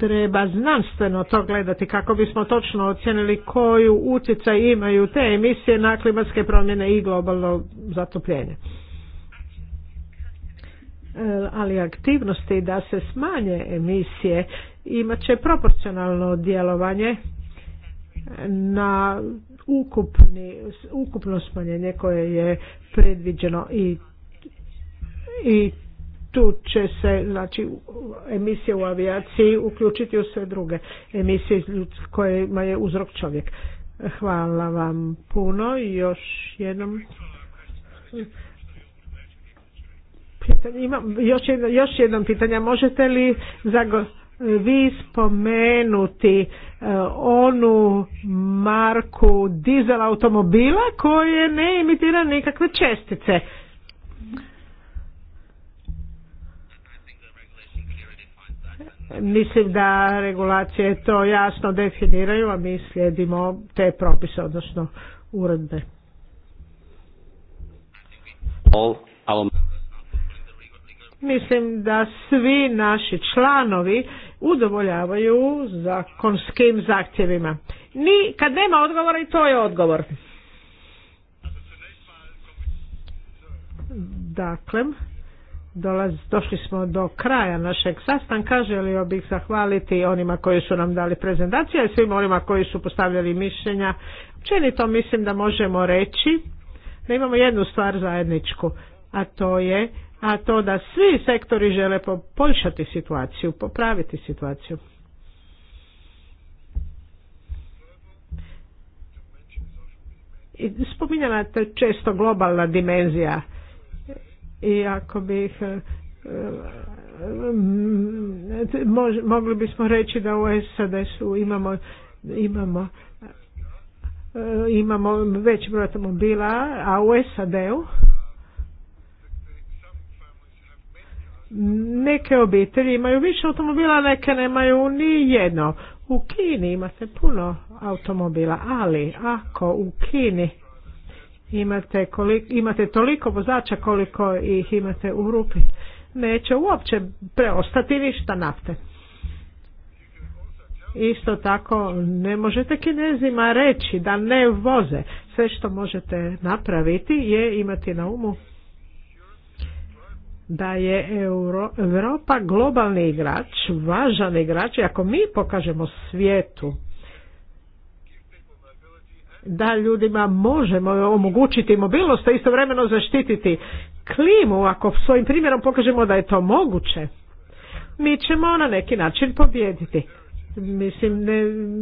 treba znanstveno to gledati kako bismo točno ocijenili koju utjecaj imaju te emisije na klimatske promjene i globalno zatopljenje. E, ali aktivnosti da se smanje emisije imat će proporcionalno djelovanje na ukupni, ukupno smanjenje koje je predviđeno i, i tu će se znači, emisije u avijaciji uključiti u sve druge emisije kojima je uzrok čovjek. Hvala vam puno i još jednom pitanje, imam još, jedno, još jednom pitanje, možete li vi spomenuti e, onu marku dizel automobila koje ne imitira nikakve čestice? Mislim da regulacije to jasno definiraju, a mi slijedimo te propise, odnosno uredbe. Mislim da svi naši članovi udovoljavaju zakonskim zahtjevima. Ni, kad nema odgovora i to je odgovor. Dakle, Dolaz, došli smo do kraja našeg sastanka. Želio bih zahvaliti onima koji su nam dali prezentacije i svima onima koji su postavljali mišljenja. Općenito mislim da možemo reći da imamo jednu stvar zajedničku, a to je a to da svi sektori žele poboljšati situaciju, popraviti situaciju. I te često globalna dimenzija i ako bih eh, eh, mogli bismo reći da u sad su imamo imamo eh, imamo veći broj automobila, a u SAD-u neke obitelji imaju više automobila, neke nemaju ni jedno. U Kini ima se puno automobila, ali ako u Kini imate, koliko, imate toliko vozača koliko ih imate u grupi neće uopće preostati ništa nafte isto tako ne možete kinezima reći da ne voze sve što možete napraviti je imati na umu da je Euro, Europa globalni igrač važan igrač i ako mi pokažemo svijetu da ljudima možemo omogućiti mobilnost, a istovremeno zaštititi klimu, ako svojim primjerom pokažemo da je to moguće, mi ćemo na neki način pobijediti. Mislim,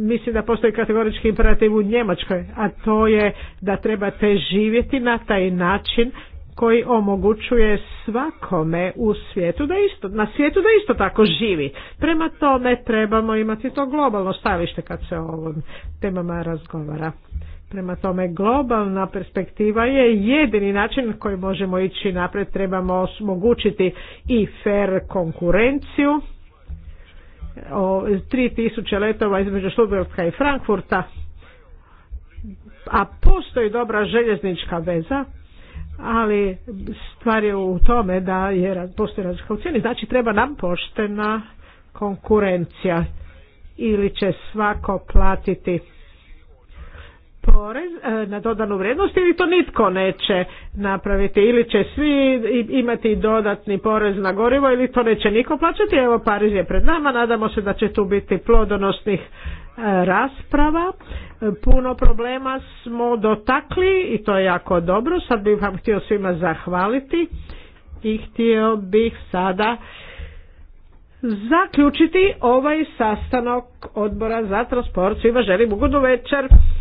mislim da postoji kategorički imperativ u Njemačkoj, a to je da trebate živjeti na taj način koji omogućuje svakome u svijetu da isto, na svijetu da isto tako živi. Prema tome trebamo imati to globalno stavište kad se o ovom temama razgovara. Prema tome globalna perspektiva je jedini način na koji možemo ići naprijed. Trebamo omogućiti i fair konkurenciju. O, 3000 letova između Študberga i Frankfurta. A postoji dobra željeznička veza ali stvar je u tome da je postoji razlika u znači treba nam poštena konkurencija ili će svako platiti porez e, na dodanu vrijednost ili to nitko neće napraviti ili će svi imati dodatni porez na gorivo ili to neće niko plaćati evo Pariz je pred nama nadamo se da će tu biti plodonosnih rasprava. Puno problema smo dotakli i to je jako dobro. Sad bih vam htio svima zahvaliti i htio bih sada zaključiti ovaj sastanak odbora za transport. Svima želim ugodnu večer.